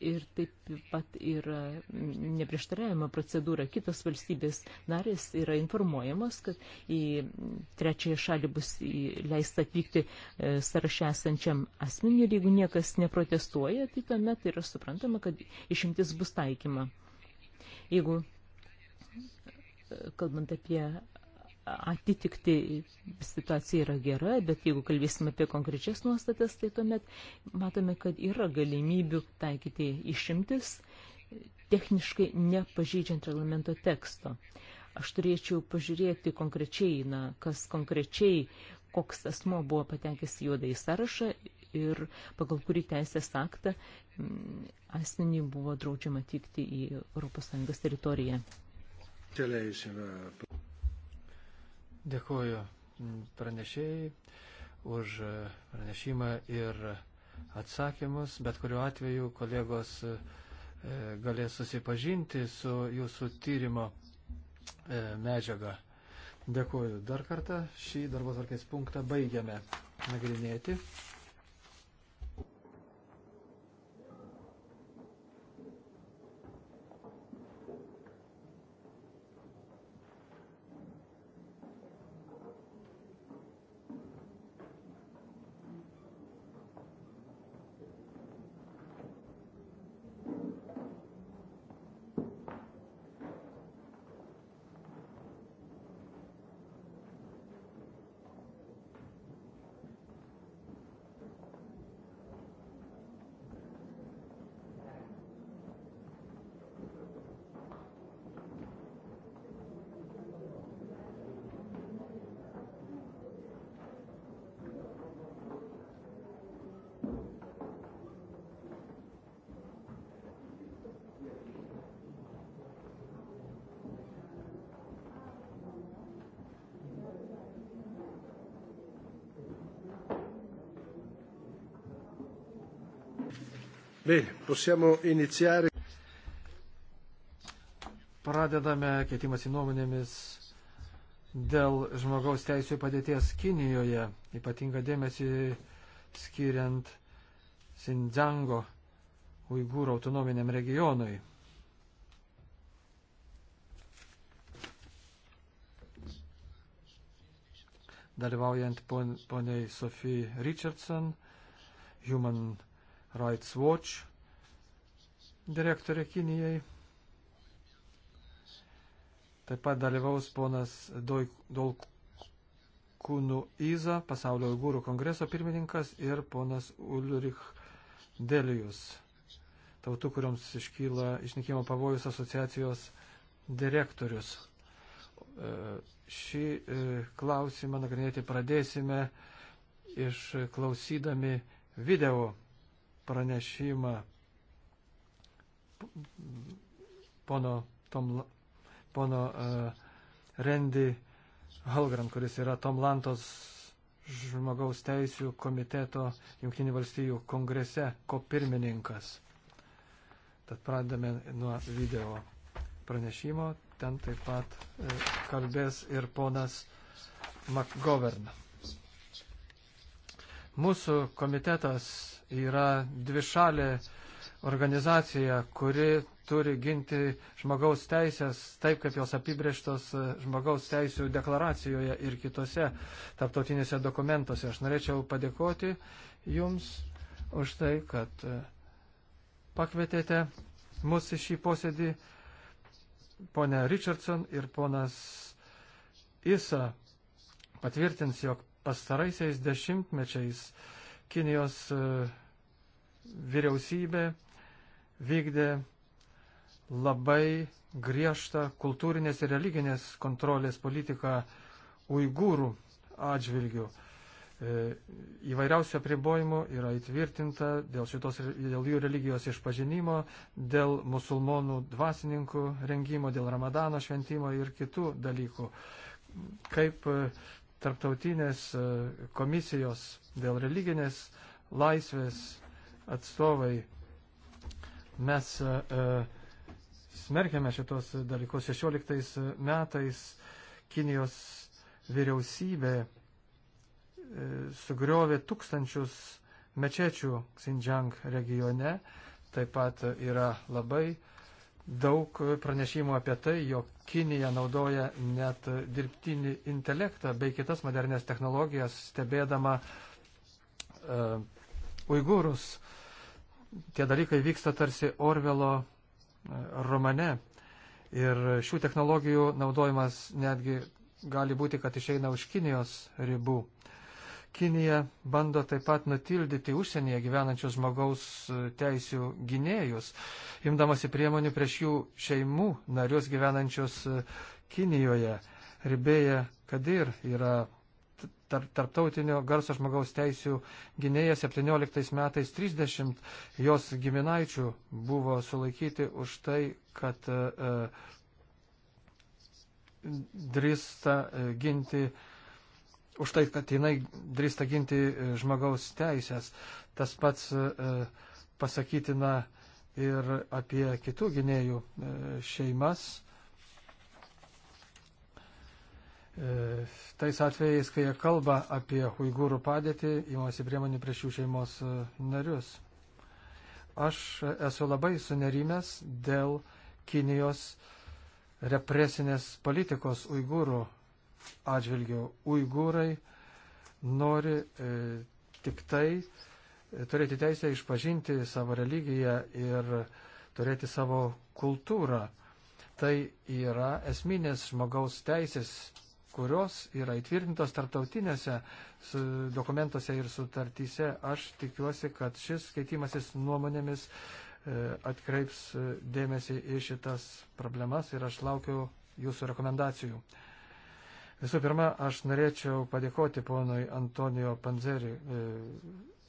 ir taip pat yra mm, neprieštaravimo procedūra. Kitos valstybės narės yra informuojamos, kad į trečiąją šalį bus leista atvykti e, sąraše esančiam asmeniu ir jeigu niekas neprotestuoja, tai tuomet yra suprantama, kad išimtis bus taikyma. Jeigu e, kalbant apie atitikti situacija yra gera, bet jeigu kalbėsime apie konkrečias nuostatas, tai tuomet matome, kad yra galimybių taikyti išimtis, techniškai nepažydžiant reglamento teksto. Aš turėčiau pažiūrėti konkrečiai, na, kas konkrečiai, koks asmo buvo patenkęs juodą į sąrašą ir pagal kurį teisės aktą mm, asmenį buvo draudžiama tikti į ES teritoriją. Telėjusi, Dėkuoju pranešėjai už pranešimą ir atsakymus, bet kuriuo atveju kolegos e, galės susipažinti su jūsų tyrimo e, medžiaga. Dėkuoju dar kartą. Šį darbo tvarkės punktą baigiame nagrinėti. Possiamo iniziare. Pradedame keitimas į nuomonėmis dėl žmogaus teisų padėties Kinijoje, ypatinga dėmesį skiriant Sindzango uigūrų autonominiam regionui. Dalyvaujant poniai Sophie Richardson, Human Rights Watch direktorė Kinijai. Taip pat dalyvaus ponas Dolkūnų Iza, pasaulio uigūrų kongreso pirmininkas ir ponas Ulrich Delijus, tautų, kuriams iškyla išnykimo pavojus asociacijos direktorius. E, šį e, klausimą nagrinėti pradėsime išklausydami video pranešimą pono, Tom, pono uh, Rendi Halgram, kuris yra Tom Lantos žmogaus teisų komiteto Junktinių valstybių kongrese kopirmininkas. Tad pradame nuo video pranešimo. Ten taip pat e, kalbės ir ponas McGovern. Mūsų komitetas yra dvišalė organizacija, kuri turi ginti žmogaus teisės taip, kaip jos apibrieštos žmogaus teisų deklaracijoje ir kitose tarptautinėse dokumentuose. Aš norėčiau padėkoti Jums už tai, kad e, pakvietėte mus į šį posėdį. Pone Richardson ir ponas Isa patvirtins, jog pastaraisiais dešimtmečiais Kinijos e, vyriausybė vykdė labai griežtą kultūrinės ir religinės kontrolės politiką uigūrų atžvilgių. E, įvairiausių apribojimų yra įtvirtinta dėl, šitos, dėl jų religijos išpažinimo, dėl musulmonų dvasininkų rengimo, dėl ramadano šventimo ir kitų dalykų. Kaip e, tarptautinės e, komisijos dėl religinės laisvės atstovai Mes e, e, smerkėme šitos dalykus. 16 metais Kinijos vyriausybė e, sugriovė tūkstančius mečečių Xinjiang regione. Taip pat yra labai daug pranešimų apie tai, jog Kinija naudoja net dirbtinį intelektą bei kitas modernės technologijas, stebėdama uh, uigūrus uh, tie dalykai vyksta tarsi Orvelo e, romane. Ir šių technologijų naudojimas netgi gali būti, kad išeina už Kinijos ribų. Kinija bando taip pat nutildyti užsienyje gyvenančius žmogaus e, teisių gynėjus, imdamasi priemonių prieš jų šeimų narius gyvenančius e, Kinijoje. Ribėja Kadir yra tarptautinio garso žmogaus teisų gynėja 17 metais 30 jos giminaičių buvo sulaikyti už tai, kad e, e drįsta e, ginti, už tai, kad jinai drįsta ginti e, žmogaus teisės. Tas pats e, pasakytina ir apie kitų gynėjų e, šeimas E, tais atvejais, kai jie kalba apie uigūrų padėtį, įmasi priemonių prieš jų šeimos e, narius. Aš esu labai sunerimęs dėl Kinijos represinės politikos uigūrų atžvilgių. Uigūrai nori e, tik tai e, turėti teisę išpažinti savo religiją ir turėti savo kultūrą. Tai yra esminės žmogaus teisės kurios yra įtvirtintos tarptautinėse dokumentuose ir sutartyse, aš tikiuosi, kad šis keitimasis nuomonėmis e, atkreips e, dėmesį į šitas problemas ir aš laukiu jūsų rekomendacijų. Visų pirma, aš norėčiau padėkoti ponui Antonijo Panzeri, e,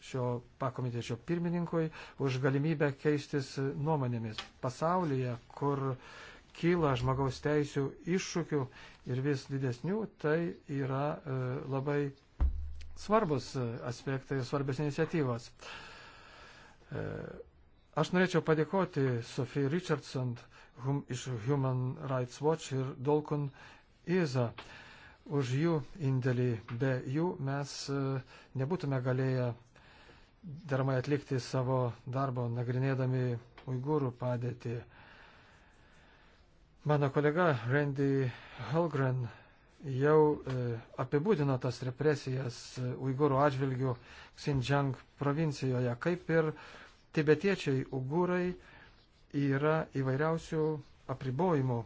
šio pakomitečio pirmininkui, už galimybę keistis nuomonėmis pasaulyje, kur uh, kyla žmogaus teisių iššūkių ir vis didesnių, tai yra e, labai svarbus e, aspektai, svarbios iniciatyvos. E, aš norėčiau padėkoti Sofie Richardson hum, iš Human Rights Watch ir Dolkun Iza už jų indėlį. Be jų mes e, nebūtume galėję deramai atlikti savo darbo nagrinėdami uigūrų padėtį. E, Mano kolega Randy Holgren jau e, apibūdino tas represijas e, uigūrų atžvilgių Xinjiang provincijoje, kaip ir tibetiečiai uigūrai yra įvairiausių apribojimų e,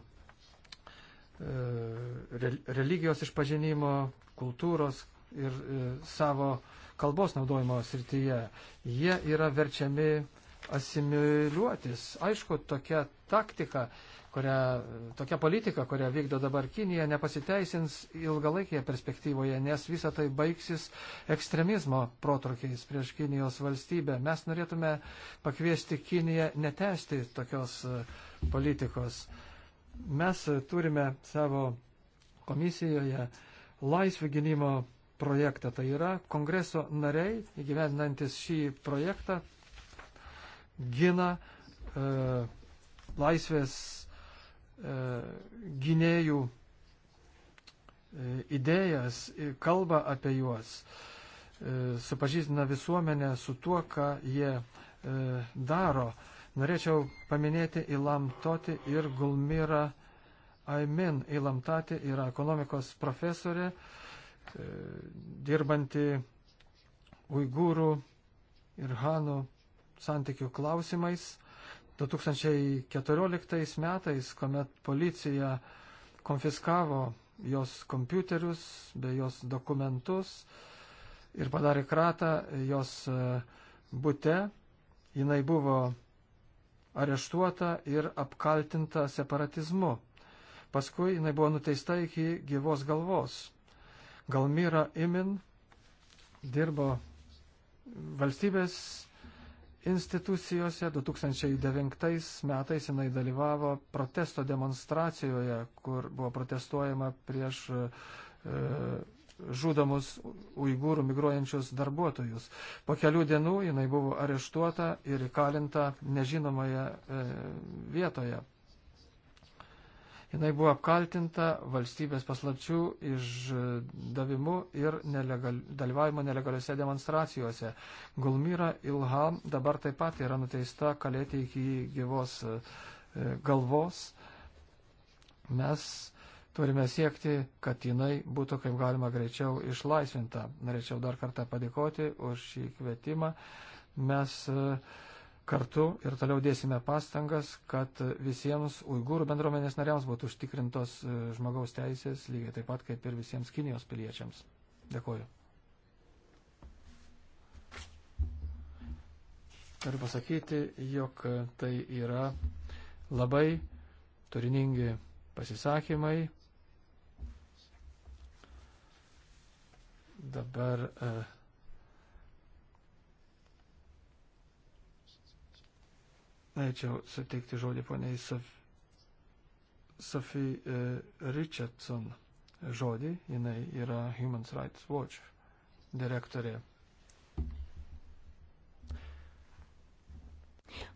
religijos išpažinimo, kultūros ir savo kalbos naudojimo srityje. Jie yra verčiami asimiliuotis. Aišku, tokia taktika kurią, tokia politika, kurią vykdo dabar Kinija, nepasiteisins ilgalaikėje perspektyvoje, nes visa tai baigsis ekstremizmo protrukiais prieš Kinijos valstybę. Mes norėtume pakviesti Kiniją netesti tokios e, politikos. Mes e, turime savo komisijoje laisvių gynimo projektą. Tai yra kongreso nariai, įgyvendinantis šį projektą, gina e, laisvės E, gynėjų e, idėjas, e, kalba apie juos, supažįstina visuomenę su tuo, ką jie daro. Norėčiau paminėti Ilam Toti ir Gulmira Aimin. Ilam Tati yra ekonomikos profesorė, dirbanti uigūrų ir hanų santykių klausimais. 2014 metais, kuomet policija konfiskavo jos kompiuterius bei jos dokumentus ir padarė kratą jos e, bute, jinai buvo areštuota ir apkaltinta separatizmu. Paskui jinai buvo nuteista iki gyvos galvos. Galmyra Imin dirbo valstybės institucijose. 2009 metais jinai dalyvavo protesto demonstracijoje, kur buvo protestuojama prieš e, žudomus uigūrų migruojančius darbuotojus. Po kelių dienų jinai buvo areštuota ir įkalinta nežinomoje e, vietoje jinai buvo apkaltinta valstybės paslapčių išdavimu ir nelegal, dalyvavimo nelegaliuose demonstracijose. Gulmyra Ilham dabar taip pat yra nuteista kalėti iki gyvos e, galvos. Mes turime siekti, kad jinai būtų kaip galima greičiau išlaisvinta. Norėčiau dar kartą padėkoti už šį kvietimą. Mes uh, kartu ir toliau dėsime pastangas, kad visiems uigūrų bendruomenės nariams būtų užtikrintos e, žmogaus teisės, lygiai taip pat kaip ir visiems Kinijos piliečiams. Dėkuoju. Turiu pasakyti, jog tai yra labai turiningi pasisakymai. Dabar uh, Norėčiau suteikti žodį poniai Sophie e, Richardson žodį. Jinai yra Human Rights Watch direktorė.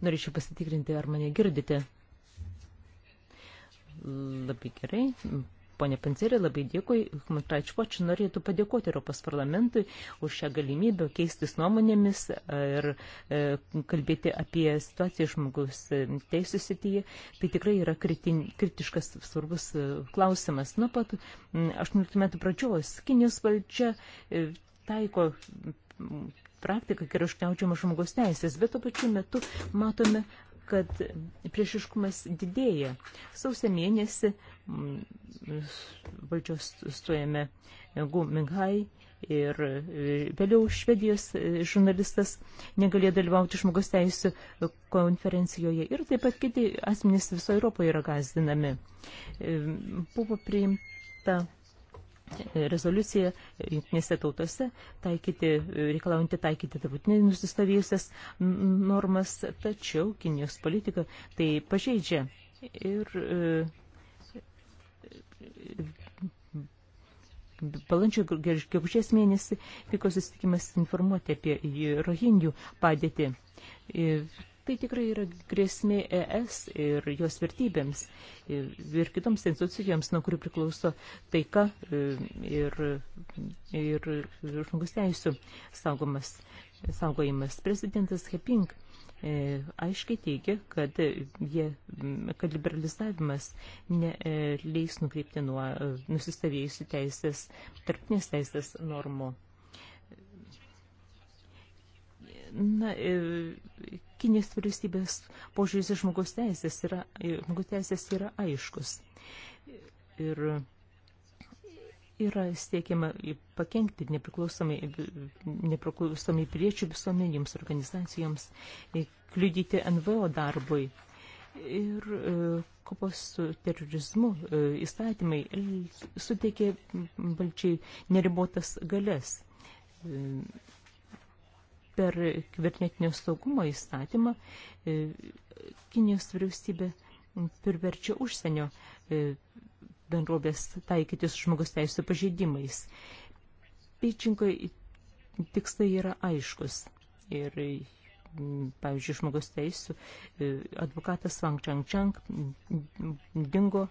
Norėčiau pasitikrinti, ar mane girdite. Labai gerai. Pone Panzerė, labai dėkui. Humantraičpočiu norėtų padėkoti Europos parlamentui už šią galimybę keistis nuomonėmis ir e, kalbėti apie situaciją žmogus e, teisų sityje. Tai tikrai yra kritin, kritiškas svarbus e, klausimas. Nuo pat 18 metų pradžios Kinijos valdžia taiko praktika, kai yra užkliaudžiama žmogaus teisės, bet to pačiu metu matome, kad priešiškumas didėja. Sausio mėnesį Mm, valdžios stojame Gu Minghai ir e, vėliau švedijos e, žurnalistas negalėjo dalyvauti žmogus teisų konferencijoje ir taip pat kiti asmenys visoje Europoje yra gazdinami. E, buvo priimta rezoliucija jungtinėse tautose taikyti, reikalaujantį taikyti tarptautinį nusistovėjusias normas, tačiau Kinijos politika tai pažeidžia. Ir balandžio gegužės mėnesį vyko susitikimas informuoti apie rohinių padėtį. Tai tikrai yra grėsmė ES ir jos vertybėms ir kitoms institucijoms, nuo kurių priklauso taika ir, ir žmogus teisų saugomas, saugojimas. Prezidentas Heping E, aiškiai teigia, kad, jie, kad liberalizavimas neleis e, nukreipti nuo e, nusistovėjusių teisės, tarptinės teisės normų. Na, Kinijos vyriausybės požiūris į žmogaus teisės yra, žmogaus teisės yra aiškus. Ir yra siekiama pakengti nepriklausomai, nepriklausomai priečių visuomenėms organizacijoms, kliudyti NVO darbui. Ir e, kopos su terorizmu e, įstatymai suteikė valdžiai neribotas galės. E, per kibernetinio saugumo įstatymą e, Kinijos vyriausybė priverčia užsienio e, bendrovės taikytis žmogus teisų pažeidimais. Peičinko tikslai yra aiškus. Ir, pavyzdžiui, žmogus teisų e, advokatas Wang Changchang dingo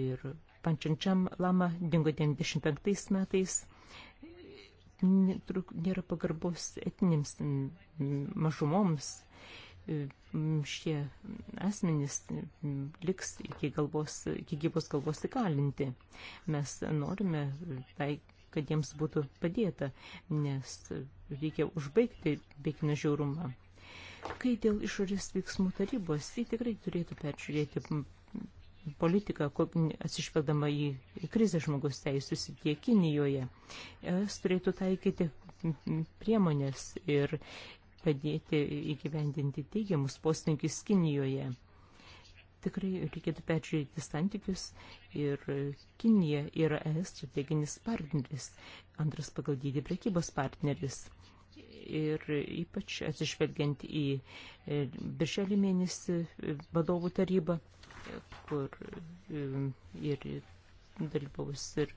ir Pančiančiam Lama dingo 95 metais nėra pagarbos etinėms mažumoms šie asmenys liks iki, galvos, iki gyvos galvos įkalinti. Mes norime, tai, kad jiems būtų padėta, nes reikia užbaigti veikinę žiaurumą. Kai dėl išorės veiksmų tarybos, jie tikrai turėtų peržiūrėti politiką, atsižvelgdama į krizę žmogus teisų tie Kinijoje, es turėtų taikyti priemonės ir padėti įgyvendinti teigiamus poslinkius Kinijoje. Tikrai reikėtų peržiūrėti santykius ir Kinija yra ES strateginis partneris, antras pagal dydį prekybos partneris. Ir ypač atsižvelgiant į e, birželį mėnesį e, vadovų tarybą, kur e, ir dalyvaus ir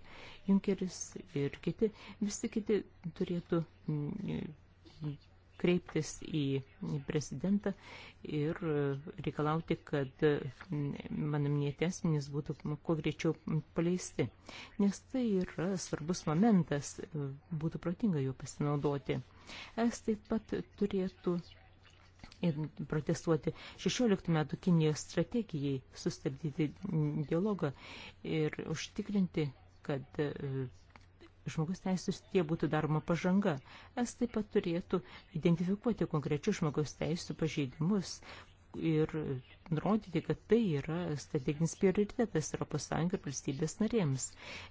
Junkeris, ir kiti, visi kiti turėtų kreiptis į prezidentą ir reikalauti, kad mano minėti asmenys būtų kuo greičiau paleisti. Nes tai yra svarbus momentas, būtų protinga juo pasinaudoti. Es taip pat turėtų ir protestuoti 16 metų Kinijos strategijai, sustabdyti dialogą ir užtikrinti, kad žmogus teisų srityje būtų daroma pažanga. Es taip pat turėtų identifikuoti konkrečius žmogus teisų pažeidimus ir nurodyti, kad tai yra strateginis prioritetas Europos Sąjunga valstybės narėms.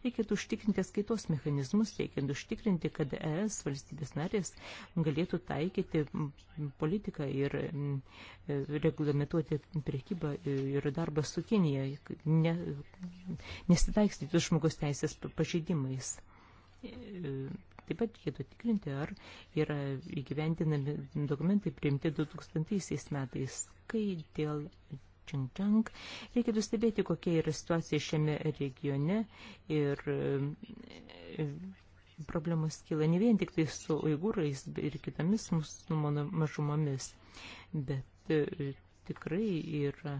Reikėtų užtikrinti skaitos mechanizmus, reikėtų užtikrinti, kad ES valstybės narės galėtų taikyti politiką ir mm, reglamentuoti priekybą ir darbą su Kinija, ne, nesitaikstyti žmogus teisės pažeidimais. Pa E, taip pat reikėtų tikrinti, ar yra įgyvendinami dokumentai priimti 2000 metais, kai dėl Čingčang reikėtų stebėti, kokia yra situacija šiame regione ir e, problemos kyla ne vien tik tai su uigūrais ir kitomis mūsų mažumomis, bet e, tikrai yra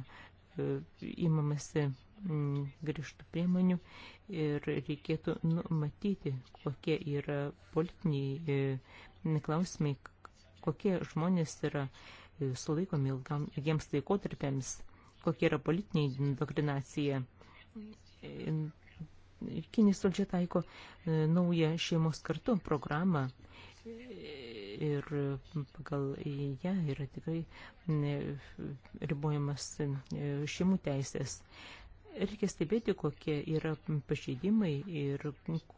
įmamasi Mm, grįžtų priemonių ir reikėtų numatyti, kokie yra politiniai e, klausimai, kokie žmonės yra e, sulaikomi ilgam, ilgiems laikotarpiams, kokia yra politinė indoktrinacija. E, Kinijos valdžia taiko naują šeimos kartu programą ir pagal ją yra tikrai ribojamas šeimų teisės. Reikia stebėti, kokie yra pažeidimai ir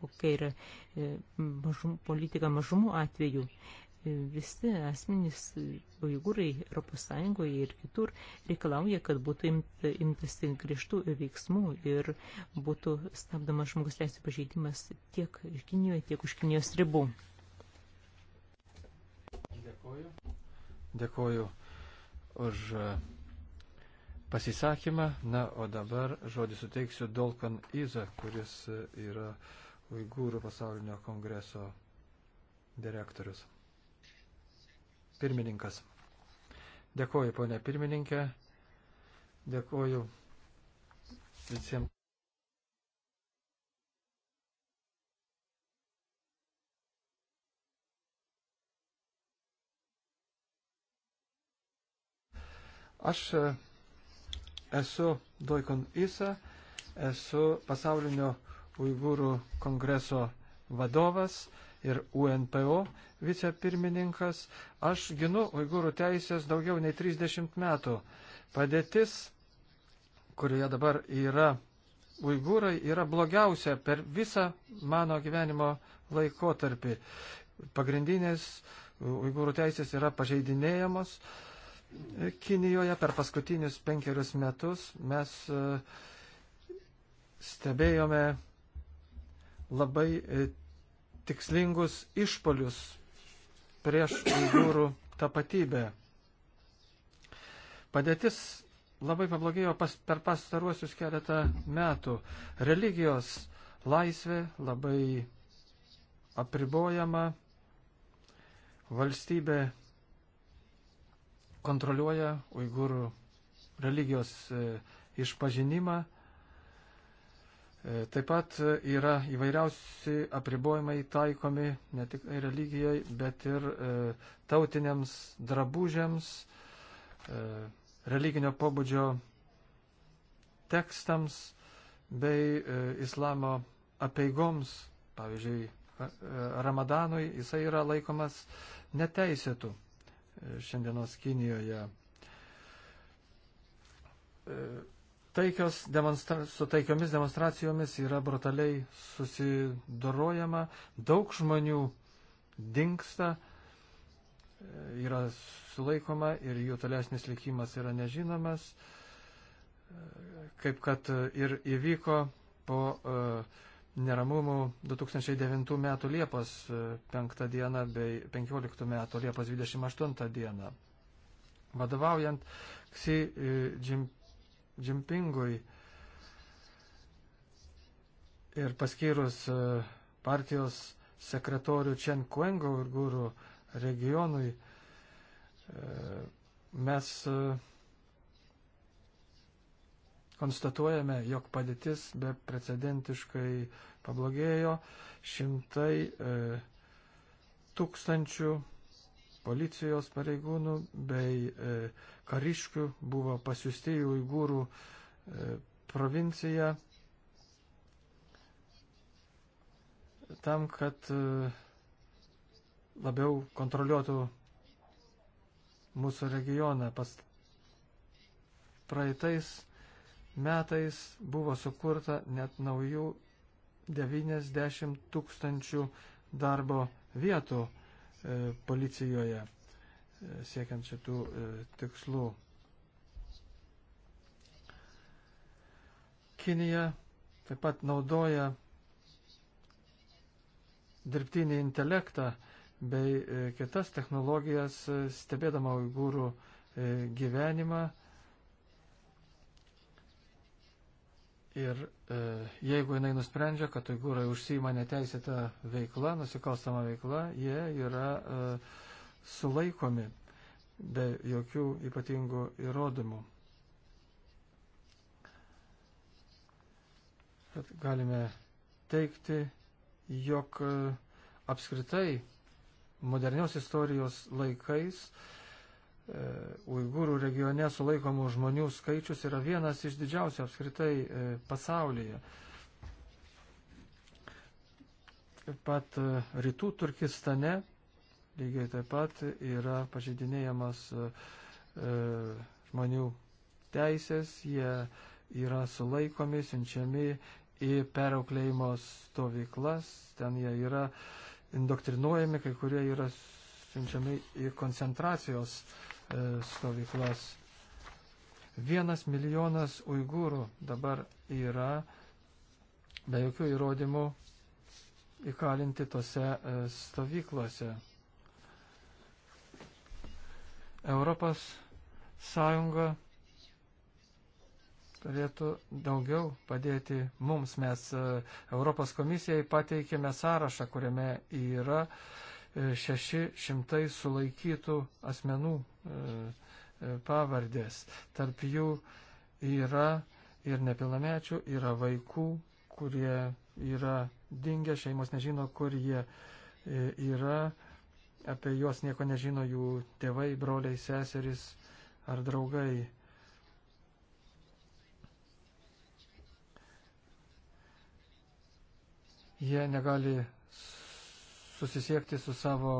kokia yra e, mažum, politika mažumų atveju. E, visi asmenys, uigūrai Europos Sąjungoje ir kitur reikalauja, kad būtų imt, imtasi griežtų veiksmų ir būtų stabdamas žmogus teisų pažeidimas tiek iš Kinijoje, tiek už Kinijos ribų. Dėkoju. Dėkoju už. Uh pasisakymą. Na, o dabar žodį suteiksiu Dolkan Iza, kuris yra Uigūrų pasaulinio kongreso direktorius. Pirmininkas. Dėkoju, ponė pirmininkė. Dėkoju visiems. Aš Esu Doikon Isa, esu pasaulinio Uigūrų kongreso vadovas ir UNPO vicepirmininkas. Aš ginu Uigūrų teisės daugiau nei 30 metų. Padėtis, kurioje dabar yra Uigūrai, yra blogiausia per visą mano gyvenimo laikotarpį. Pagrindinės Uigūrų teisės yra pažeidinėjamos Kinijoje per paskutinius penkerius metus mes e, stebėjome labai e, tikslingus išpolius prieš uigūrų tapatybę. Padėtis labai pablogėjo pas, per pastaruosius keletą metų. Religijos laisvė labai apribojama, valstybė kontroliuoja uigūrų religijos e, išpažinimą. E, taip pat yra įvairiausi apribojimai taikomi ne tik religijai, bet ir e, tautiniams drabužiams, religinio pobūdžio tekstams bei islamo apeigoms, pavyzdžiui, Ramadanui, jisai yra laikomas neteisėtų šiandienos Kinijoje. E, taikios demonstra su taikiomis demonstracijomis yra brutaliai susidorojama, daug žmonių dinksta, e, yra sulaikoma ir jų tolesnis likimas yra nežinomas, e, kaip kad ir įvyko po uh, neramumų 2009 m. Liepos 5 e, d. bei 15 m. Liepos 28 d. Vadovaujant Xi e, Jinpingui ir paskyrus e, partijos sekretorių Chen Kuengo ir gūrų regionui, mes konstatuojame, jog padėtis beprecedentiškai pablogėjo. Šimtai e, tūkstančių policijos pareigūnų bei e, kariškių buvo pasiusti į Uigūrų e, provinciją tam, kad e, labiau kontroliuotų mūsų regioną. Pas praeitais metais buvo sukurta net naujų 90 tūkstančių darbo vietų e, policijoje e, siekiant šitų e, tikslų. Kinija taip pat naudoja dirbtinį intelektą bei e, kitas technologijas e, stebėdama uigūrų e, gyvenimą Ir e, jeigu jinai nusprendžia, kad uigūrai užsima neteisėtą veiklą, nusikalstama veikla, jie yra e, sulaikomi be jokių ypatingų įrodymų. Tad galime teikti, jog e, apskritai modernios istorijos laikais e, E, Uigūrų regione sulaikomų žmonių skaičius yra vienas iš didžiausių apskritai e, pasaulyje. Taip pat e, rytų Turkistane lygiai taip pat yra pažeidinėjamas žmonių teisės, jie yra sulaikomi, siunčiami į perauklėjimo stovyklas, ten jie yra indoktrinuojami, kai kurie yra siunčiami į koncentracijos stovyklas E, stovyklas. Vienas milijonas uigūrų dabar yra be jokių įrodymų įkalinti tose e, stovyklose. Europos Sąjunga turėtų daugiau padėti mums. Mes e, Europos komisijai pateikėme sąrašą, kuriame yra 600 sulaikytų asmenų E, pavardės. Tarp jų yra ir nepilnamečių, yra vaikų, kurie yra dingę, šeimos nežino, kur jie e, yra, apie juos nieko nežino jų tėvai, broliai, seserys ar draugai. Jie negali susisiekti su savo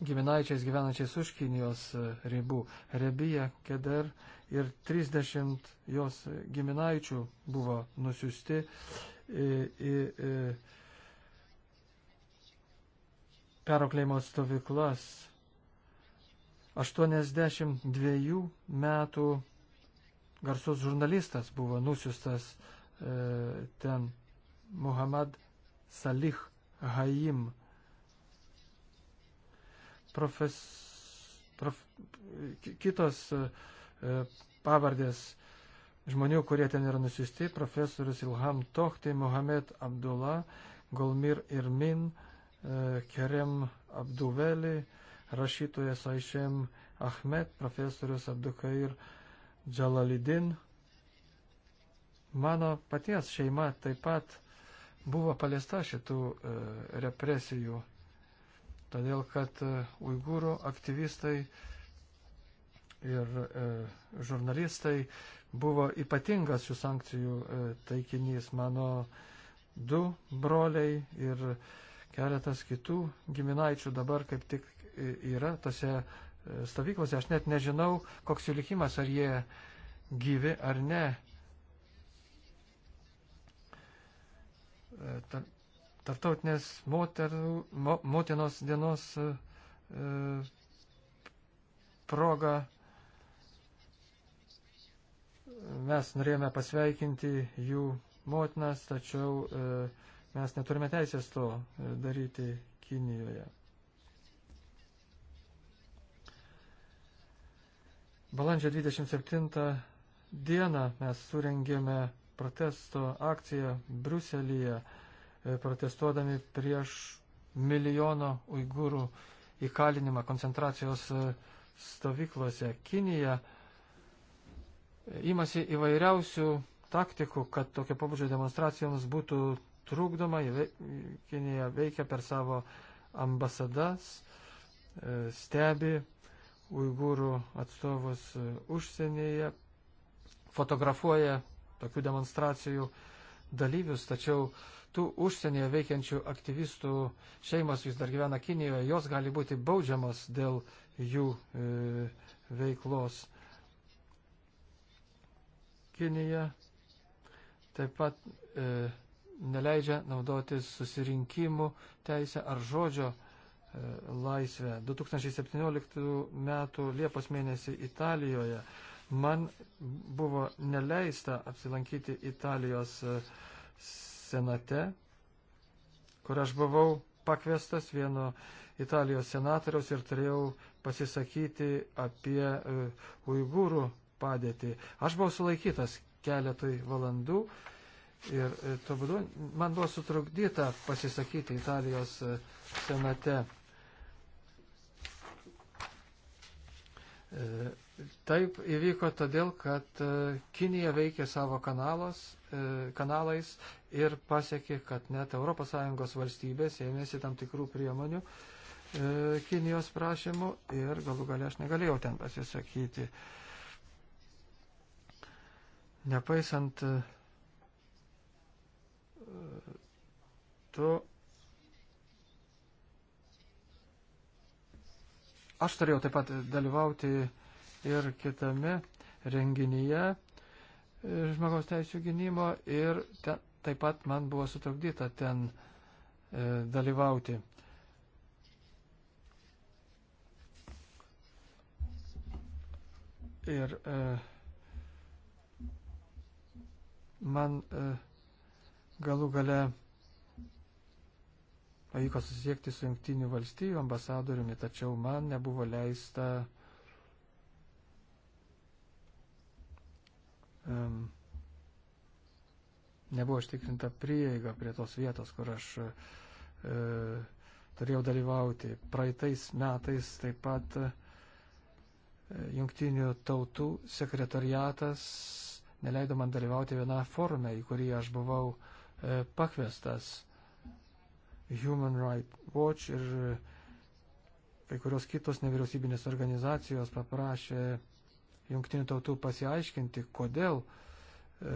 giminaičiais gyvenančiais už Kinijos e, ribų. Rebija, Keder ir 30 jos giminaičių buvo nusiusti e, į, į, e, į perokleimo stovyklas. 82 metų garsus žurnalistas buvo nusiustas e, ten Muhammad Salih Haim profes, prof, kitos e, pavardės žmonių, kurie ten yra nusiusti, profesorius Ilham Tohti, Mohamed Abdullah, Golmir Irmin, e, Kerem Abduveli, rašytojas Aišem Ahmed, profesorius Abdukair Džalalidin. Mano paties šeima taip pat buvo paliesta šitų e, represijų todėl kad e, uigūrų aktyvistai ir e, žurnalistai buvo ypatingas šių sankcijų e, taikinys. Mano du broliai ir keletas kitų giminaičių dabar kaip tik e, yra tose e, stovyklose. Aš net nežinau, koks jų likimas, ar jie gyvi ar ne. E, ta, tartautinės moterų, mo, motinos dienos e, proga mes norėjome pasveikinti jų motinas, tačiau e, mes neturime teisės to e, daryti Kinijoje. Balandžio 27 dieną mes surengėme protesto akciją Bruselėje E, protestuodami prieš milijono uigūrų įkalinimą koncentracijos e, stovyklose. Kinija e, imasi įvairiausių taktikų, kad tokia pabudžio demonstracijoms būtų trukdoma. Kinija veikia per savo ambasadas, stebi uigūrų atstovus užsienyje, fotografuoja tokių demonstracijų dalyvius, tačiau uh, tų užsienyje veikiančių aktyvistų šeimos, jūs dar gyvena Kinijoje, jos gali būti baudžiamas dėl jų e, veiklos. Kinija taip pat e, neleidžia naudotis susirinkimų teisę ar žodžio e, laisvę. 2017 m. Liepos mėnesį Italijoje man buvo neleista apsilankyti Italijos e, senate, kur aš buvau pakviestas vieno Italijos senatoriaus ir turėjau pasisakyti apie e, uigūrų padėtį. Aš buvau sulaikytas keletui valandų ir e, tuo būdu man buvo sutrukdyta pasisakyti Italijos e, senate. E, Taip įvyko todėl, kad e, Kinija veikė savo kanalos, e, kanalais ir pasiekė, kad net ES valstybės ėmėsi tam tikrų priemonių e, Kinijos prašymų ir galų galia aš negalėjau ten pasisakyti. Nepaisant to, aš turėjau taip pat dalyvauti ir kitame renginyje e, žmogaus teisų gynimo ir te, taip pat man buvo sutrukdyta ten e, dalyvauti. Ir e, man e, galų gale pavyko susisiekti su jungtinių valstybių ambasadoriumi, tačiau man nebuvo leista um, nebuvo ištikrinta prieiga prie tos vietos, kur aš e, turėjau dalyvauti. Praeitais metais taip pat e, jungtinių tautų sekretariatas neleido man dalyvauti vieną formę, į kurį aš buvau e, pakvestas. Human Rights Watch ir e, kai kurios kitos nevyriausybinės organizacijos paprašė jungtinių tautų pasiaiškinti, kodėl e,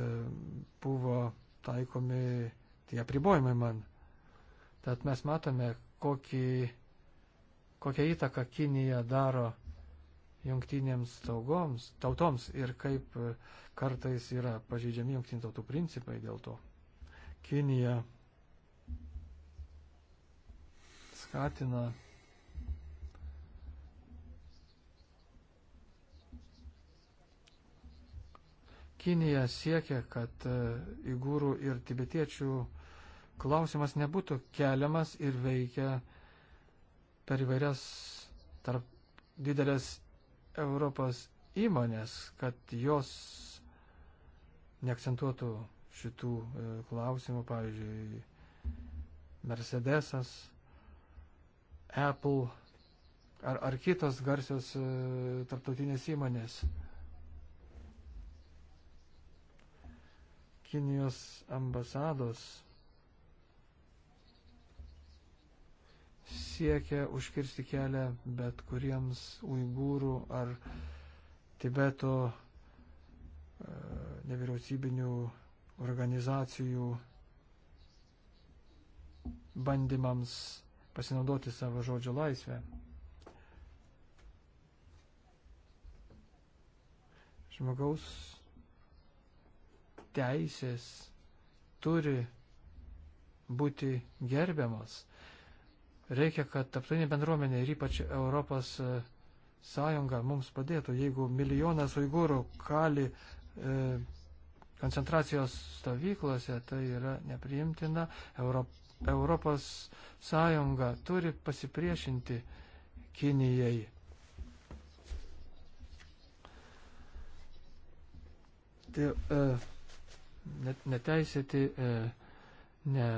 buvo taikomi tie apribojimai man. Tad mes matome, kokį, kokią įtaką Kinija daro jungtinėms taugoms, tautoms ir kaip e, kartais yra pažeidžiami jungtinių tautų principai dėl to. Kinija skatina Kinija siekia, kad e, įgūrų ir tibetiečių klausimas nebūtų keliamas ir veikia per įvairias tarp didelės Europos įmonės, kad jos neakcentuotų šitų e, klausimų, pavyzdžiui, Mercedesas, Apple ar, ar kitos garsios e, tarptautinės įmonės. Kinijos ambasados siekia užkirsti kelią bet kuriems uigūrų ar Tibeto e, nevyriausybinių organizacijų bandymams pasinaudoti savo žodžio laisvę. Žmogaus teisės turi būti gerbiamos. Reikia, kad taptinė bendruomenė ir ypač Europos e, sąjunga mums padėtų, jeigu milijonas uigūrų kali e, koncentracijos stovyklose, tai yra nepriimtina. Europ, Europos sąjunga turi pasipriešinti Kinijai. Tai, e, net, neteisėti, e, ne,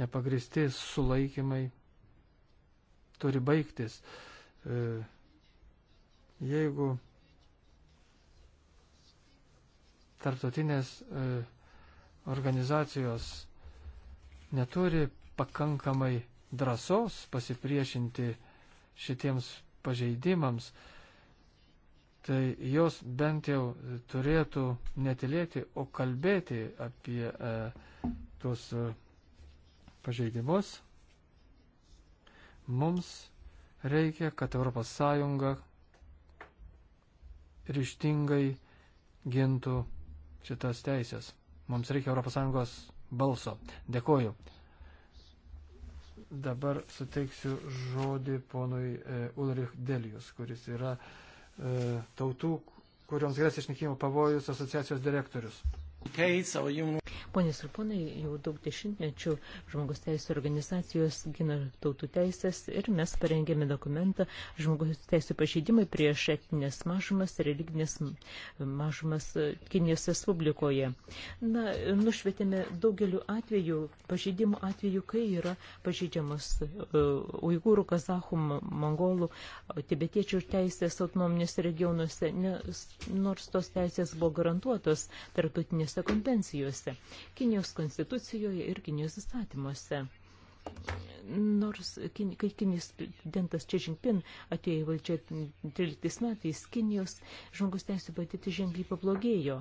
nepagristi sulaikymai turi baigtis. E, jeigu tarptautinės e, organizacijos neturi pakankamai drąsos pasipriešinti šitiems pažeidimams, tai jos bent jau turėtų netilėti, o kalbėti apie e, tuos e, pažeidimus. Mums reikia, kad ES ryštingai gintų šitas teisės. Mums reikia ES balso. Dėkoju. Dabar suteiksiu žodį ponui e, Ulrich Delius, kuris yra e, tautų, kurioms grės išnykimo pavojus asociacijos direktorius. Ponės ir ponai, jau daug dešimtmečių žmogus teisų organizacijos gina tautų teisės ir mes parengėme dokumentą žmogus teisų pažeidimai prieš etinės mažumas ir religinės mažumas Kinijos Respublikoje. Na, nušvietėme daugeliu atveju, pažeidimų atveju, kai yra pažeidžiamas e, uigūrų, kazachų, mongolų, tibetiečių teisės autonominėse regionuose, nes nors tos teisės buvo garantuotos tarptautinės tarptautinėse konvencijose, Kinijos konstitucijoje ir Kinijos įstatymuose. Nors, kai Kinijos prezidentas Či Jinping atėjo į valdžią 13 metais, Kinijos žmogus teisų patyti ženkliai pablogėjo.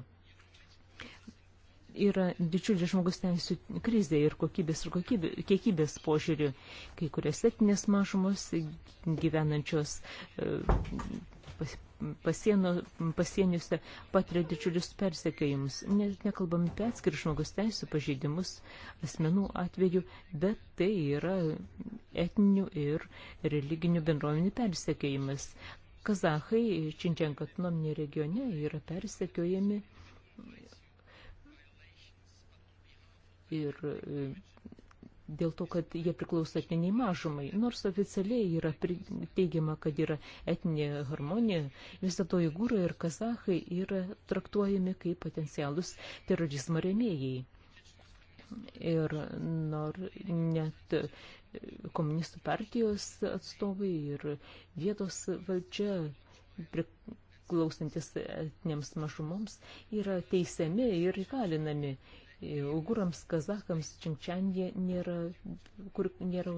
Yra didžiulė žmogus teisų krizė ir kokybės ir kokybė, kiekybės požiūrių. Kai kurias etinės mažumos gyvenančios e, pas, pasieno, pasieniuose patiria didžiulius persekiojimus. Ne, nekalbam apie atskirų žmogus teisų pažeidimus asmenų atveju, bet tai yra etninių ir religinių bendruomenių persekiojimas. Kazahai Činčianko autonominė regione yra persekiojami ir dėl to, kad jie priklauso etniniai mažumai. Nors oficialiai yra teigiama, kad yra etninė harmonija, vis dėlto įgūrai ir kazahai yra traktuojami kaip potencialus terorizmo remėjai. Ir nor, net komunistų partijos atstovai ir vietos valdžia priklausantis etnėms mažumoms yra teisiami ir įkalinami. Ugurams, kazakams, čimčiandė nėra, kur, nėra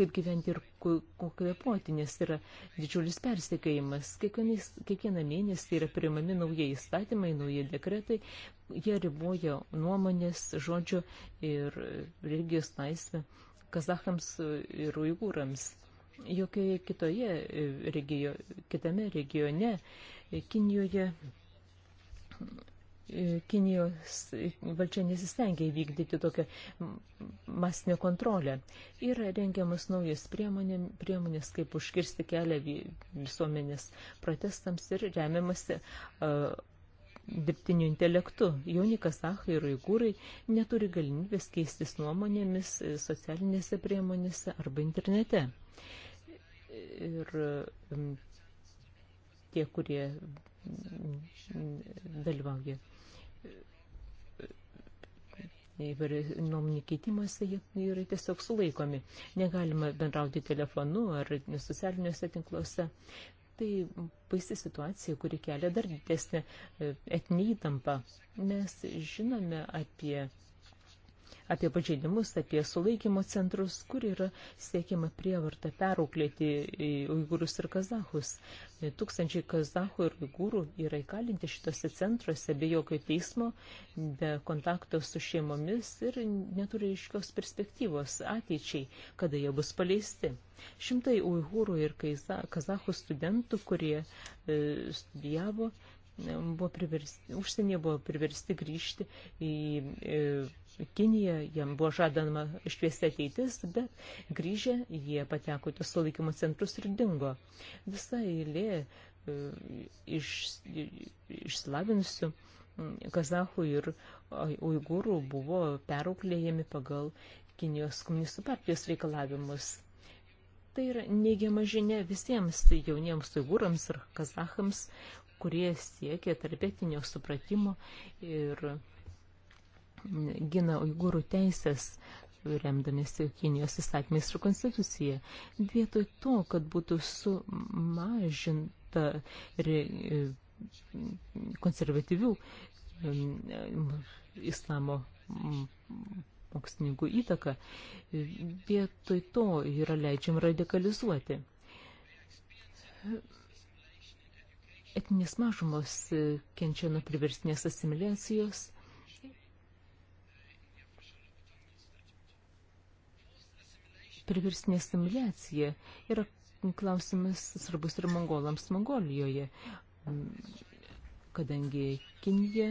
kaip gyventi ir kvepuoti, nes yra didžiulis persekėjimas. Kiekvieną mėnesį yra primami nauji įstatymai, nauji dekretai, jie riboja nuomonės, žodžio ir religijos laisvę kazakams ir uigūrams. Jokioje kitoje regio, kitame regione, Kinijoje E, Kinijos e, valdžia nesistengia įvykdyti tokią masinę kontrolę. Yra rengiamas naujas priemonė, priemonės, kaip užkirsti kelią visuomenės protestams ir remiamasi uh, dirbtiniu intelektu. Jauni kazahai ir uigūrai neturi galimybės keistis nuomonėmis socialinėse priemonėse arba internete. Ir um, tie, kurie dalyvauja įvairių nuomonių keitimas, jie yra tiesiog sulaikomi. Negalima bendrauti telefonu ar socialiniuose tinkluose. Tai baisi situacija, kuri kelia dar didesnį e, etinį įtampą. Mes žinome apie apie pažeidimus, apie sulaikymo centrus, kur yra siekiama prievarta perauklėti uigūrus ir kazahus. Tūkstančiai kazahų ir uigūrų yra įkalinti šitose centruose be jokio teismo, be kontakto su šeimomis ir neturi iškios perspektyvos ateičiai, kada jie bus paleisti. Šimtai uigūrų ir kazahų studentų, kurie e, studijavo, e, buvo priversti, užsienyje buvo priversti grįžti į, į Kiniją, jam buvo žadama šviesi ateitis, bet grįžę jie pateko į tos sulaikymo centrus ir dingo. Visa eilė e, iš, išsilavinusių kazahų ir uigūrų buvo perauklėjami pagal Kinijos komunistų partijos reikalavimus. Tai yra neigiama žinia visiems jauniems uigūrams ir kazahams, kurie siekia tarpėtinio supratimo ir gina uigūrų teisės remdamėsi Kinijos įstatymais ir konstitucija. Vietoj to, kad būtų sumažinta re, konservatyvių islamo mokslininkų įtaka, vietoj to yra leidžiama radikalizuoti. Etinės mažumos e, kenčia nuo priverstinės asimiliacijos. Priverstinė asimiliacija yra klausimas svarbus ir mongolams Mongolijoje, kadangi Kinija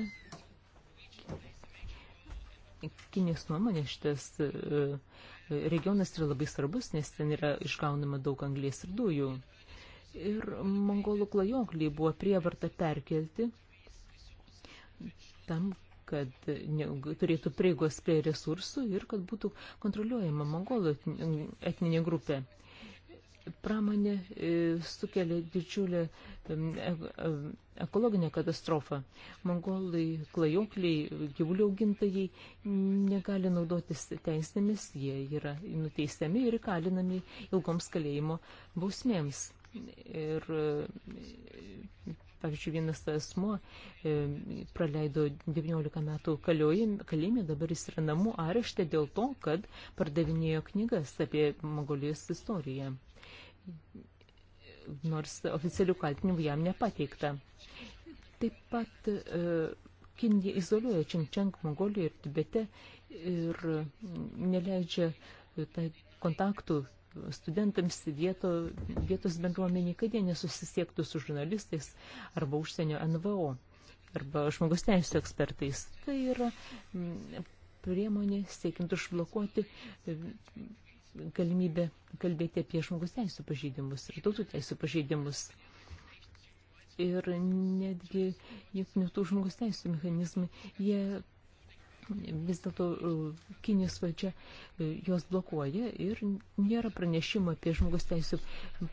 Kinijos nuomonė šitas e, e, regionas yra labai svarbus, nes ten yra išgaunama daug anglės ir dujų ir mongolų klajonklį buvo prievarta perkelti tam, kad ne, turėtų prieigos prie resursų ir kad būtų kontroliuojama mongolų etninė grupė. Pramonė e, sukelia didžiulę e, e, ekologinę katastrofą. Mongolai, klajokliai, gyvulių augintojai negali naudotis teisėmis, jie yra nuteisiami ir įkalinami ilgoms kalėjimo bausmėms ir, pavyzdžiui, vienas asmo e, praleido 19 metų kalėjime, dabar jis yra namų arešte dėl to, kad pardavinėjo knygas apie Mongolijos istoriją. Nors oficialių kaltinimų jam nepateikta. Taip pat e, Kinija izoliuoja Čingčeng Mongoliją ir Tibete ir neleidžia tai kontaktų studentams vieto, vietos bendruomenį, kad jie nesusisiektų su žurnalistais arba užsienio NVO arba žmogus teisų ekspertais. Tai yra mm, priemonė siekiant užblokuoti mm, galimybę kalbėti apie žmogus teisų pažeidimus ir tautų teisų pažeidimus. Ir netgi jungtinių tų žmogus teisų mechanizmai, jie vis dėlto e, Kinijos valdžia e, juos blokuoja ir nėra pranešimo apie žmogus teisų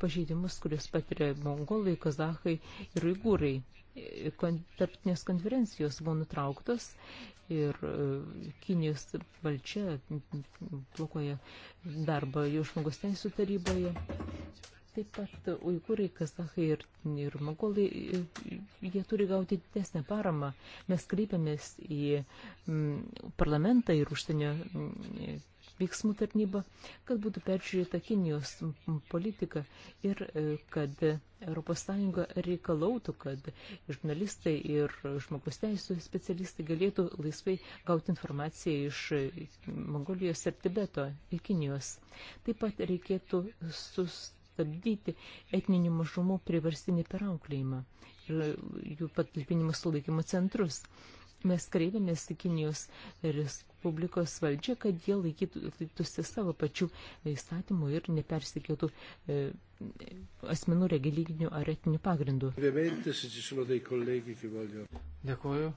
pažeidimus, kuriuos patiria mongolai, kazahai ir uigūrai. E, Tarptinės konferencijos buvo nutrauktos ir Kinijos valdžia blokuoja darbą jo žmogus teisų taryboje. Taip pat uikūrai, kazahai ir, ir mongolai, jie turi gauti didesnę paramą. Mes kreipiamės į m, mm, parlamentą ir užsienio m, mm, veiksmų tarnybą, kad būtų peržiūrėta Kinijos politika ir e, kad ES reikalautų, kad žurnalistai ir žmogus teisų specialistai galėtų laisvai gauti informaciją iš Mongolijos ir Tibeto ir Kinijos. Taip pat reikėtų sustabdyti stabdyti etninių mažumų priversinį perauklėjimą ir jų patalpinimų sulaikymo centrus. Mes kreipėmės į Kinijos Respublikos valdžią, kad jie laikytųsi savo pačių įstatymų ir nepersikėtų e, asmenų religinių ar etinių pagrindų. Dėkuoju.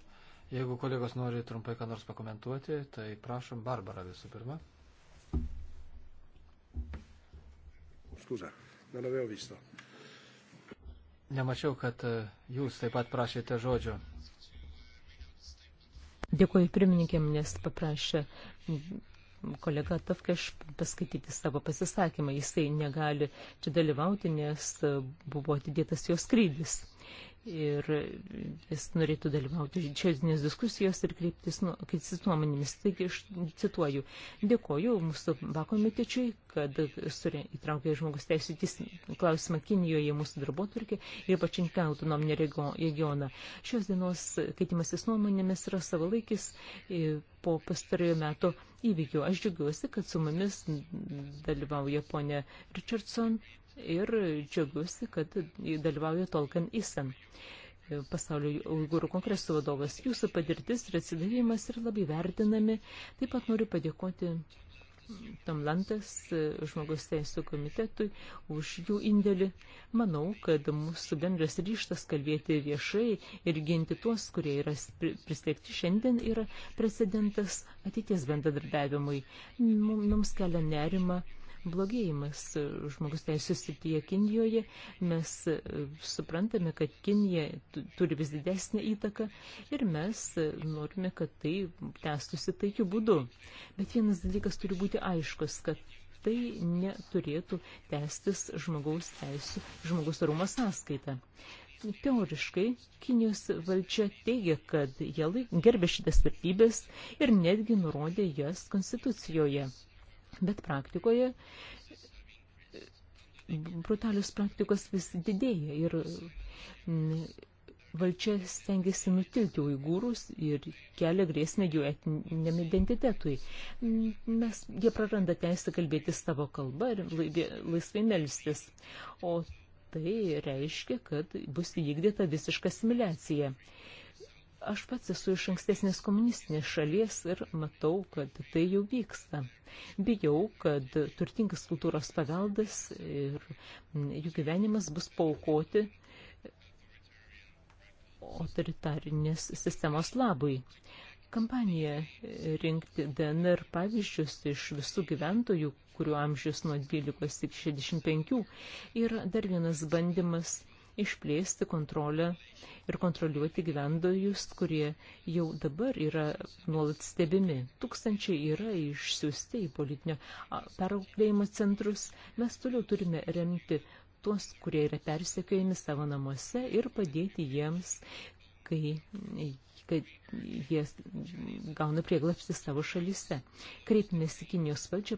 Jeigu kolegos nori trumpai ką nors pakomentuoti, tai prašom Barbara visų pirma. Scusa non avevo visto. Nemačiau, kad e, jūs taip pat prašėte žodžio. Dėkuoju pirmininkė, nes paprašė kolega Tafkeš paskaityti savo pasisakymą. Jisai negali čia dalyvauti, nes buvo atidėtas jo skrydis ir vis norėtų dalyvauti šiandieninės diskusijos ir kreiptis, nu, kreiptis nuomonėmis. Taigi, aš cituoju, dėkoju mūsų pakomitečiui, kad surė, įtraukė žmogus teisų klausimą Kinijoje mūsų darbotvarkį ir pačinkę autonominį regioną. Šios dienos keitimasis nuomonėmis yra savalaikis e, po pastarojo meto įvykių. Aš džiaugiuosi, kad su mumis dalyvauja ponė Richardson ir džiaugiuosi, kad dalyvauju Tolkien Isan e, pasaulio Uigūrų kongreso vadovas. Jūsų patirtis ir atsidavimas yra labai vertinami. Taip pat noriu padėkoti Tomlantas, e, žmogus teisų komitetui, už jų indėlį. Manau, kad mūsų bendras ryštas kalbėti viešai ir ginti tuos, kurie yra pristeigti šiandien, yra precedentas ateities bendradarbiavimui. Mums kelia nerima blogėjimas žmogus teisų sityje Kinijoje. Mes e, suprantame, kad Kinija turi vis didesnį įtaką ir mes e, norime, kad tai tęstusi taikiu būdu. Bet vienas dalykas turi būti aiškus, kad tai neturėtų tęstis žmogaus teisų, žmogus orumo sąskaita. Teoriškai Kinijos valdžia teigia, kad jie gerbė šitas vertybės ir netgi nurodė jas konstitucijoje bet praktikoje brutalius praktikos vis didėja ir mm, valdžia stengiasi nutilti uigūrus ir kelia grėsmę jų etiniam identitetui. Mm, mes, jie praranda teisę kalbėti savo kalbą ir laisvai melstis. O tai reiškia, kad bus įvykdyta visiška similiacija. Aš pats esu iš ankstesnės komunistinės šalies ir matau, kad tai jau vyksta. Bijau, kad turtingas kultūros paveldas ir jų gyvenimas bus paukoti autoritarinės sistemos labui. Kampanija rinkti DNR pavyzdžius iš visų gyventojų, kurių amžius nuo 12 iki 65, yra dar vienas bandymas – išplėsti kontrolę ir kontroliuoti gyventojus, kurie jau dabar yra nuolat stebimi. Tūkstančiai yra išsiųsti į politinio perauklėjimo centrus. Mes toliau turime remti tuos, kurie yra persekiojami savo namuose ir padėti jiems, kai kad jie gauna prieglapsti savo šalyse. Kreipimės į Kinijos valdžią,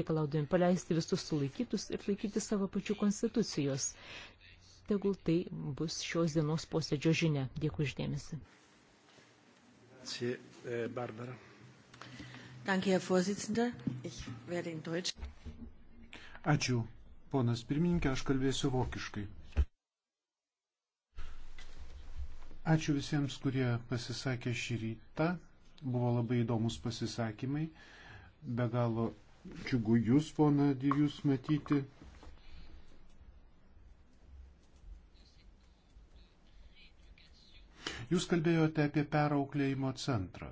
reikalaudami paleisti visus sulaikytus ir laikyti savo pačių konstitucijos tegul tai bus šios dienos posėdžio žinia. Dėkui uždėmesi. Eh, Barbara. Danke, Herr Vorsitzender. Ich werde in Deutsch. Ačiū, ponas pirmininkė, aš kalbėsiu vokiškai. Ačiū visiems, kurie pasisakė šį rytą. Buvo labai įdomus pasisakymai. Be galo džiugu jūs, pona Dėjus, matyti. Jūs kalbėjote apie perauklėjimo centrą,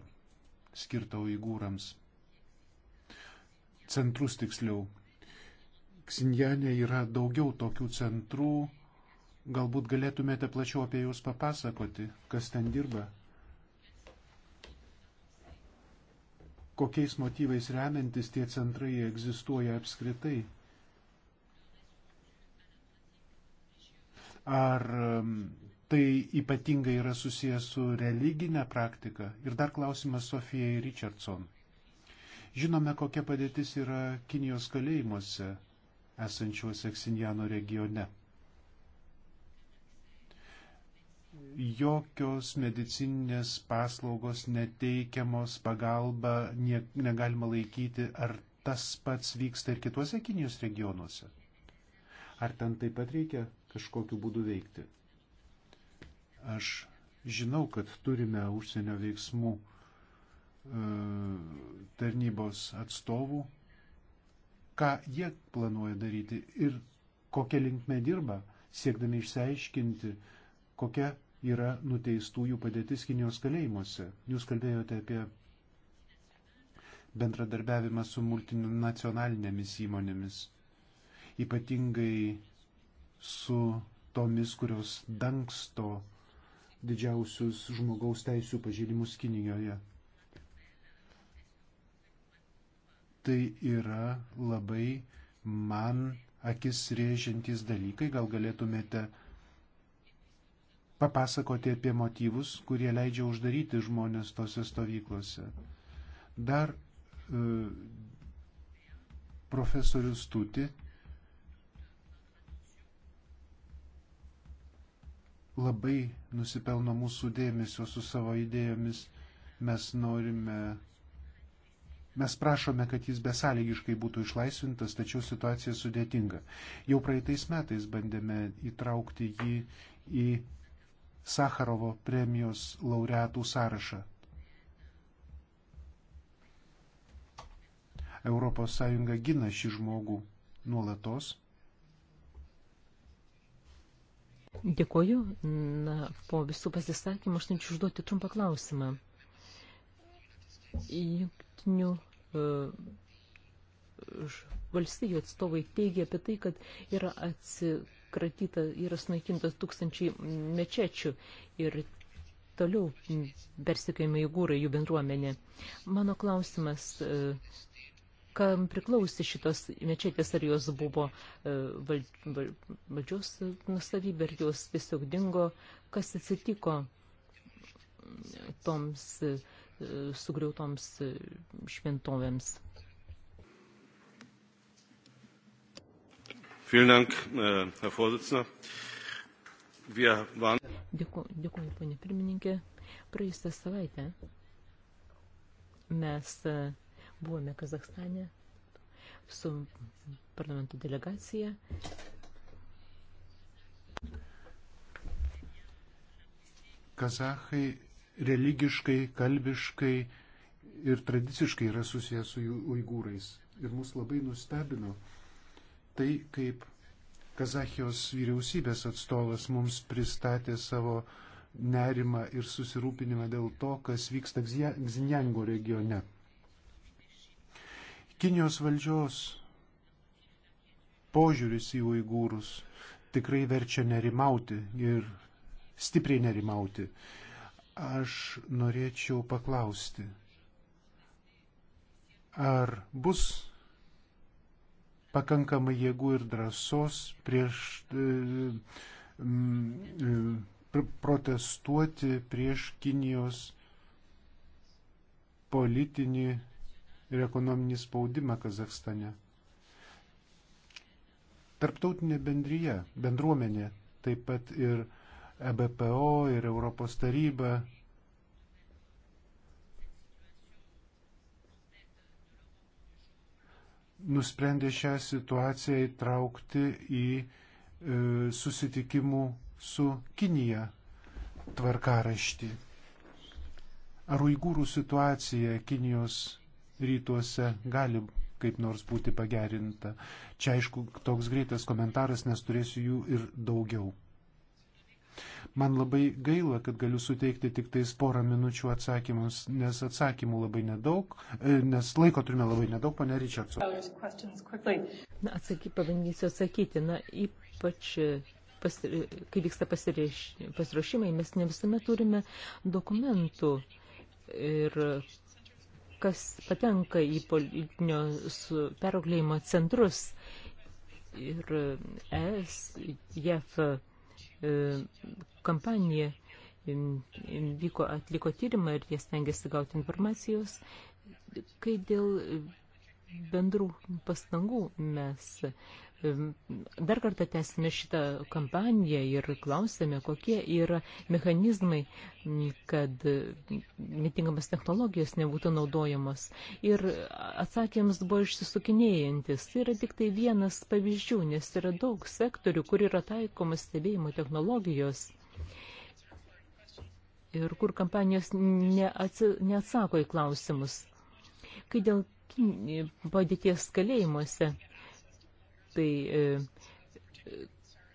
skirtą uigūrams. Centrus tiksliau. Ksinjanė yra daugiau tokių centrų. Galbūt galėtumėte plačiau apie juos papasakoti, kas ten dirba, kokiais motyvais remiantis tie centrai egzistuoja apskritai. Ar um, tai ypatingai yra susijęs su religinė praktika. Ir dar klausimas Sofijai Richardson. Žinome, kokia padėtis yra Kinijos kalėjimuose esančiuose Ksinjano regione. jokios medicinės paslaugos neteikiamos, pagalba nie, negalima laikyti, ar tas pats vyksta ir kituose Kinijos regionuose? Ar ten taip pat reikia kažkokiu būdu veikti? Aš žinau, kad turime užsienio veiksmų e, tarnybos atstovų, ką jie planuoja daryti ir kokią linkmę dirba, siekdami išsiaiškinti, kokia yra nuteistųjų padėtis Kinijos kalėjimuose. Jūs kalbėjote apie bendradarbiavimą su multinacionalinėmis įmonėmis, ypatingai su tomis, kurios dangsto uh, didžiausius žmogaus teisų pažeidimus Kinijoje. Tai yra labai man akis rėžiantys dalykai. Gal galėtumėte papasakoti apie motyvus, kurie leidžia uždaryti žmonės tose stovyklose. Dar e, profesorius Tuti labai nusipelno mūsų dėmesio su savo idėjomis. Mes norime, mes prašome, kad jis besąlygiškai būtų išlaisvintas, tačiau situacija sudėtinga. Jau praeitais metais bandėme įtraukti jį į Sakarovo premijos laureatų sąrašą. ES gina šį žmogų nuolatos Dėkoju. Na, po visų pasisakymų aš norėčiau užduoti trumpą klausimą. Jungtinių uh, e, valstybių atstovai teigia apie tai, kad yra atsikratyta, yra sunaikintas tūkstančiai mečečių ir toliau persikėjami įgūrai jų bendruomenė. Mano klausimas uh, kam priklausė šitos mečetės, ar jos buvo e, val, val, valdžios nusavybė, ar jos tiesiog dingo, kas atsitiko toms e, sugriautoms e, šventovėms. Dank, äh, Herr Vorsitzender. Wir waren. Dėkuoju, ponė pirmininkė. Praėjusią savaitę mes uh, Buvome Kazakstane su parlamento delegacija. Kazahai religiškai, kalbiškai ir tradiciškai yra susijęs su uigūrais. Ir mus labai nustebino tai, kaip Kazahijos vyriausybės atstovas mums pristatė savo nerimą ir susirūpinimą dėl to, kas vyksta Xinjiango regione. Kinijos valdžios požiūris į uigūrus tikrai verčia nerimauti ir stipriai nerimauti. Aš norėčiau paklausti, ar bus pakankamai jėgų ir drąsos prieš e, e, protestuoti prieš Kinijos politinį ir ekonominį spaudimą Kazakstane. Tarptautinė bendryje, bendruomenė, taip pat ir EBPO ir Europos taryba nusprendė šią situaciją įtraukti į e, susitikimų su Kinija tvarkaraštį. Ar uigūrų situacija Kinijos rytuose gali kaip nors būti pagerinta. Čia aišku toks greitas komentaras, nes turėsiu jų ir daugiau. Man labai gaila, kad galiu suteikti tik tais porą minučių atsakymams, nes atsakymų labai nedaug, e, nes laiko turime labai nedaug, pane Richardson. Na, atsaky, pabandysiu atsakyti. Na, ypač e, pasir... kai vyksta pasirašymai, mes ne visame turime dokumentų ir kas patenka į politinius perauklėjimo centrus. Ir ES, JEF e, kampanija vyko, atliko tyrimą ir jie stengiasi gauti informacijos, kai dėl bendrų pastangų mes Dar kartą tęsime šitą kampaniją ir klausėme, kokie yra mechanizmai, kad mitingamas technologijos nebūtų naudojamos. Ir atsakymas buvo išsisukinėjantis. Tai yra tik tai vienas pavyzdžių, nes yra daug sektorių, kur yra taikomas stebėjimo technologijos ir kur kampanijos neatsi, neatsako į klausimus. Kai dėl padėties kalėjimuose, tai e,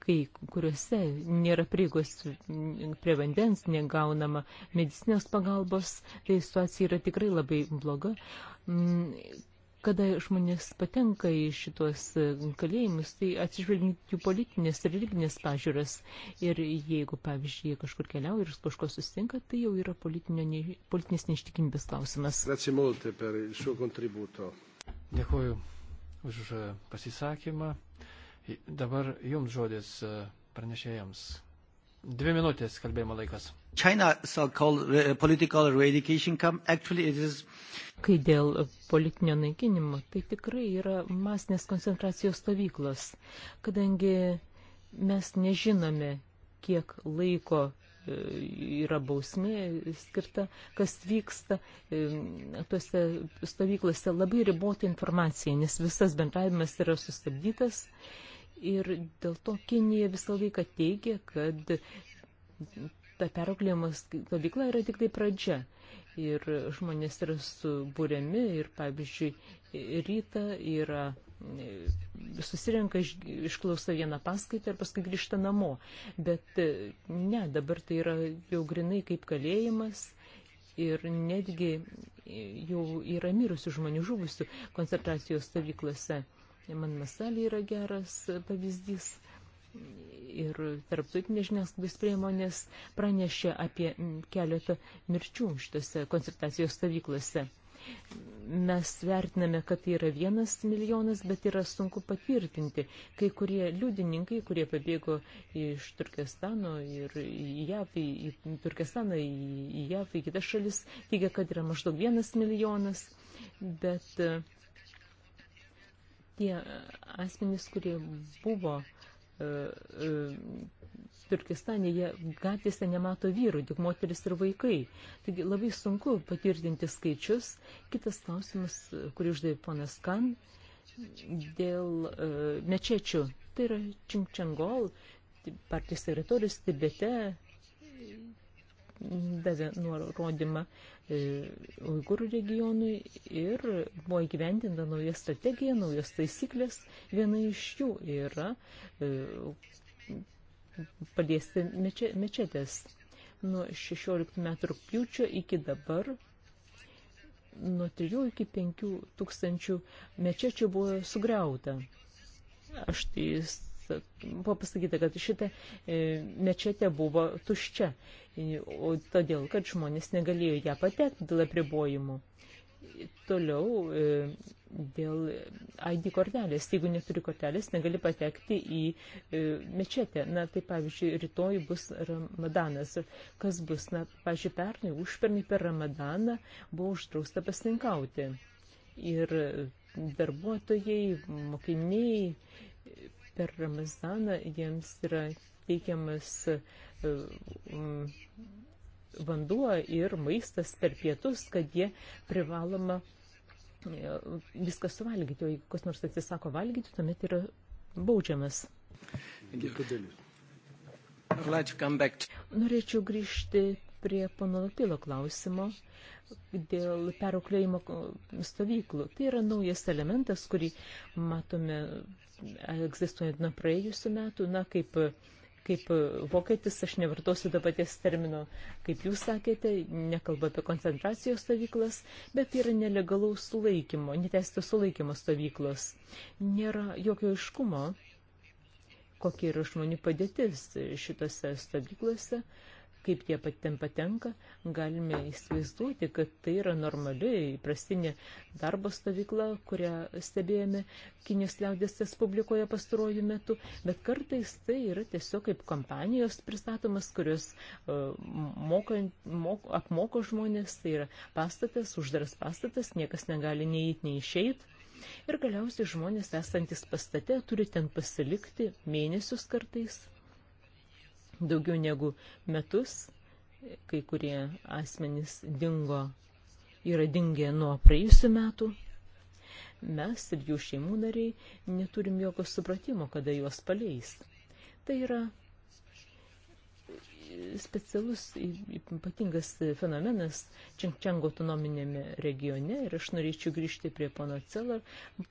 kai kuriuose nėra prieigos prie vandens, negaunama medicinės pagalbos, tai situacija yra tikrai labai bloga. Mm, kada žmonės patenka į šitos e, kalėjimus, tai atsižvelgiant jų politinės ir religinės pažiūras. Ir jeigu, pavyzdžiui, jie kažkur keliauja ir kažko susitinka, tai jau yra politinės neištikimybės klausimas. Dėkuoju už pasisakymą. Dabar jums žodis e, pranešėjams. Dvi minutės kalbėjimo laikas. China so-called political eradication camp actually it is. Kai dėl politinio naikinimo, tai tikrai yra masinės koncentracijos stovyklos, kadangi mes nežinome, kiek laiko yra bausmė skirta, kas vyksta tuose stovyklose, labai ribota informacija, nes visas bendravimas yra sustabdytas ir dėl to Kinija visą laiką teigia, kad ta perauklėjimo stovykla yra tik tai pradžia. Ir žmonės yra subūriami ir, pavyzdžiui, ryta yra susirenka, išklauso vieną paskaitą ir paskui grįžta namo. Bet e, ne, dabar tai yra jau grinai kaip kalėjimas ir netgi jau yra mirusių žmonių žuvusių koncentracijos stovyklose. Man Masalė yra geras pavyzdys ir tarptautinės žiniasklaidos priemonės pranešė apie keletą mirčių šitose koncentracijos stovyklose. Mes vertiname, kad tai yra vienas milijonas, bet yra sunku patvirtinti. Kai kurie liudininkai, kurie pabėgo iš Turkestano ir į JAV, į, į Turkestaną, į, į JAV, į kitas šalis, teigia, kad yra maždaug vienas milijonas, bet e, tie asmenys, kurie buvo e, e, Turkistane jie gatvėse nemato vyrų, tik moteris ir vaikai. Taigi labai sunku patvirtinti skaičius. Kitas klausimas, kurį uždavė ponas Kan, dėl uh, mečečių. Tai yra Čingčangol, partijos sekretorius Tibete davė nurodymą e, Uigūrų regionui ir buvo įgyvendinta nauja strategija, naujos taisyklės. Viena iš jų yra e, paliesti mečetės. Nuo 16 metų rūpjūčio iki dabar nuo 3 iki 5 tūkstančių mečečių buvo sugriauta. Aš tai buvo pasakyta, kad šita e, mečetė buvo tuščia, e, o todėl, kad žmonės negalėjo ją patekti dėl apribojimų. Toliau e, dėl ID kortelės. Jeigu neturi kortelės, negali patekti į e, mečetę. Na, tai pavyzdžiui, rytoj bus ramadanas. Kas bus? Na, pavyzdžiui, pernai, užpernai per ramadaną buvo uždrausta pasirinkauti. Ir darbuotojai, mokiniai per ramazaną jiems yra teikiamas uh, um, vanduo ir maistas per pietus, kad jie privaloma e, viską suvalgyti, o jeigu kas nors atsisako valgyti, tuomet yra baudžiamas. Norėčiau grįžti prie pono Lapilo klausimo dėl perauklėjimo stovyklų. Tai yra naujas elementas, kurį matome egzistuojant nuo praėjusių metų, na, kaip kaip e, vokietis, aš nevartosiu to paties termino, kaip jūs sakėte, nekalba apie koncentracijos stovyklas, bet yra nelegalaus sulaikymo, neteisėto sulaikymo stovyklos. Nėra jokio iškumo, kokia yra žmonių padėtis šitose stovyklose, kaip tie ten patenka, galime įsivaizduoti, kad tai yra normali, įprastinė darbo stovykla, kurią stebėjome Kinijos liaudės Respublikoje pastaruoju metu, bet kartais tai yra tiesiog kaip kompanijos pristatomas, kurios e, moka, mok, apmoko žmonės, tai yra pastatas, uždaras pastatas, niekas negali neįt, neišeit. Ir galiausiai žmonės esantis pastate turi ten pasilikti mėnesius kartais daugiau negu metus, kai kurie asmenys dingo, yra dingę nuo praėjusių metų. Mes ir jų šeimų nariai neturim jokio supratimo, kada juos paleis. Tai yra specialus, ypatingas fenomenas Čengčengo autonominėme regione ir aš norėčiau grįžti prie pono Celar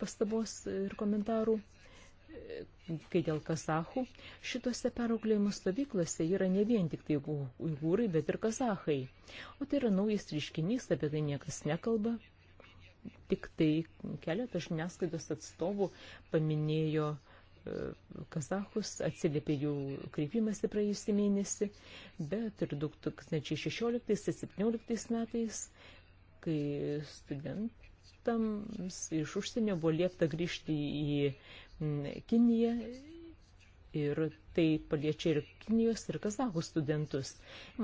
pastabos ir komentarų kai dėl kazachų, šitose perauklėjimo stovyklose yra ne vien tik tai uigūrai, bet ir kazachai. O tai yra naujas ryškinys, apie tai niekas nekalba. Tik tai keletas žiniasklaidos atstovų paminėjo e, kazachus, atsiliepė jų kreipimąsi praėjusį mėnesį, bet ir 2016-2017 metais, kai studentams iš užsienio buvo liepta grįžti į Mm, Kinija ir tai paliečia ir Kinijos ir Kazahų studentus.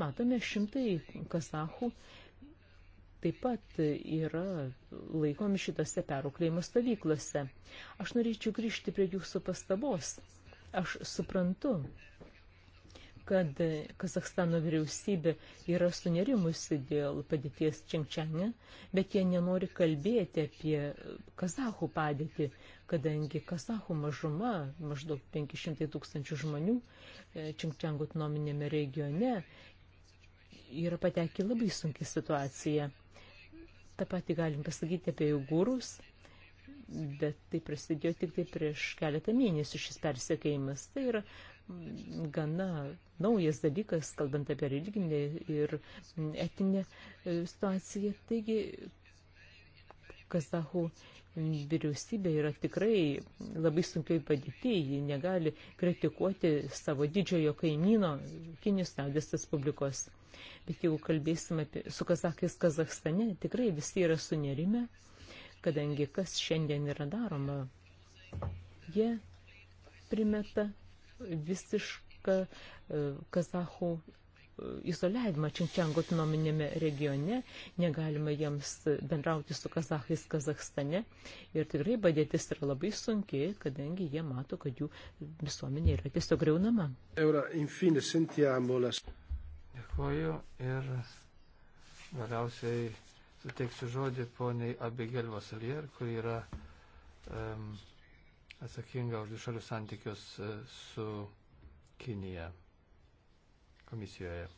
Matome šimtai Kazahų taip pat yra laikomi šitose perauklėjimo stovyklose. Aš norėčiau grįžti prie jūsų pastabos. Aš suprantu, kad Kazakstano vyriausybė yra sunerimusi dėl padėties Čengčiane, bet jie nenori kalbėti apie Kazahų padėtį, kadangi Kazahų mažuma, maždaug 500 tūkstančių žmonių e, Čengčiango autonominėme regione, yra patekę labai sunkiai situaciją. Ta pati galim pasakyti apie Jugurus, bet tai prasidėjo tik tai prieš keletą mėnesių šis persekėjimas. Tai yra gana naujas dalykas, kalbant apie religinę ir etinę e, situaciją. Taigi, Kazahų vyriausybė yra tikrai labai sunkiai padėti, ji negali kritikuoti savo didžiojo kaimyno Kinijos liaudės Respublikos. Bet jeigu kalbėsime apie, su Kazakais Kazakstane, tikrai visi yra sunerime, kadangi kas šiandien yra daroma, jie primeta visišką e, kazachų e, izoliavimą Činčiango autonominėme regione, negalima jiems bendrauti su kazahais Kazahstane ir tikrai padėtis yra labai sunki, kadangi jie mato, kad jų visuomenė yra tiesiog greunama. Dėkuoju ir galiausiai suteiksiu žodį poniai Abigelvos Alier, kuri yra um, atsakinga už dvišalius santykius e, su Kinija komisijoje.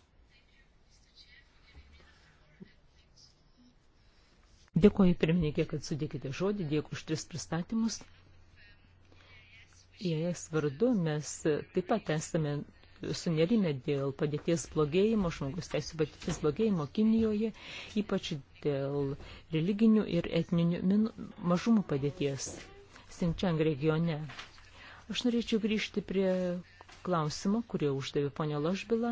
Dėkuoju pirmininkė, kad sudėkite žodį, dėkui už tris pristatymus. ES vardu mes taip pat esame sunerime dėl padėties blogėjimo, žmogus teisų padėties blogėjimo Kinijoje, ypač dėl religinių ir etninių mažumų padėties. Sinčiang regione. Aš norėčiau grįžti prie klausimo, kurį uždavė ponė Ložbila,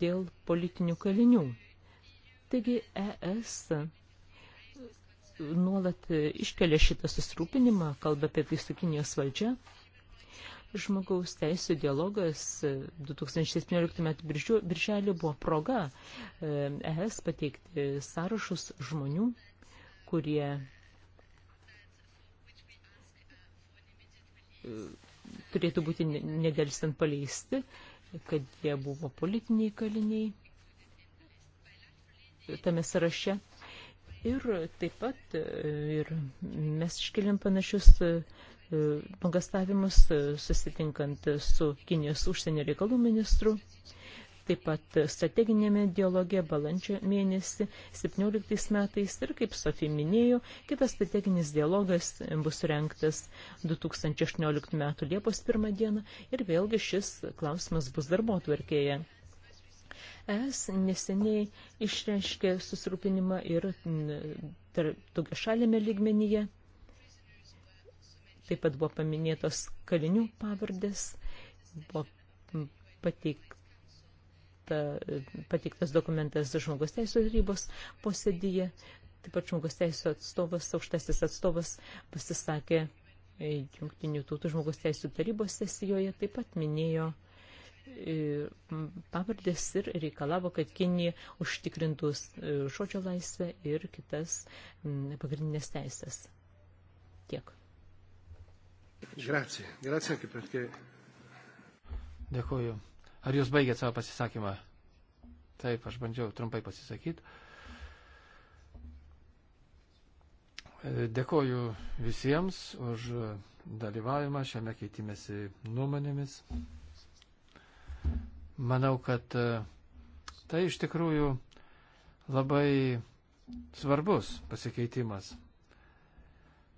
dėl politinių kalinių. Taigi ES nuolat iškelia šitą susirūpinimą, kalba apie tai su Kinijos valdžia. Žmogaus teisų dialogas 2017 m. birželį buvo proga ES e pateikti sąrašus žmonių, kurie turėtų būti nedelstant paleisti, kad jie buvo politiniai kaliniai tame sąraše. Ir taip pat e, ir mes iškeliam panašius e, nugastavimus e, susitinkant su Kinijos užsienio reikalų ministru taip pat strateginėme dialoge balandžio mėnesį 17 metais ir, kaip Sofi minėjo, kitas strateginis dialogas bus surenktas 2018 m. Liepos 1 dieną ir vėlgi šis klausimas bus darbo tvarkėje. Es neseniai išreiškė susirūpinimą ir tokia šalėme lygmenyje. Taip pat buvo paminėtos kalinių pavardės, buvo pateik, pateiktas dokumentas žmogus teisų tarybos posėdyje. Taip pat žmogus teisų atstovas, aukštasis atstovas pasisakė e, Junktinių tautų žmogus teisų tarybos sesijoje, taip pat minėjo e, pavardės ir reikalavo, kad Kinija užtikrintų e, žodžio laisvę ir kitas pagrindinės teisės. Tiek. Grazie. Grazie anche perché. Dėkuoju. Ar jūs baigėt savo pasisakymą? Taip, aš bandžiau trumpai pasisakyti. Dėkoju visiems už dalyvavimą šiame keitimėsi nuomonėmis. Manau, kad e, tai iš tikrųjų labai svarbus pasikeitimas.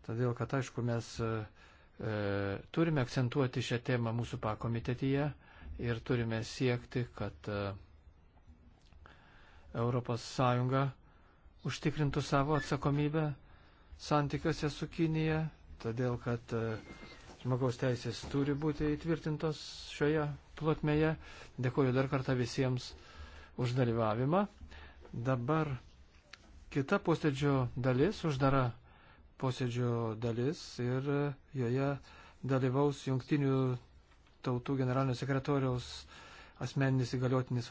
Todėl, kad aišku, mes e, e turime akcentuoti šią temą mūsų pakomitetyje ir turime siekti, kad ES užtikrintų savo atsakomybę santykiuose su Kinija, todėl kad e, žmogaus teisės turi būti įtvirtintos šioje plotmėje. Dėkuoju dar kartą visiems už dalyvavimą. Dabar kita posėdžio dalis, uždara posėdžio dalis ir e, joje dalyvaus jungtinių tautų generalinio sekretoriaus asmeninis įgaliotinis